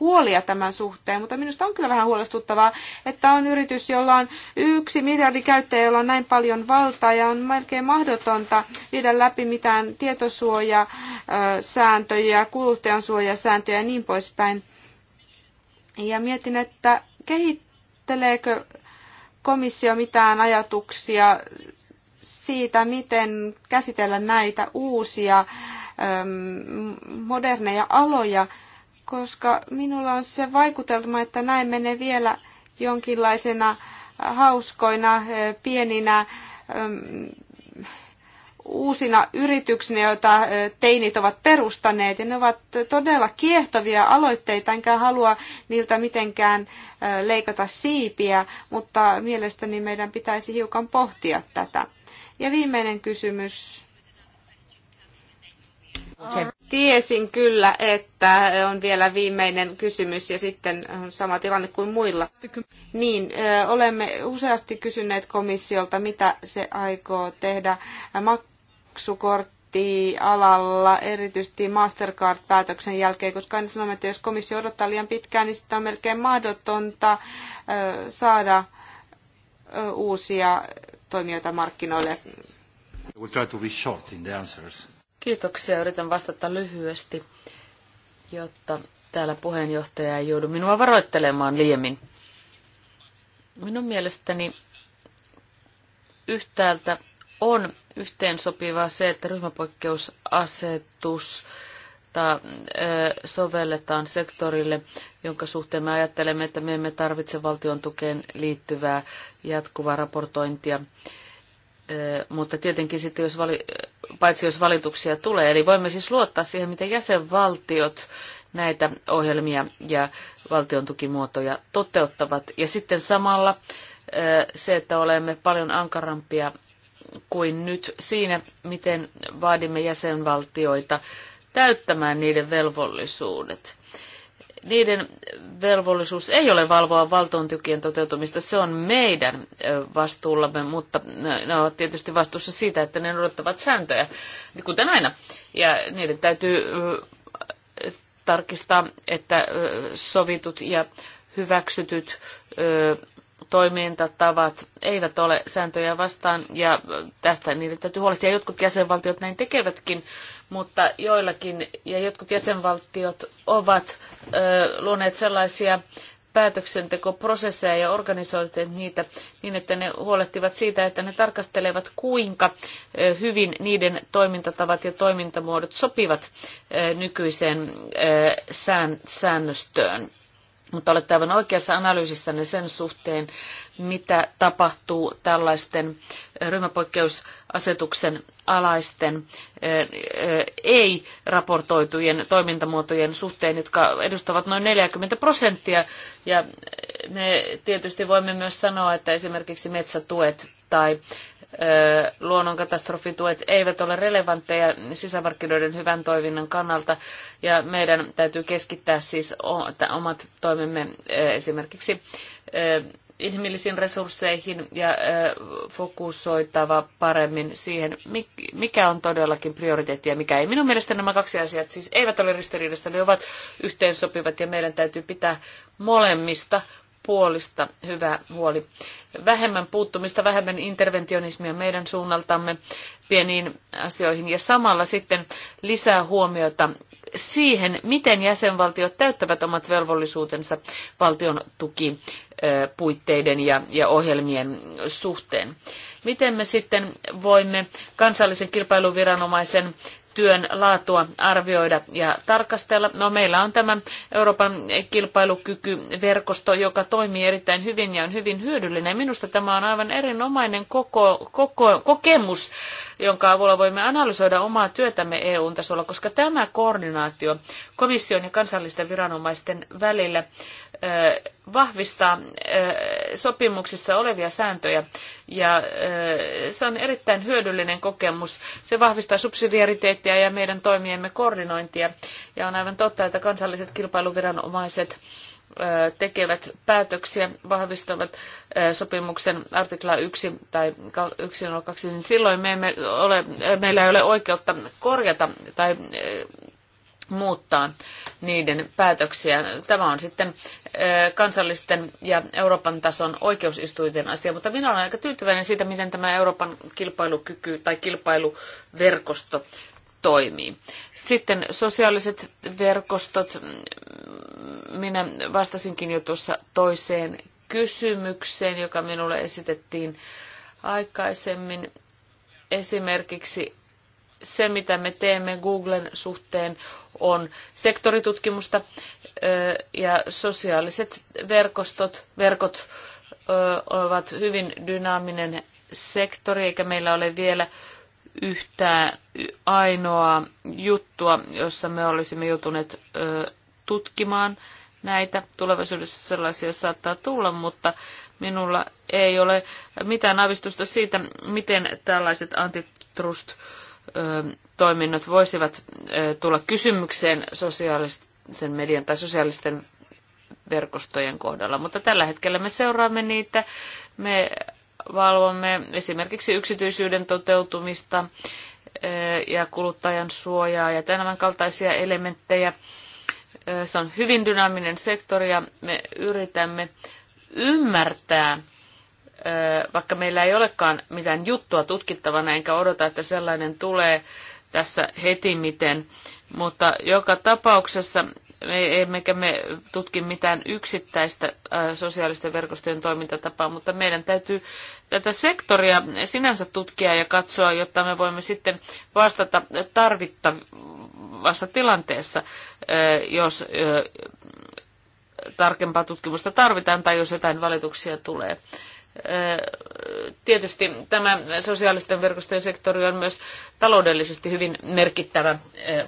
Speaker 3: huolia tämän suhteen, mutta minusta on kyllä vähän huolestuttavaa, että on yritys, jolla on yksi miljardi käyttäjä, jolla on näin paljon valtaa ja on melkein mahdotonta viedä läpi mitään tietosuojasääntöjä, kuluttajansuojasääntöjä ja niin poispäin. Ja mietin, että kehitteleekö komissio mitään ajatuksia siitä, miten käsitellä näitä uusia moderneja aloja, koska minulla on se vaikutelma, että näin menee vielä jonkinlaisena äh, hauskoina, äh, pieninä ähm, uusina yrityksinä, joita äh, teinit ovat perustaneet. Ja ne ovat todella kiehtovia aloitteita, enkä halua niiltä mitenkään leikata siipiä, mutta mielestäni meidän pitäisi hiukan pohtia tätä. Ja viimeinen kysymys. Okay. Tiesin kyllä, että on vielä viimeinen kysymys ja sitten sama tilanne kuin muilla. Niin, olemme useasti kysyneet komissiolta, mitä se aikoo tehdä maksukorttialalla, erityisesti Mastercard-päätöksen jälkeen, koska aina sanomme, että jos komissio odottaa liian pitkään, niin sitten on melkein mahdotonta saada uusia toimijoita
Speaker 1: markkinoille.
Speaker 2: We'll try to be short in the answers.
Speaker 1: Kiitoksia. Yritän vastata lyhyesti, jotta täällä puheenjohtaja ei joudu minua varoittelemaan liemin. Minun mielestäni yhtäältä on yhteensopivaa se, että ryhmäpoikkeusasetus sovelletaan sektorille, jonka suhteen me ajattelemme, että me emme tarvitse valtion tukeen liittyvää jatkuvaa raportointia. Mutta tietenkin sitten, jos paitsi jos valituksia tulee. Eli voimme siis luottaa siihen, miten jäsenvaltiot näitä ohjelmia ja valtion tukimuotoja toteuttavat. Ja sitten samalla se, että olemme paljon ankarampia kuin nyt siinä, miten vaadimme jäsenvaltioita täyttämään niiden velvollisuudet niiden velvollisuus ei ole valvoa valtuuntukien toteutumista, se on meidän vastuullamme, mutta no, ne ovat tietysti vastuussa siitä, että ne odottavat sääntöjä, kuten aina. Ja niiden täytyy tarkistaa, että sovitut ja hyväksytyt toimintatavat eivät ole sääntöjä vastaan, ja tästä niiden täytyy huolehtia. Jotkut jäsenvaltiot näin tekevätkin, mutta joillakin ja jotkut jäsenvaltiot ovat ö, luoneet sellaisia päätöksentekoprosesseja ja organisoineet niitä niin, että ne huolehtivat siitä, että ne tarkastelevat, kuinka hyvin niiden toimintatavat ja toimintamuodot sopivat nykyiseen säännöstöön. Mutta olette aivan oikeassa analyysissanne sen suhteen, mitä tapahtuu tällaisten eh, ryhmäpoikkeusasetuksen alaisten eh, eh, ei-raportoitujen toimintamuotojen suhteen, jotka edustavat noin 40 prosenttia. Ja me tietysti voimme myös sanoa, että esimerkiksi metsätuet tai luonnonkatastrofituet eivät ole relevantteja sisämarkkinoiden hyvän toiminnan kannalta ja meidän täytyy keskittää siis omat toimemme esimerkiksi inhimillisiin resursseihin ja fokusoitava paremmin siihen, mikä on todellakin prioriteetti ja mikä ei. Minun mielestäni nämä kaksi asiaa siis eivät ole ristiriidassa, ne ovat yhteensopivat ja meidän täytyy pitää molemmista puolista hyvä huoli. Vähemmän puuttumista, vähemmän interventionismia meidän suunnaltamme pieniin asioihin ja samalla sitten lisää huomiota siihen, miten jäsenvaltiot täyttävät omat velvollisuutensa valtion tukipuitteiden ja, ja ohjelmien suhteen. Miten me sitten voimme kansallisen kilpailuviranomaisen työn laatua arvioida ja tarkastella. No, meillä on tämä Euroopan kilpailukykyverkosto, joka toimii erittäin hyvin ja on hyvin hyödyllinen. Minusta tämä on aivan erinomainen koko, koko, kokemus jonka avulla voimme analysoida omaa työtämme EUn tasolla, koska tämä koordinaatio komission ja kansallisten viranomaisten välillä vahvistaa sopimuksissa olevia sääntöjä ja se on erittäin hyödyllinen kokemus. Se vahvistaa subsidiariteettia ja meidän toimiemme koordinointia ja on aivan totta, että kansalliset kilpailuviranomaiset tekevät päätöksiä, vahvistavat sopimuksen artikla 1 tai 102, niin silloin me emme ole, meillä ei ole oikeutta korjata tai muuttaa niiden päätöksiä. Tämä on sitten kansallisten ja Euroopan tason oikeusistuinten asia, mutta minä olen aika tyytyväinen siitä, miten tämä Euroopan kilpailukyky tai kilpailuverkosto toimii. Sitten sosiaaliset verkostot. Minä vastasinkin jo tuossa toiseen kysymykseen, joka minulle esitettiin aikaisemmin. Esimerkiksi se, mitä me teemme Googlen suhteen, on sektoritutkimusta ja sosiaaliset verkostot, verkot ovat hyvin dynaaminen sektori, eikä meillä ole vielä yhtään ainoa juttua, jossa me olisimme joutuneet ö, tutkimaan näitä. Tulevaisuudessa sellaisia saattaa tulla, mutta minulla ei ole mitään avistusta siitä, miten tällaiset antitrust toiminnot voisivat tulla kysymykseen sosiaalisen median tai sosiaalisten verkostojen kohdalla. Mutta tällä hetkellä me seuraamme niitä, me valvomme esimerkiksi yksityisyyden toteutumista ja kuluttajan suojaa ja tämän kaltaisia elementtejä. Se on hyvin dynaaminen sektori ja me yritämme ymmärtää, vaikka meillä ei olekaan mitään juttua tutkittavana, enkä odota, että sellainen tulee tässä heti miten, mutta joka tapauksessa me, emmekä me tutki mitään yksittäistä äh, sosiaalisten verkostojen toimintatapaa, mutta meidän täytyy tätä sektoria sinänsä tutkia ja katsoa, jotta me voimme sitten vastata tarvittavassa tilanteessa, äh, jos äh, tarkempaa tutkimusta tarvitaan tai jos jotain valituksia tulee. Tietysti tämä sosiaalisten verkostojen sektori on myös taloudellisesti hyvin merkittävä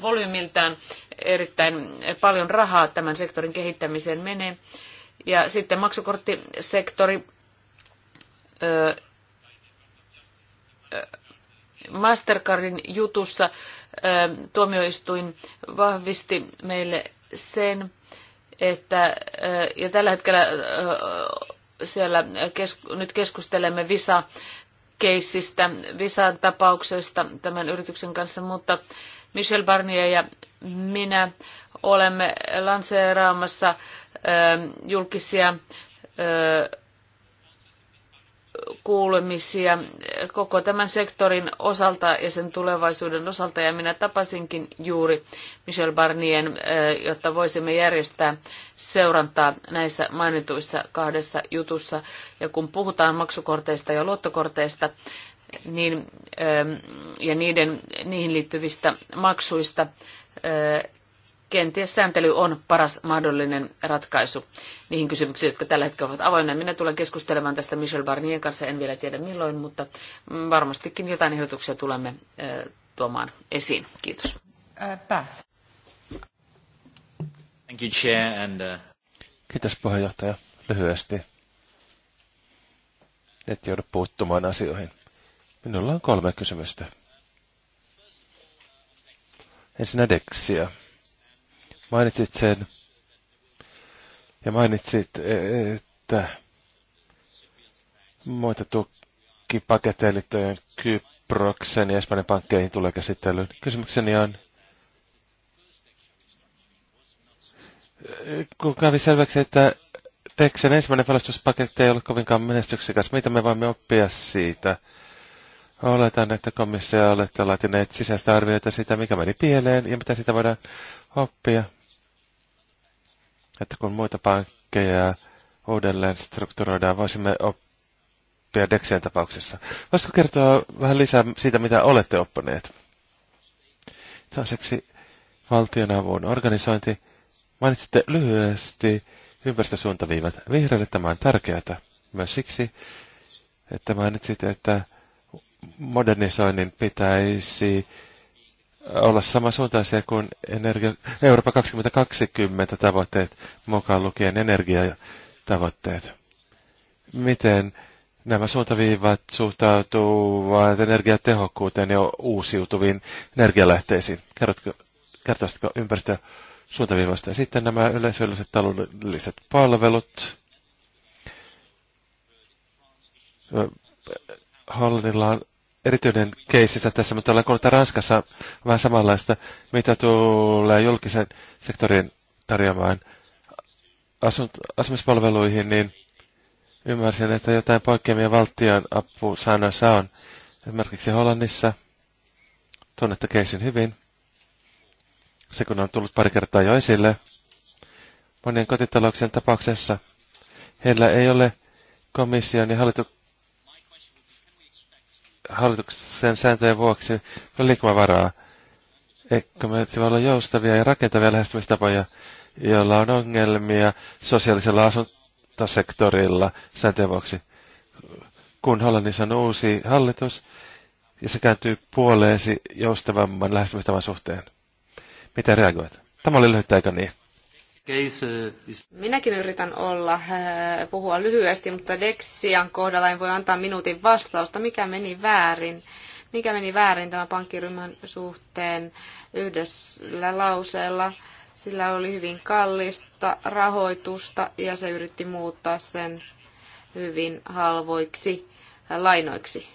Speaker 1: volyymiltään erittäin paljon rahaa tämän sektorin kehittämiseen menee. Ja sitten maksukorttisektori. Mastercardin jutussa tuomioistuin vahvisti meille sen, että ja tällä hetkellä siellä nyt keskustelemme Visa-keissistä, visa tapauksesta tämän yrityksen kanssa, mutta Michel Barnier ja minä olemme lanseeraamassa ähm, julkisia äh, kuulemisia koko tämän sektorin osalta ja sen tulevaisuuden osalta. Ja minä tapasinkin juuri Michel Barnien, äh, jotta voisimme järjestää seurantaa näissä mainituissa kahdessa jutussa. Ja kun puhutaan maksukorteista ja luottokorteista, niin, ähm, ja niiden, niihin liittyvistä maksuista, äh, kenties sääntely on paras mahdollinen ratkaisu niihin kysymyksiin, jotka tällä hetkellä ovat avoinna. Minä tulen keskustelemaan tästä Michel Barnien kanssa, en vielä tiedä milloin, mutta mm, varmastikin jotain ehdotuksia tulemme äh, tuomaan esiin. Kiitos. Äh,
Speaker 3: Thank you, Chair, and, uh...
Speaker 2: Kiitos puheenjohtaja. Lyhyesti. Et joudu puuttumaan asioihin. Minulla on kolme kysymystä. Ensinnä Dexia. Mainitsit sen ja mainitsit, että muita tukipaketeja liittyen Kyproksen ja Espanjan pankkeihin tulee käsittelyyn. Kysymykseni on, kun kävi selväksi, että Teksen ensimmäinen valistuspaketti ei ollut kovinkaan menestyksekäs, mitä me voimme oppia siitä? Oletan, että komissio olette laatineet sisäistä arvioita sitä, mikä meni pieleen ja mitä sitä voidaan oppia. Että kun muita pankkeja uudelleen strukturoidaan, voisimme oppia Dexien tapauksessa. Voisitko kertoa vähän lisää siitä, mitä olette oppineet? Toiseksi valtionavun organisointi. Mainitsitte lyhyesti ympäristösuuntaviivat. Vihreille tämä on tärkeää. Myös siksi, että mainitsitte, että modernisoinnin pitäisi olla samansuuntaisia kuin energia, Eurooppa 2020 tavoitteet, mukaan lukien energiatavoitteet. Miten nämä suuntaviivat suhtautuvat energiatehokkuuteen ja uusiutuviin energialähteisiin? Kerrotko, kertoisitko suuntaviivasta? Ja sitten nämä yleisölliset taloudelliset palvelut. Hollannilla on erityinen keisissä tässä, mutta ollaan kuullut, että Ranskassa vähän samanlaista, mitä tulee julkisen sektorin tarjoamaan asunt- asumispalveluihin, niin ymmärsin, että jotain poikkeamia valtion apusäännöissä on. Esimerkiksi Hollannissa tunnetta keisin hyvin. Se kun on tullut pari kertaa jo esille. Monien kotitalouksien tapauksessa heillä ei ole komission ja hallituksen hallituksen sääntöjen vuoksi ole liikkumavaraa. Eikö me voi olla joustavia ja rakentavia lähestymistapoja, joilla on ongelmia sosiaalisella asuntosektorilla sääntöjen vuoksi? Kun Hollannissa on uusi hallitus, ja se kääntyy puoleesi joustavamman lähestymistavan suhteen. Miten reagoit? Tämä oli lyhyttä, eikö niin? Uh,
Speaker 3: Minäkin yritän olla, äh, puhua lyhyesti, mutta Dexian kohdalla en voi antaa minuutin vastausta, mikä meni väärin. Mikä meni väärin tämän pankkiryhmän suhteen yhdellä lauseella. Sillä oli hyvin kallista rahoitusta ja se yritti muuttaa sen hyvin halvoiksi lainoiksi.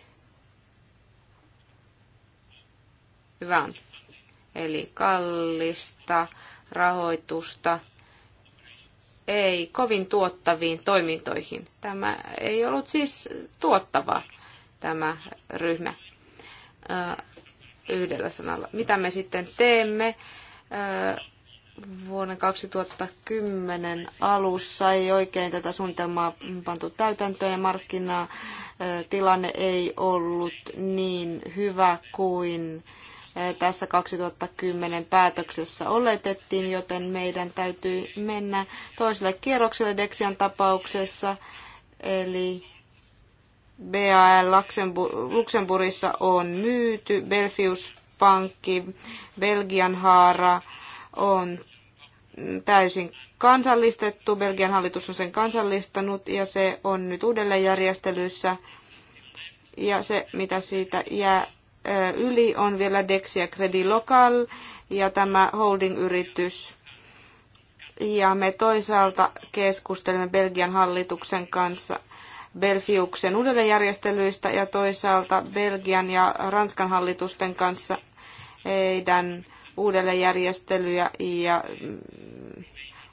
Speaker 3: Hyvä on. Eli kallista rahoitusta ei kovin tuottaviin toimintoihin. Tämä ei ollut siis tuottava tämä ryhmä yhdellä sanalla. Mitä me sitten teemme? Vuonna 2010 alussa ei oikein tätä suunnitelmaa pantu täytäntöön ja markkinatilanne ei ollut niin hyvä kuin tässä 2010 päätöksessä oletettiin, joten meidän täytyy mennä toiselle kierrokselle Dexian tapauksessa, eli BAL Luxemburgissa on myyty, Belfius Pankki, Belgian haara on täysin kansallistettu, Belgian hallitus on sen kansallistanut ja se on nyt uudelleenjärjestelyssä. Ja se, mitä siitä jää yli on vielä Dexia Credit Local ja tämä holding-yritys. Ja me toisaalta keskustelemme Belgian hallituksen kanssa Belfiuksen uudelleenjärjestelyistä ja toisaalta Belgian ja Ranskan hallitusten kanssa heidän uudelleenjärjestelyjä ja mm,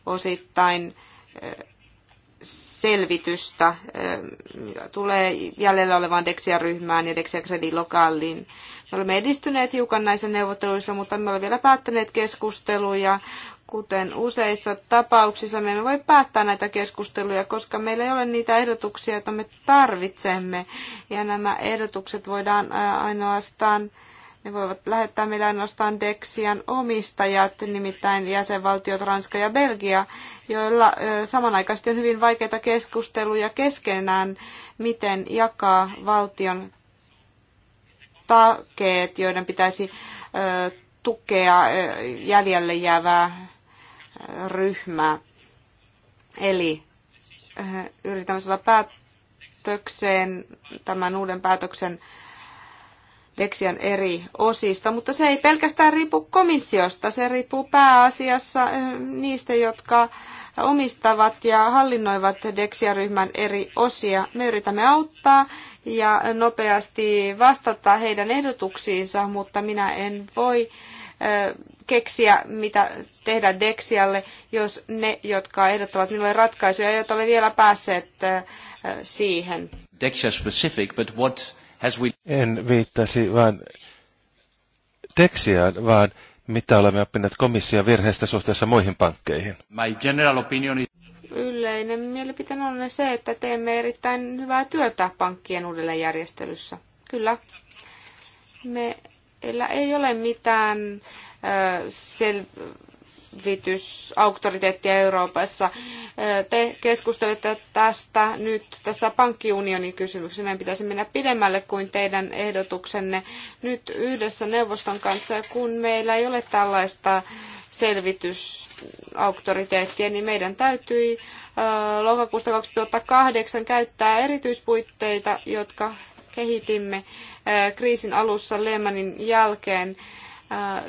Speaker 3: osittain selvitystä, mitä tulee jäljellä olevaan Dexia-ryhmään ja Dexia Credit Lokalliin. Me olemme edistyneet hiukan näissä neuvotteluissa, mutta me olemme vielä päättäneet keskusteluja. Kuten useissa tapauksissa, me emme voi päättää näitä keskusteluja, koska meillä ei ole niitä ehdotuksia, joita me tarvitsemme. Ja nämä ehdotukset voidaan ainoastaan ne voivat lähettää meille ainoastaan Dexian omistajat, nimittäin jäsenvaltiot Ranska ja Belgia, joilla samanaikaisesti on hyvin vaikeita keskusteluja keskenään, miten jakaa valtion takeet, joiden pitäisi tukea jäljelle jäävää ryhmää. Eli yritämme saada päätökseen tämän uuden päätöksen Dexian eri osista, mutta se ei pelkästään riipu komissiosta, se riippuu pääasiassa niistä, jotka omistavat ja hallinnoivat Dexia-ryhmän eri osia. Me yritämme auttaa ja nopeasti vastata heidän ehdotuksiinsa, mutta minä en voi keksiä, mitä tehdä Dexialle, jos ne, jotka ehdottavat minulle ratkaisuja, eivät ole vielä päässeet siihen.
Speaker 2: Dexia specific, but what has we... En viittasi vaan Dexiaan, vaan mitä olemme oppineet komission virheistä suhteessa muihin pankkeihin? My general opinion is...
Speaker 3: Yleinen mielipiteen on se, että teemme erittäin hyvää työtä pankkien uudelleenjärjestelyssä. Kyllä. Meillä ei ole mitään äh, sel- selvitysauktoriteettia Euroopassa. Te keskustelette tästä nyt tässä pankkiunionin kysymyksessä. Meidän pitäisi mennä pidemmälle kuin teidän ehdotuksenne nyt yhdessä neuvoston kanssa. Ja kun meillä ei ole tällaista selvitysauktoriteettia, niin meidän täytyy lokakuusta 2008 käyttää erityispuitteita, jotka kehitimme kriisin alussa Lehmanin jälkeen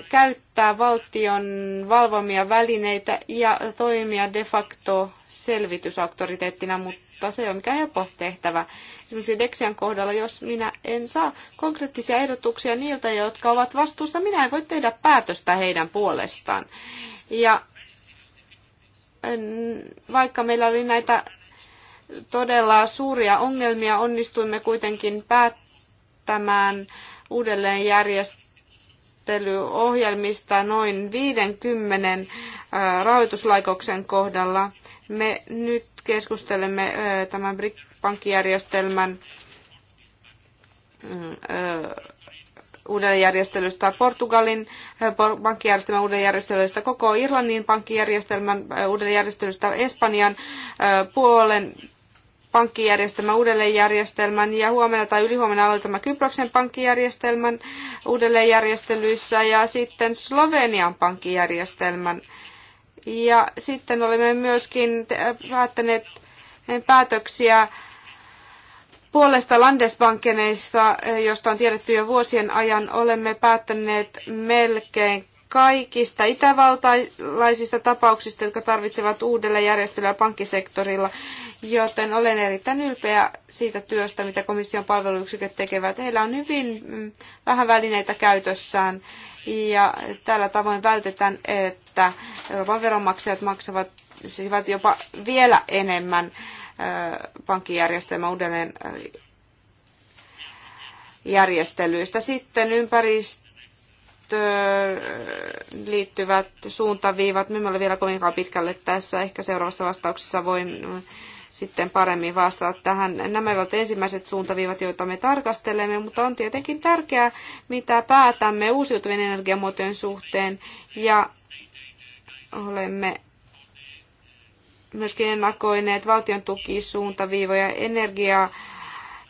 Speaker 3: käyttää valtion valvomia välineitä ja toimia de facto selvitysaktoriteettina, mutta se on mikään helppo tehtävä. Esimerkiksi Dexian kohdalla, jos minä en saa konkreettisia ehdotuksia niiltä, jotka ovat vastuussa, minä en voi tehdä päätöstä heidän puolestaan. Ja vaikka meillä oli näitä todella suuria ongelmia, onnistuimme kuitenkin päättämään uudelleen järjest- käsittelyohjelmista noin 50 rahoituslaitoksen kohdalla. Me nyt keskustelemme tämän BRIC-pankkijärjestelmän mm, uudelleenjärjestelystä, Portugalin pankkijärjestelmän uudelleenjärjestelystä, koko Irlannin pankkijärjestelmän uudelleenjärjestelystä, Espanjan puolen pankkijärjestelmän uudelleenjärjestelmän ja huomenna tai ylihuomenna aloitamme Kyproksen pankkijärjestelmän uudelleenjärjestelyissä ja sitten Slovenian pankkijärjestelmän. Ja sitten olemme myöskin päättäneet päätöksiä puolesta Landesbankeneista, josta on tiedetty jo vuosien ajan. Olemme päättäneet melkein kaikista itävaltalaisista tapauksista, jotka tarvitsevat uudelle järjestelyä pankkisektorilla joten olen erittäin ylpeä siitä työstä, mitä komission palveluyksiköt tekevät. Heillä on hyvin mm, vähän välineitä käytössään ja tällä tavoin vältetään, että Euroopan veronmaksajat maksavat siis jopa vielä enemmän pankkijärjestelmän uudelleen järjestelyistä. Sitten ympäristöön liittyvät suuntaviivat. Me emme ole vielä kovinkaan pitkälle tässä. Ehkä seuraavassa vastauksessa voin sitten paremmin vastata tähän. Nämä ovat ensimmäiset suuntaviivat, joita me tarkastelemme, mutta on tietenkin tärkeää, mitä päätämme uusiutuvien energiamuotojen suhteen ja olemme myöskin ennakoineet valtion tukisuuntaviivoja energiaa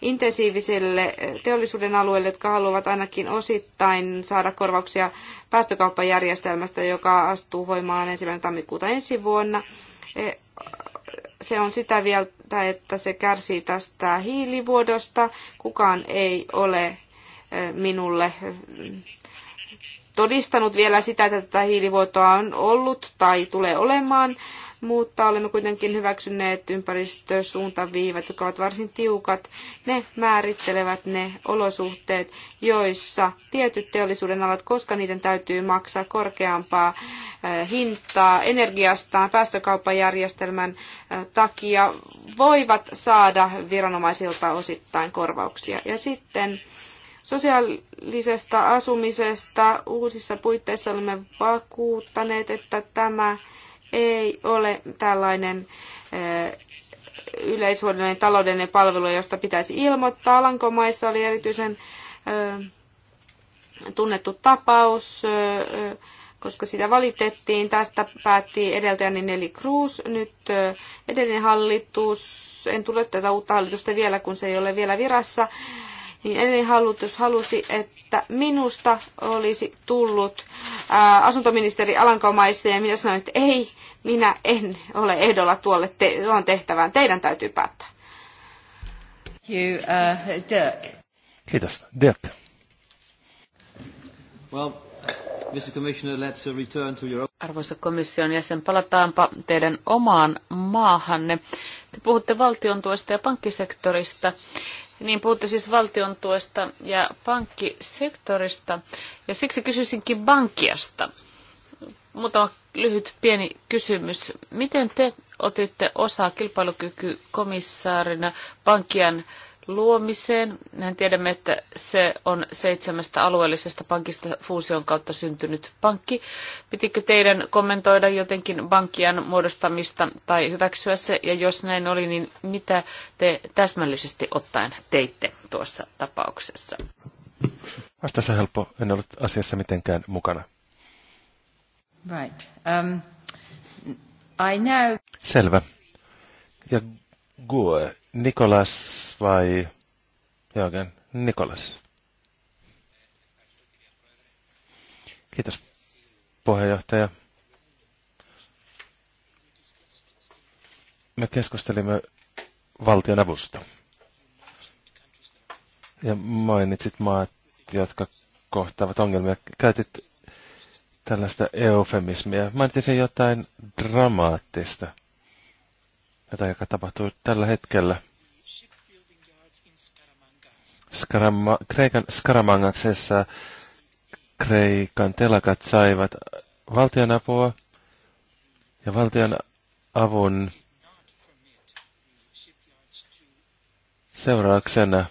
Speaker 3: intensiivisille teollisuuden alueille, jotka haluavat ainakin osittain saada korvauksia päästökauppajärjestelmästä, joka astuu voimaan ensimmäinen tammikuuta ensi vuonna se on sitä vielä, että se kärsii tästä hiilivuodosta. Kukaan ei ole eh, minulle eh, todistanut vielä sitä, että tätä hiilivuotoa on ollut tai tulee olemaan, mutta olemme kuitenkin hyväksyneet ympäristösuuntaviivat, jotka ovat varsin tiukat. Ne määrittelevät ne olosuhteet, joissa tietyt teollisuuden alat, koska niiden täytyy maksaa korkeampaa eh, hintaa energiastaan päästökauppajärjestelmän eh, takia, voivat saada viranomaisilta osittain korvauksia. Ja sitten sosiaalisesta asumisesta uusissa puitteissa olemme vakuuttaneet, että tämä ei ole tällainen eh, yleishuollinen taloudellinen palvelu, josta pitäisi ilmoittaa. Alankomaissa oli erityisen eh, tunnettu tapaus, eh, koska sitä valitettiin. Tästä päätti edeltäjäni Neli Cruz. Nyt edellinen hallitus, en tule tätä uutta hallitusta vielä, kun se ei ole vielä virassa, niin edellinen jos halusi, että minusta olisi tullut ää, asuntoministeri Alankomaiseen ja minä sanoin, että ei, minä en ole ehdolla tuolle te- tuohon tehtävään, teidän täytyy päättää.
Speaker 1: You,
Speaker 2: uh, Dirk. Kiitos. Dirk.
Speaker 1: Well, Mr. Commissioner, let's uh, return to your... Arvoisa komission jäsen, palataanpa teidän omaan maahanne. Te puhutte valtion tuesta ja pankkisektorista. Niin puhutte siis valtion tuesta ja pankkisektorista. Ja siksi kysyisinkin bankiasta. Muutama lyhyt pieni kysymys. Miten te otitte osaa kilpailukykykomissaarina pankian luomiseen. Mehän tiedämme, että se on seitsemästä alueellisesta pankista fuusion kautta syntynyt pankki. Pitikö teidän kommentoida jotenkin pankkian muodostamista tai hyväksyä se? Ja jos näin oli, niin mitä te täsmällisesti ottaen teitte tuossa tapauksessa?
Speaker 2: Vastaus on helppo. En ollut asiassa mitenkään mukana.
Speaker 1: Right. Um, I know.
Speaker 2: Selvä. Ja Gue, Nikolas vai Jörgen? Nikolas. Kiitos puheenjohtaja. Me keskustelimme valtion avusta. Ja mainitsit maat, jotka kohtaavat ongelmia. Käytit tällaista eufemismia. Mainitsin jotain dramaattista jota joka tapahtuu tällä hetkellä. Skarama, Kreikan Skaramangaksessa Kreikan telakat saivat valtionapua ja valtion avun seurauksena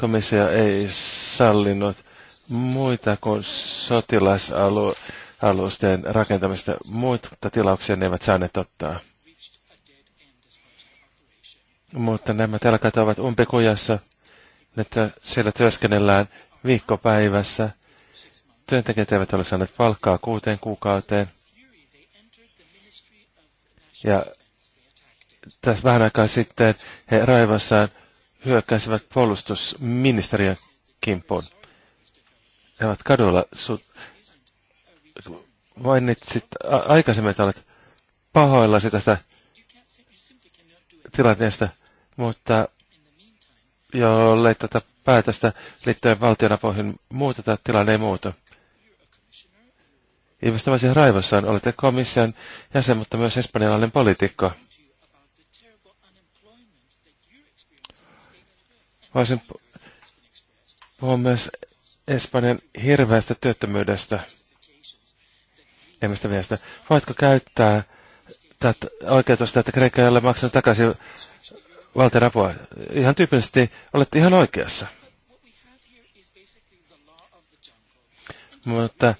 Speaker 2: komissio ei sallinut muita kuin sotilasalusten rakentamista. Muita tilauksia ne eivät saaneet ottaa. Mutta nämä telkat ovat umpikujassa, että siellä työskennellään viikkopäivässä. Työntekijät eivät ole saaneet palkkaa kuuteen kuukauteen. Ja tässä vähän aikaa sitten he raivassaan hyökkäsivät puolustusministeriön kimppuun. He ovat kadulla. Su- mainitsit aikaisemmin, että olet pahoillasi tästä tilanteesta. Mutta jollei tätä päätöstä liittyen valtionapuihin muuteta, tilanne ei muutu. Ilmeisesti raivossaan olette komission jäsen, mutta myös espanjalainen poliitikko. Voisin puhua myös Espanjan hirveästä työttömyydestä. Emmistä viestä. Voitko käyttää tätä oikeutusta, että Kreikka ei ole maksanut takaisin Walter Apua, ihan tyypillisesti olette ihan oikeassa. Mutta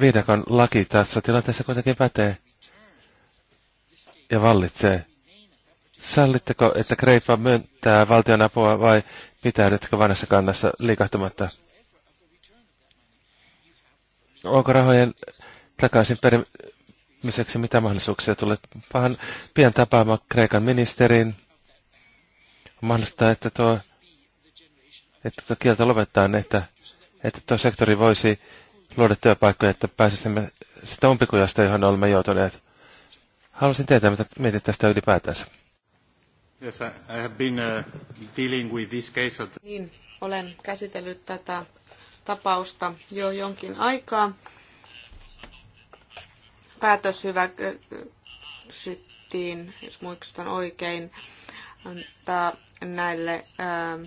Speaker 2: viidakon laki tässä tilanteessa kuitenkin pätee ja vallitsee. Sallitteko, että Kreipa myöntää valtion apua vai pitäydettekö vanhassa kannassa liikahtamatta? Onko rahojen takaisin perimiseksi mitä mahdollisuuksia? Tulet pahan pian tapaamaan Kreikan ministerin. On mahdollista, että tuo, että tuo kielto lopettaa, niin, että, että tuo sektori voisi luoda työpaikkoja, että pääsisimme sitä umpikujasta, johon olemme joutuneet. Haluaisin tietää, mitä mietit tästä ylipäätänsä. Yes, I have been uh, dealing with this case of...
Speaker 3: Niin, olen käsitellyt tätä tapausta jo jonkin aikaa. Päätös hyväksyttiin, jos muistan oikein, antaa näille, ää, ähm,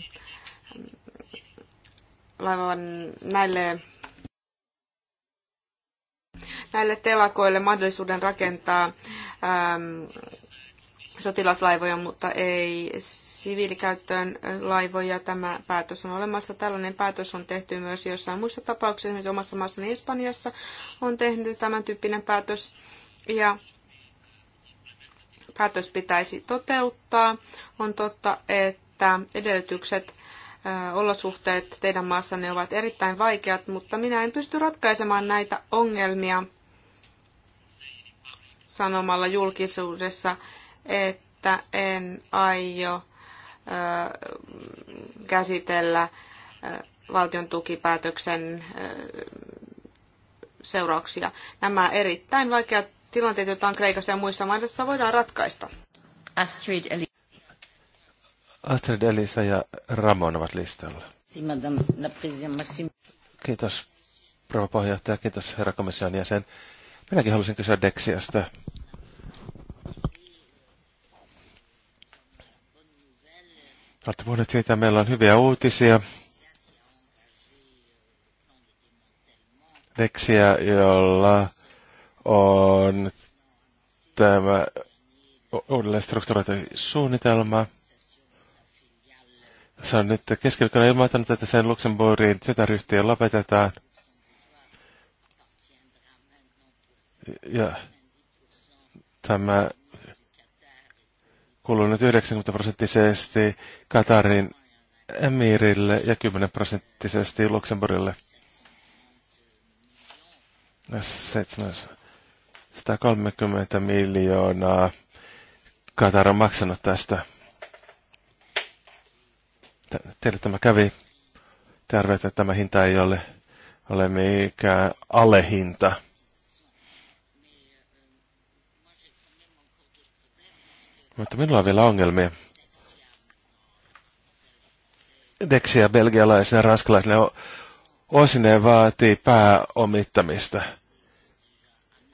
Speaker 3: laivan, näille, näille telakoille mahdollisuuden rakentaa ää, ähm, sotilaslaivoja, mutta ei siviilikäyttöön laivoja. Tämä päätös on olemassa. Tällainen päätös on tehty myös jossain muissa tapauksissa. Esimerkiksi omassa maassani Espanjassa on tehnyt tämän tyyppinen päätös. Ja päätös pitäisi toteuttaa. On totta, että edellytykset olosuhteet teidän maassanne ovat erittäin vaikeat, mutta minä en pysty ratkaisemaan näitä ongelmia sanomalla julkisuudessa, että en aio käsitellä valtion tukipäätöksen seurauksia. Nämä erittäin vaikeat tilanteet, joita on Kreikassa ja muissa maissa, voidaan ratkaista. Astrid
Speaker 1: Eli.
Speaker 2: Astrid Elisa ja Ramon ovat listalla. Kiitos, rouva puheenjohtaja. Kiitos, herra komission jäsen. Minäkin halusin kysyä Dexiasta. Olette puhuneet siitä, meillä on hyviä uutisia. Dexia, jolla on tämä uudelleen strukturoitu suunnitelma. Se on nyt keskiviikkona ilmoittanut, että sen Luxemburgin tytäryhtiö lopetetaan. Ja tämä kuuluu nyt 90 prosenttisesti Katarin emirille ja 10 prosenttisesti Luxemburgille. 700 130 miljoonaa Katar on maksanut tästä. Teille tämä kävi. Te että tämä hinta ei ole, ole mikään alehinta. Mutta minulla on vielä ongelmia. Deksiä belgialaisena ja ranskalaisena osineen vaatii pääomittamista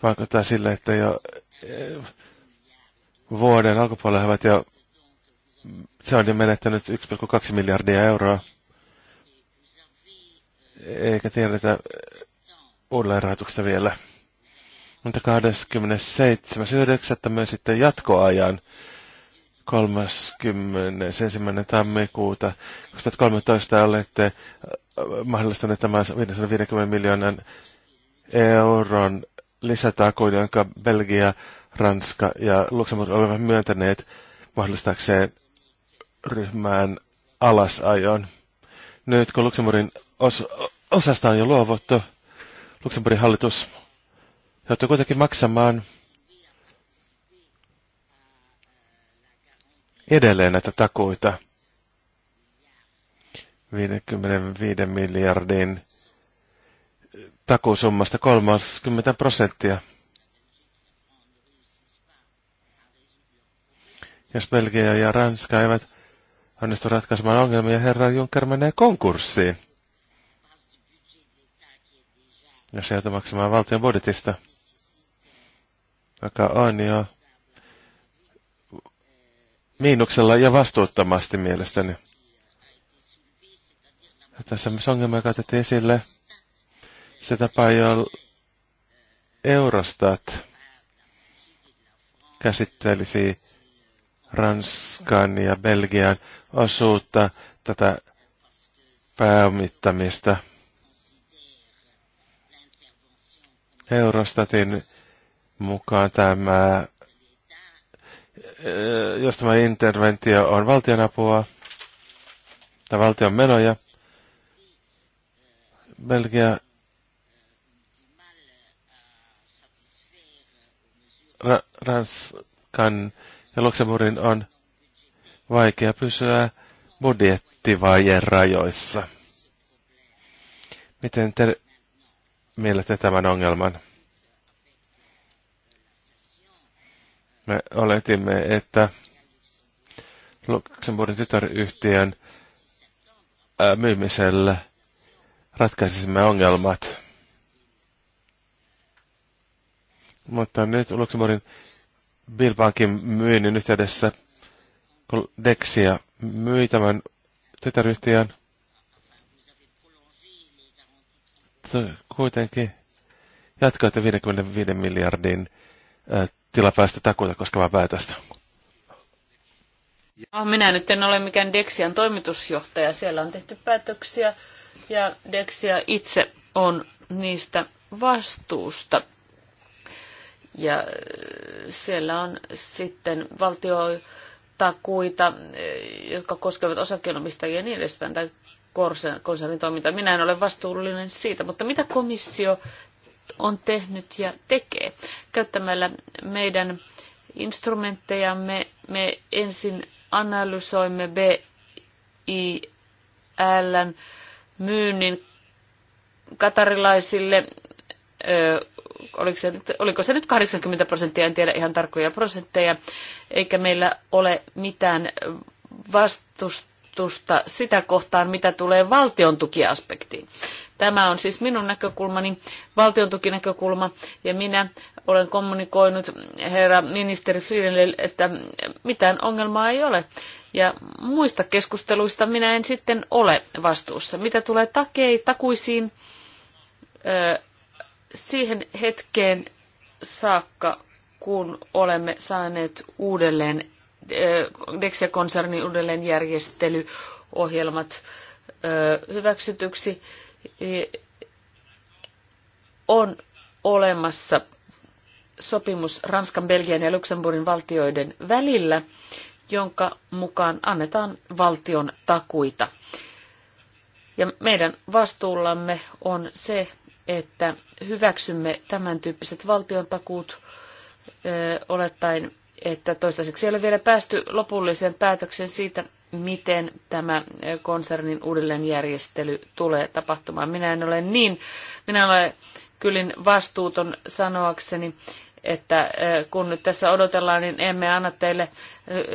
Speaker 2: vaikuttaa sille, että jo eh, vuoden alkupuolella he ovat jo se on jo menettänyt 1,2 miljardia euroa, eikä tiedetä uudelleen rahoituksesta vielä. Mutta 27.9. myös sitten jatkoajan 31. tammikuuta 2013 olette eh, mahdollistaneet tämän 550 miljoonan euron lisätakuuden, jonka Belgia, Ranska ja Luxemburg olivat myöntäneet mahdollistaakseen ryhmään alasajon. Nyt kun Luxemburgin os- osasta on jo luovuttu, Luxemburgin hallitus joutuu kuitenkin maksamaan edelleen näitä takuita 55 miljardin takuusummasta 30 prosenttia. Jos Belgia ja Ranska eivät onnistu ratkaisemaan ongelmia, herra Juncker menee konkurssiin. Jos joutuu maksamaan valtion budjetista, joka on jo miinuksella ja vastuuttomasti mielestäni. Tässä on myös ongelma, joka otettiin esille se tapa, jolla Eurostat käsittelisi Ranskan ja Belgian osuutta tätä pääomittamista. Eurostatin mukaan tämä, eh, jos tämä interventio on valtionapua tai valtion menoja, Belgia ra- Ranskan ja Luxemburgin on vaikea pysyä budjettivajien rajoissa. Miten te mielette tämän ongelman? Me oletimme, että Luxemburgin tytäryhtiön myymisellä ratkaisisimme ongelmat. Mutta nyt Luxemburgin Bilbaankin myynnin yhteydessä, kun Dexia myi tämän tytäryhtiön, kuitenkin jatkoitte 55 miljardin tilapäistä takuuta koskevaa päätöstä.
Speaker 1: No, minä nyt en ole mikään Dexian toimitusjohtaja. Siellä on tehty päätöksiä ja Dexia itse on niistä vastuusta. Ja äh, siellä on sitten valtiotakuita, äh, jotka koskevat osakkeenomistajia ja niin edespäin, tai konsernin toimintaa. Minä en ole vastuullinen siitä, mutta mitä komissio on tehnyt ja tekee? Käyttämällä meidän instrumenttejamme me ensin analysoimme BILn myynnin katarilaisille ö, oliko se, nyt, oliko se nyt 80 prosenttia, en tiedä ihan tarkkoja prosentteja, eikä meillä ole mitään vastustusta sitä kohtaan, mitä tulee valtion tukiaspektiin. Tämä on siis minun näkökulmani, valtion tukinäkökulma, ja minä olen kommunikoinut herra ministeri Fliidenille, että mitään ongelmaa ei ole. Ja muista keskusteluista minä en sitten ole vastuussa. Mitä tulee takei, takuisiin, öö, siihen hetkeen saakka, kun olemme saaneet uudelleen eh, Dexia-konsernin uudelleenjärjestelyohjelmat eh, hyväksytyksi, eh, on olemassa sopimus Ranskan, Belgian ja Luxemburgin valtioiden välillä, jonka mukaan annetaan valtion takuita. Ja meidän vastuullamme on se, että hyväksymme tämän tyyppiset valtiontakuut olettaen, että toistaiseksi ei ole vielä päästy lopulliseen päätökseen siitä, miten tämä konsernin uudelleenjärjestely tulee tapahtumaan. Minä en ole niin, minä olen kyllin vastuuton sanoakseni, että kun nyt tässä odotellaan, niin emme anna teille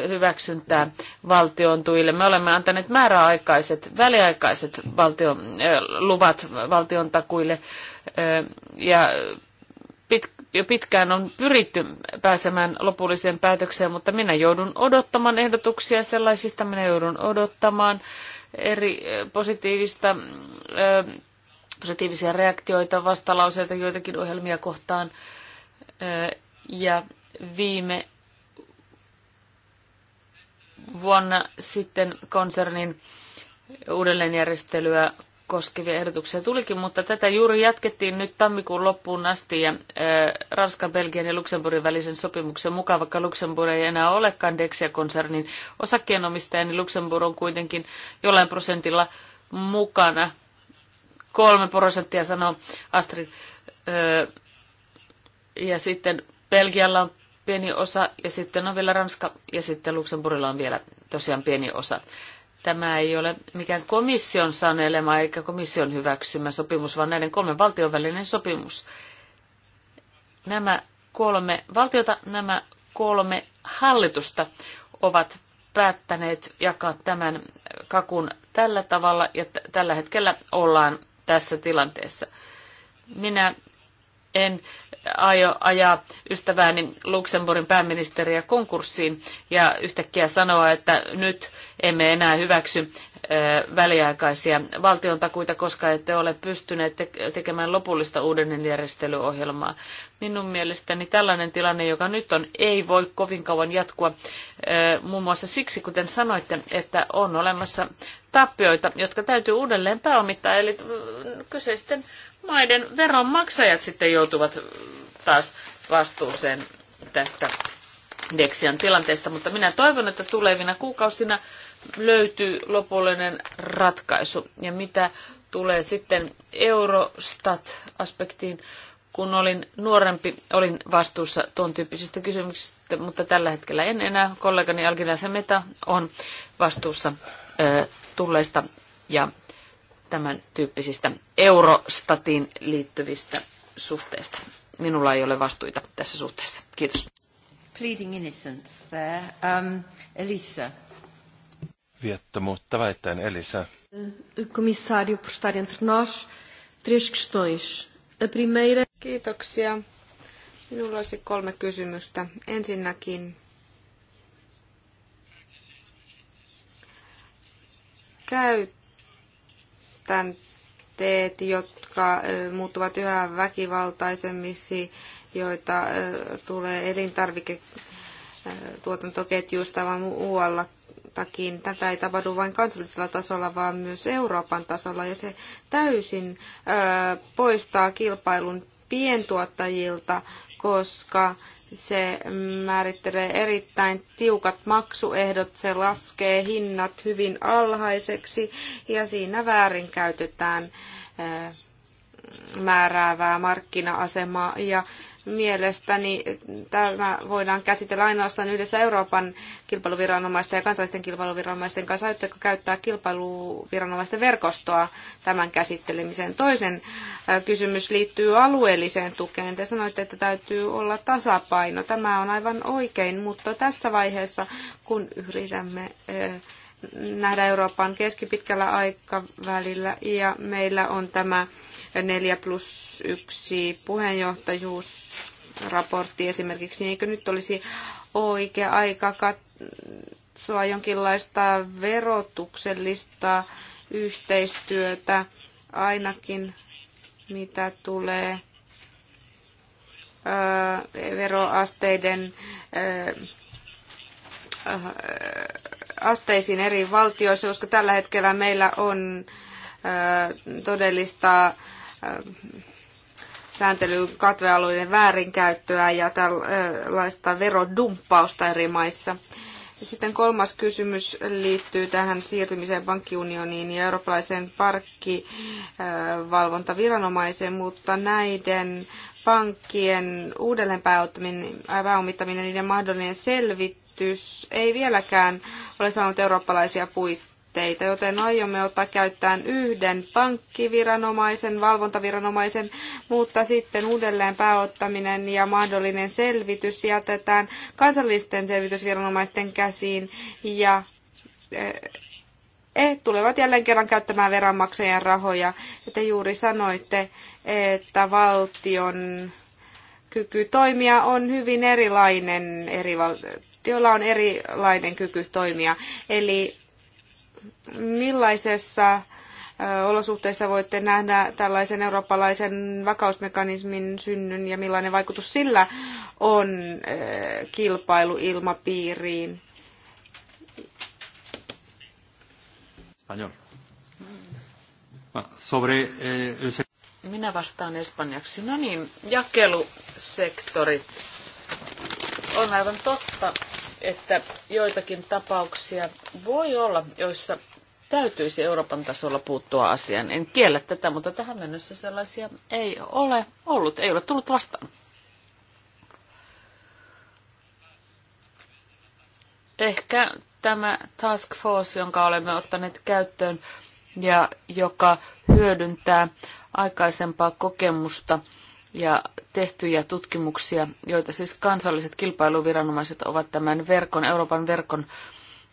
Speaker 1: hyväksyntää valtion tuille. Me olemme antaneet määräaikaiset, väliaikaiset valtion, luvat valtion takuille ja pit, jo pitkään on pyritty pääsemään lopulliseen päätökseen, mutta minä joudun odottamaan ehdotuksia sellaisista, minä joudun odottamaan eri positiivista, positiivisia reaktioita, vastalauseita joitakin ohjelmia kohtaan ja viime vuonna sitten konsernin uudelleenjärjestelyä koskevia ehdotuksia tulikin, mutta tätä juuri jatkettiin nyt tammikuun loppuun asti ja Ranskan, Belgian ja Luxemburgin välisen sopimuksen mukaan, vaikka Luxemburg ei enää olekaan Dexia-konsernin osakkeenomistaja, niin Luxemburg on kuitenkin jollain prosentilla mukana. Kolme prosenttia sanoo Astrid ja sitten Belgialla on pieni osa, ja sitten on vielä Ranska, ja sitten Luxemburgilla on vielä tosiaan pieni osa. Tämä ei ole mikään komission sanelema eikä komission hyväksymä sopimus, vaan näiden kolmen valtion välinen sopimus. Nämä kolme valtiota, nämä kolme hallitusta ovat päättäneet jakaa tämän kakun tällä tavalla, ja tällä hetkellä ollaan tässä tilanteessa. Minä en aio ajaa ystävääni Luxemburgin pääministeriä konkurssiin ja yhtäkkiä sanoa, että nyt emme enää hyväksy väliaikaisia valtiontakuita, koska ette ole pystyneet tekemään lopullista uudelleenjärjestelyohjelmaa. Minun mielestäni tällainen tilanne, joka nyt on, ei voi kovin kauan jatkua. Muun muassa siksi, kuten sanoitte, että on olemassa tappioita, jotka täytyy uudelleen pääomittaa, eli kyseisten maiden veronmaksajat sitten joutuvat taas vastuuseen tästä Dexian tilanteesta, mutta minä toivon, että tulevina kuukausina löytyy lopullinen ratkaisu. Ja mitä tulee sitten Eurostat-aspektiin, kun olin nuorempi, olin vastuussa tuon tyyppisistä kysymyksistä, mutta tällä hetkellä en enää. Kollegani Algina Semeta on vastuussa ö, tulleista ja tämän tyyppisistä Eurostatiin liittyvistä suhteista. Minulla ei ole
Speaker 2: vastuita tässä suhteessa. Kiitos.
Speaker 1: Pleading innocence there. Um, Elisa.
Speaker 2: Viettomuutta väittäen Elisa.
Speaker 1: Komissario por estar
Speaker 3: entre nós. Três questões. A primeira... Kiitoksia. Minulla olisi kolme kysymystä. Ensinnäkin, käyt käytänteet, jotka muuttuvat yhä väkivaltaisemmiksi, joita tulee elintarviketuotantoketjuista tuotantoketjuista muualla takin. Tätä ei tapahdu vain kansallisella tasolla, vaan myös Euroopan tasolla. Ja se täysin poistaa kilpailun pientuottajilta, koska se määrittelee erittäin tiukat maksuehdot, se laskee hinnat hyvin alhaiseksi ja siinä väärinkäytetään eh, määräävää markkina-asemaa ja Mielestäni tämä voidaan käsitellä ainoastaan yhdessä Euroopan kilpailuviranomaisten ja kansallisten kilpailuviranomaisten kanssa. Aiotteko käyttää kilpailuviranomaisten verkostoa tämän käsittelemiseen? Toisen äh, kysymys liittyy alueelliseen tukeen. Te sanoitte, että täytyy olla tasapaino. Tämä on aivan oikein, mutta tässä vaiheessa, kun yritämme äh, nähdä Euroopan keskipitkällä aikavälillä ja meillä on tämä 4 plus 1 puheenjohtajuusraportti esimerkiksi, niin eikö nyt olisi oikea aika katsoa jonkinlaista verotuksellista yhteistyötä ainakin mitä tulee veroasteiden asteisiin eri valtioissa, koska tällä hetkellä meillä on todellista sääntelyn katvealueiden väärinkäyttöä ja tällaista verodumppausta eri maissa. Ja sitten kolmas kysymys liittyy tähän siirtymiseen pankkiunioniin ja eurooppalaiseen parkkivalvontaviranomaiseen, mutta näiden pankkien uudelleenpääomittaminen, niiden mahdollinen selvit, yritys ei vieläkään ole saanut eurooppalaisia puitteita, joten aiomme ottaa käyttöön yhden pankkiviranomaisen, valvontaviranomaisen, mutta sitten uudelleen pääottaminen ja mahdollinen selvitys jätetään kansallisten selvitysviranomaisten käsiin ja eh, tulevat jälleen kerran käyttämään veranmaksajien rahoja. Ja te juuri sanoitte, että valtion kyky toimia on hyvin erilainen eri val- joilla on erilainen kyky toimia. Eli millaisessa olosuhteissa voitte nähdä tällaisen eurooppalaisen vakausmekanismin synnyn ja millainen vaikutus sillä on kilpailuilmapiiriin?
Speaker 2: Eh,
Speaker 1: Minä vastaan espanjaksi. No niin, jakelusektori. On aivan totta, että joitakin tapauksia voi olla, joissa täytyisi Euroopan tasolla puuttua asiaan. En kiellä tätä, mutta tähän mennessä sellaisia ei ole ollut, ei ole tullut vastaan. Ehkä tämä task force, jonka olemme ottaneet käyttöön ja joka hyödyntää aikaisempaa kokemusta – ja tehtyjä tutkimuksia, joita siis kansalliset kilpailuviranomaiset ovat tämän verkon, Euroopan verkon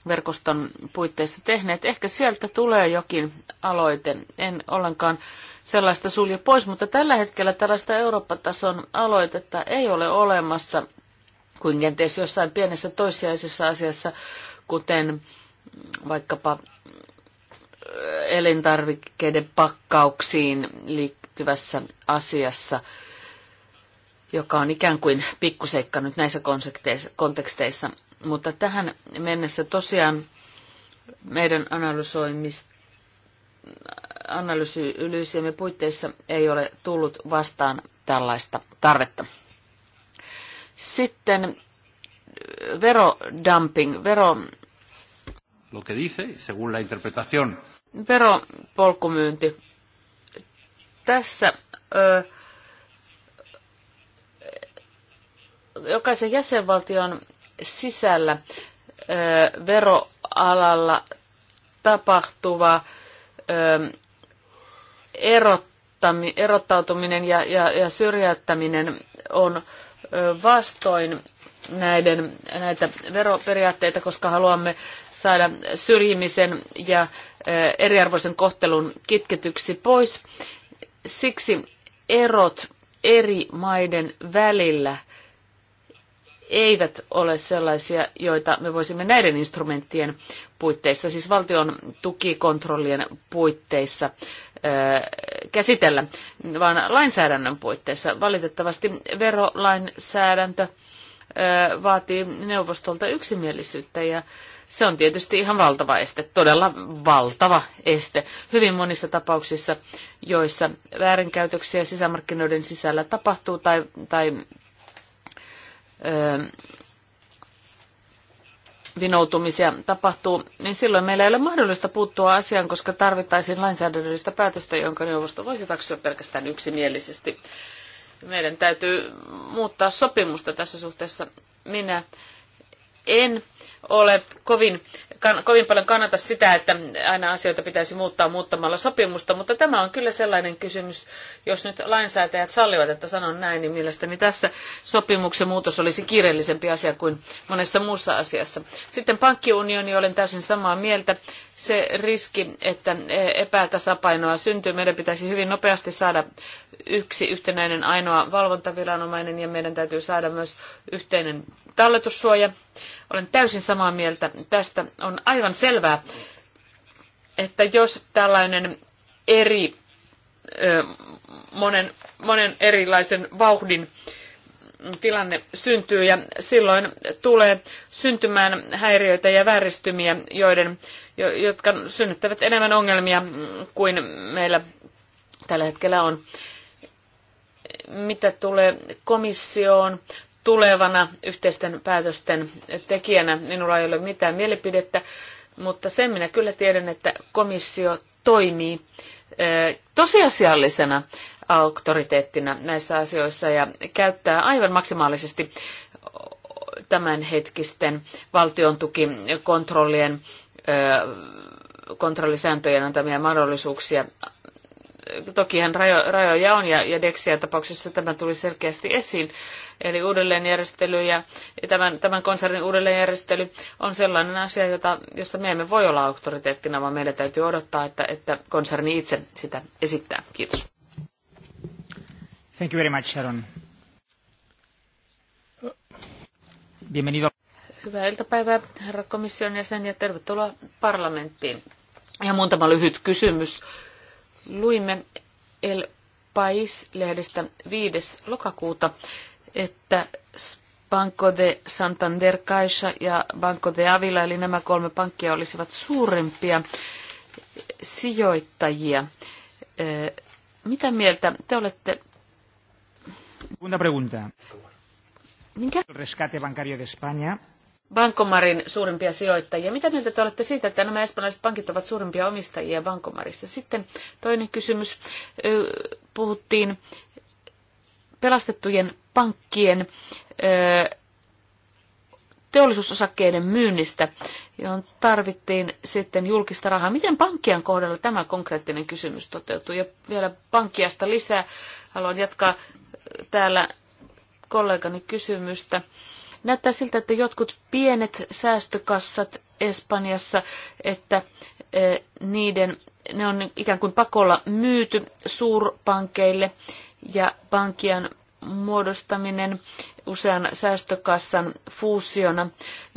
Speaker 1: verkoston puitteissa tehneet. Ehkä sieltä tulee jokin aloite. En ollenkaan sellaista sulje pois, mutta tällä hetkellä tällaista Eurooppa-tason aloitetta ei ole olemassa kuin kenties jossain pienessä toissijaisessa asiassa, kuten vaikkapa elintarvikkeiden pakkauksiin liittyvässä asiassa – joka on ikään kuin pikkuseikka nyt näissä konteksteissa. Mutta tähän mennessä tosiaan meidän analysoimis analyysiemme puitteissa ei ole tullut vastaan tällaista tarvetta. Sitten äh, verodumping, vero...
Speaker 2: Lo que dice, según la interpretación.
Speaker 1: Veropolkumyynti. Tässä ö, äh, jokaisen jäsenvaltion sisällä veroalalla tapahtuva erottautuminen ja, ja, ja syrjäyttäminen on vastoin näiden, näitä veroperiaatteita, koska haluamme saada syrjimisen ja eriarvoisen kohtelun kitketyksi pois. Siksi erot eri maiden välillä – eivät ole sellaisia, joita me voisimme näiden instrumenttien puitteissa, siis valtion tukikontrollien puitteissa käsitellä, vaan lainsäädännön puitteissa. Valitettavasti verolainsäädäntö vaatii neuvostolta yksimielisyyttä ja se on tietysti ihan valtava este, todella valtava este. Hyvin monissa tapauksissa, joissa väärinkäytöksiä sisämarkkinoiden sisällä tapahtuu tai, tai vinoutumisia tapahtuu, niin silloin meillä ei ole mahdollista puuttua asiaan, koska tarvittaisiin lainsäädännöllistä päätöstä, jonka neuvosto voi hyväksyä pelkästään yksimielisesti. Meidän täytyy muuttaa sopimusta tässä suhteessa. Minä en ole kovin, kan, kovin paljon kannata sitä, että aina asioita pitäisi muuttaa muuttamalla sopimusta, mutta tämä on kyllä sellainen kysymys, jos nyt lainsäätäjät sallivat, että sanon näin, niin mielestäni tässä sopimuksen muutos olisi kiireellisempi asia kuin monessa muussa asiassa. Sitten pankkiunioni, olen täysin samaa mieltä. Se riski, että epätasapainoa syntyy, meidän pitäisi hyvin nopeasti saada yksi yhtenäinen ainoa valvontaviranomainen ja meidän täytyy saada myös yhteinen talletussuoja. Olen täysin samaa mieltä. Tästä on aivan selvää, että jos tällainen eri, monen, monen erilaisen vauhdin tilanne syntyy ja silloin tulee syntymään häiriöitä ja vääristymiä, joiden, jotka synnyttävät enemmän ongelmia kuin meillä tällä hetkellä on. Mitä tulee komissioon, tulevana yhteisten päätösten tekijänä minulla ei ole mitään mielipidettä, mutta sen minä kyllä tiedän, että komissio toimii tosiasiallisena auktoriteettina näissä asioissa ja käyttää aivan maksimaalisesti tämänhetkisten valtion tukikontrollien kontrollisääntöjen antamia mahdollisuuksia tokihan rajo, rajoja on ja, ja Dexia tapauksessa tämä tuli selkeästi esiin. Eli uudelleenjärjestely ja tämän, tämän konsernin uudelleenjärjestely on sellainen asia, jota, jossa me emme voi olla auktoriteettina, vaan meidän täytyy odottaa, että, että konserni itse sitä esittää. Kiitos. Thank you very much, Sharon. Bienvenido. Hyvää iltapäivää, herra komission jäsen, ja tervetuloa parlamenttiin. Ja muutama lyhyt kysymys luimme El Pais-lehdestä 5. lokakuuta, että Banco de Santander, Caixa ja Banco de Avila, eli nämä kolme pankkia olisivat suurimpia sijoittajia. Mitä mieltä te olette?
Speaker 2: Segunda pregunta.
Speaker 1: Minkä? El rescate bancario de España Bankomarin suurimpia sijoittajia. Mitä mieltä te olette siitä, että nämä espanjalaiset pankit ovat suurimpia omistajia Bankomarissa? Sitten toinen kysymys. Puhuttiin pelastettujen pankkien teollisuusosakkeiden myynnistä, johon tarvittiin sitten julkista rahaa. Miten pankkien kohdalla tämä konkreettinen kysymys toteutuu? Ja vielä pankkiasta lisää. Haluan jatkaa täällä kollegani kysymystä. Näyttää siltä, että jotkut pienet säästökassat Espanjassa, että eh, niiden, ne on ikään kuin pakolla myyty suurpankeille ja pankkien muodostaminen usean säästökassan fuusiona,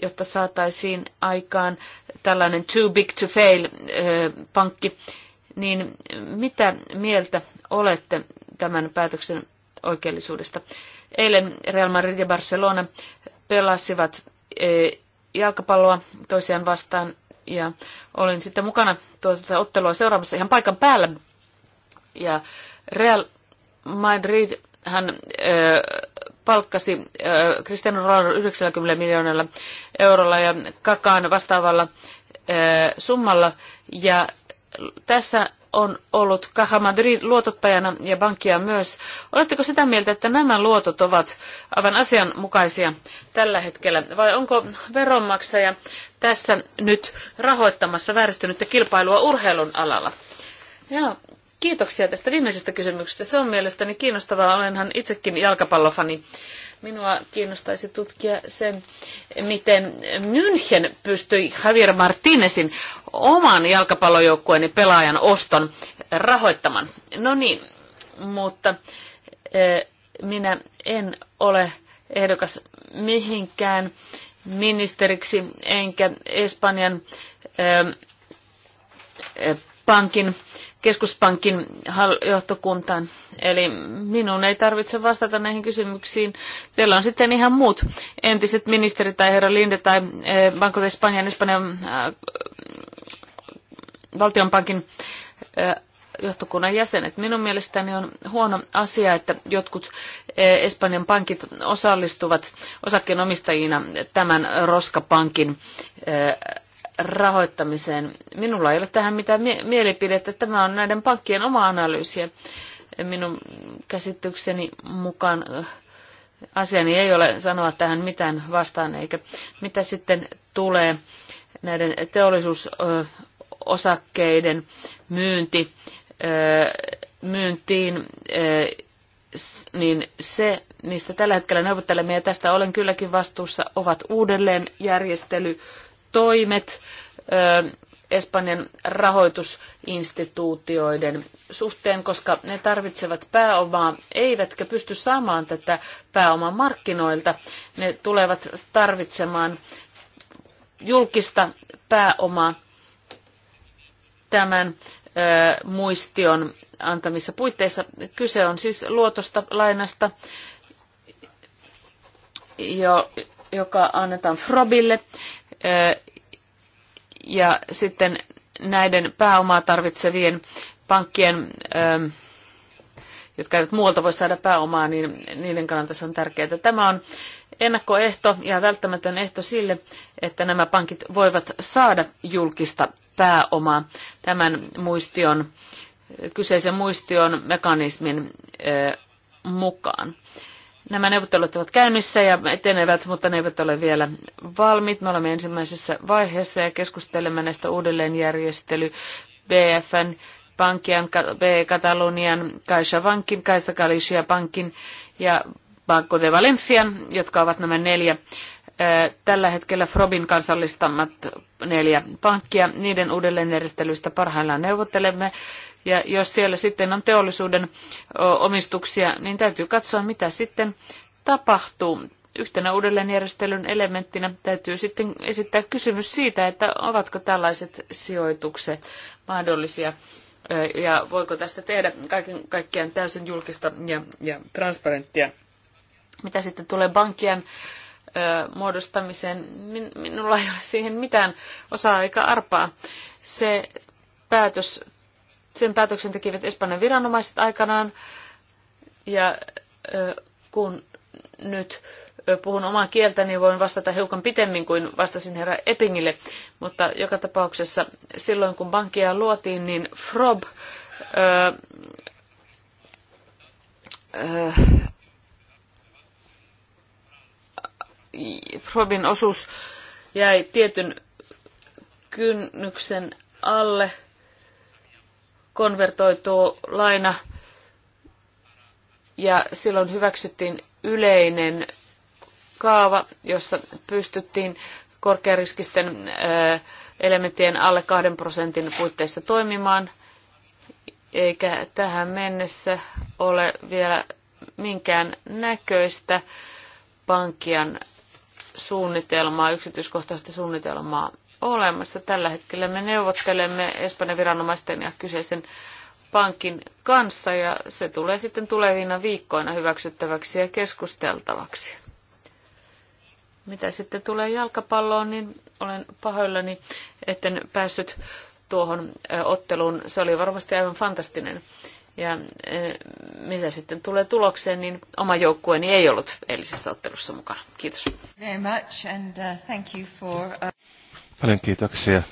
Speaker 1: jotta saataisiin aikaan tällainen too big to fail eh, pankki, niin mitä mieltä olette tämän päätöksen oikeellisuudesta? Eilen Real Madrid ja Barcelona pelasivat e, jalkapalloa toisiaan vastaan ja olin sitten mukana tuota ottelua seuraamassa ihan paikan päällä. Ja Real Madrid hän ö, e, palkkasi ö, e, Cristiano Ronaldo 90 miljoonalla eurolla ja Kakaan vastaavalla ö, summalla. Ja tässä on ollut Caja Madrid luotottajana ja pankkia myös. Oletteko sitä mieltä, että nämä luotot ovat aivan asianmukaisia tällä hetkellä? Vai onko veronmaksaja tässä nyt rahoittamassa vääristynyttä kilpailua urheilun alalla? Joo, kiitoksia tästä viimeisestä kysymyksestä. Se on mielestäni kiinnostavaa. Olenhan itsekin jalkapallofani. Minua kiinnostaisi tutkia sen, miten München pystyi Javier Martinezin oman jalkapallojoukkueen pelaajan oston rahoittamaan. No niin, mutta eh, minä en ole ehdokas mihinkään ministeriksi, enkä Espanjan eh, eh, pankin keskuspankin johtokuntaan. Eli minun ei tarvitse vastata näihin kysymyksiin. Siellä on sitten ihan muut entiset ministerit tai herra Linde tai eh, Banco de Espanjan, Espanjan äh, eh, valtionpankin äh, johtokunnan jäsenet. Minun mielestäni on huono asia, että jotkut Espanjan pankit osallistuvat osakkeenomistajina tämän roskapankin äh, rahoittamiseen. Minulla ei ole tähän mitään mie- mielipidettä. Tämä on näiden pankkien oma analyysi. Minun käsitykseni mukaan äh, asiani ei ole sanoa tähän mitään vastaan, eikä mitä sitten tulee näiden teollisuusosakkeiden myynti, myyntiin, niin se, mistä tällä hetkellä neuvottelemme, ja tästä olen kylläkin vastuussa, ovat uudelleenjärjestely toimet Espanjan rahoitusinstituutioiden suhteen, koska ne tarvitsevat pääomaa, eivätkä pysty saamaan tätä pääomaa markkinoilta. Ne tulevat tarvitsemaan julkista pääomaa tämän muistion antamissa puitteissa. Kyse on siis luotosta, lainasta, jo, joka annetaan Frobille ja sitten näiden pääomaa tarvitsevien pankkien, jotka eivät muualta voi saada pääomaa, niin niiden kannalta se on tärkeää. Tämä on ennakkoehto ja välttämätön ehto sille, että nämä pankit voivat saada julkista pääomaa tämän muistion, kyseisen muistion mekanismin mukaan. Nämä neuvottelut ovat käynnissä ja etenevät, mutta ne eivät ole vielä valmiit. Me olemme ensimmäisessä vaiheessa ja keskustelemme näistä uudelleenjärjestely BFN, Pankian, B Katalonian, Kaisa Vankin, Kaisa Galicia Pankin ja Banco de Valencian, jotka ovat nämä neljä tällä hetkellä Frobin kansallistamat neljä pankkia. Niiden uudelleenjärjestelyistä parhaillaan neuvottelemme ja jos siellä sitten on teollisuuden omistuksia, niin täytyy katsoa, mitä sitten tapahtuu. Yhtenä uudelleenjärjestelyn elementtinä täytyy sitten esittää kysymys siitä, että ovatko tällaiset sijoitukset mahdollisia ja voiko tästä tehdä kaiken kaikkiaan täysin julkista ja, ja transparenttia. Mitä sitten tulee bankien muodostamiseen, min, minulla ei ole siihen mitään osaa eikä arpaa. Se päätös sen päätöksen tekivät Espanjan viranomaiset aikanaan. Ja kun nyt puhun omaa kieltä, niin voin vastata hiukan pitemmin kuin vastasin herra Eppingille. Mutta joka tapauksessa silloin, kun pankkia luotiin, niin FROB öö, FROBin osuus jäi tietyn kynnyksen alle – konvertoituu laina ja silloin hyväksyttiin yleinen kaava, jossa pystyttiin korkeariskisten äh, elementtien alle 2 prosentin puitteissa toimimaan, eikä tähän mennessä ole vielä minkään näköistä pankkian suunnitelmaa, yksityiskohtaista suunnitelmaa olemassa. Tällä hetkellä me neuvottelemme Espanjan viranomaisten ja kyseisen pankin kanssa ja se tulee sitten tulevina viikkoina hyväksyttäväksi ja keskusteltavaksi. Mitä sitten tulee jalkapalloon, niin olen pahoillani, etten päässyt tuohon otteluun. Se oli varmasti aivan fantastinen. Ja mitä sitten tulee tulokseen, niin oma joukkueeni ei ollut eilisessä ottelussa mukana. Kiitos. Very much and, uh, thank you for, uh,
Speaker 2: Paljon kiitoksia.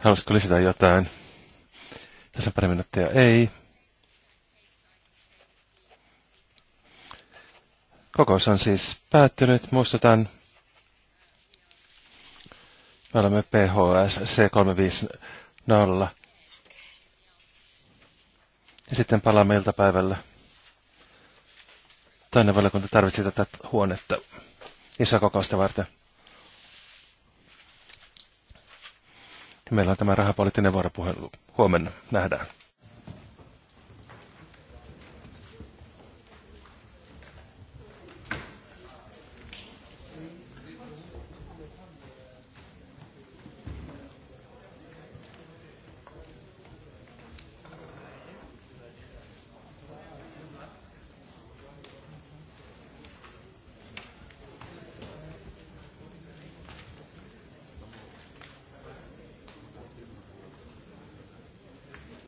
Speaker 2: Haluaisitko lisätä jotain? Tässä on pari minuuttia. Ei. Kokous on siis päättynyt. Muistutan, me olemme PHS C350. Ja sitten palaamme iltapäivällä. Toinen valiokunta tarvitsee tätä huonetta isoa kokousta varten. meillä on tämä rahapoliittinen vuoropuhelu. Huomenna nähdään.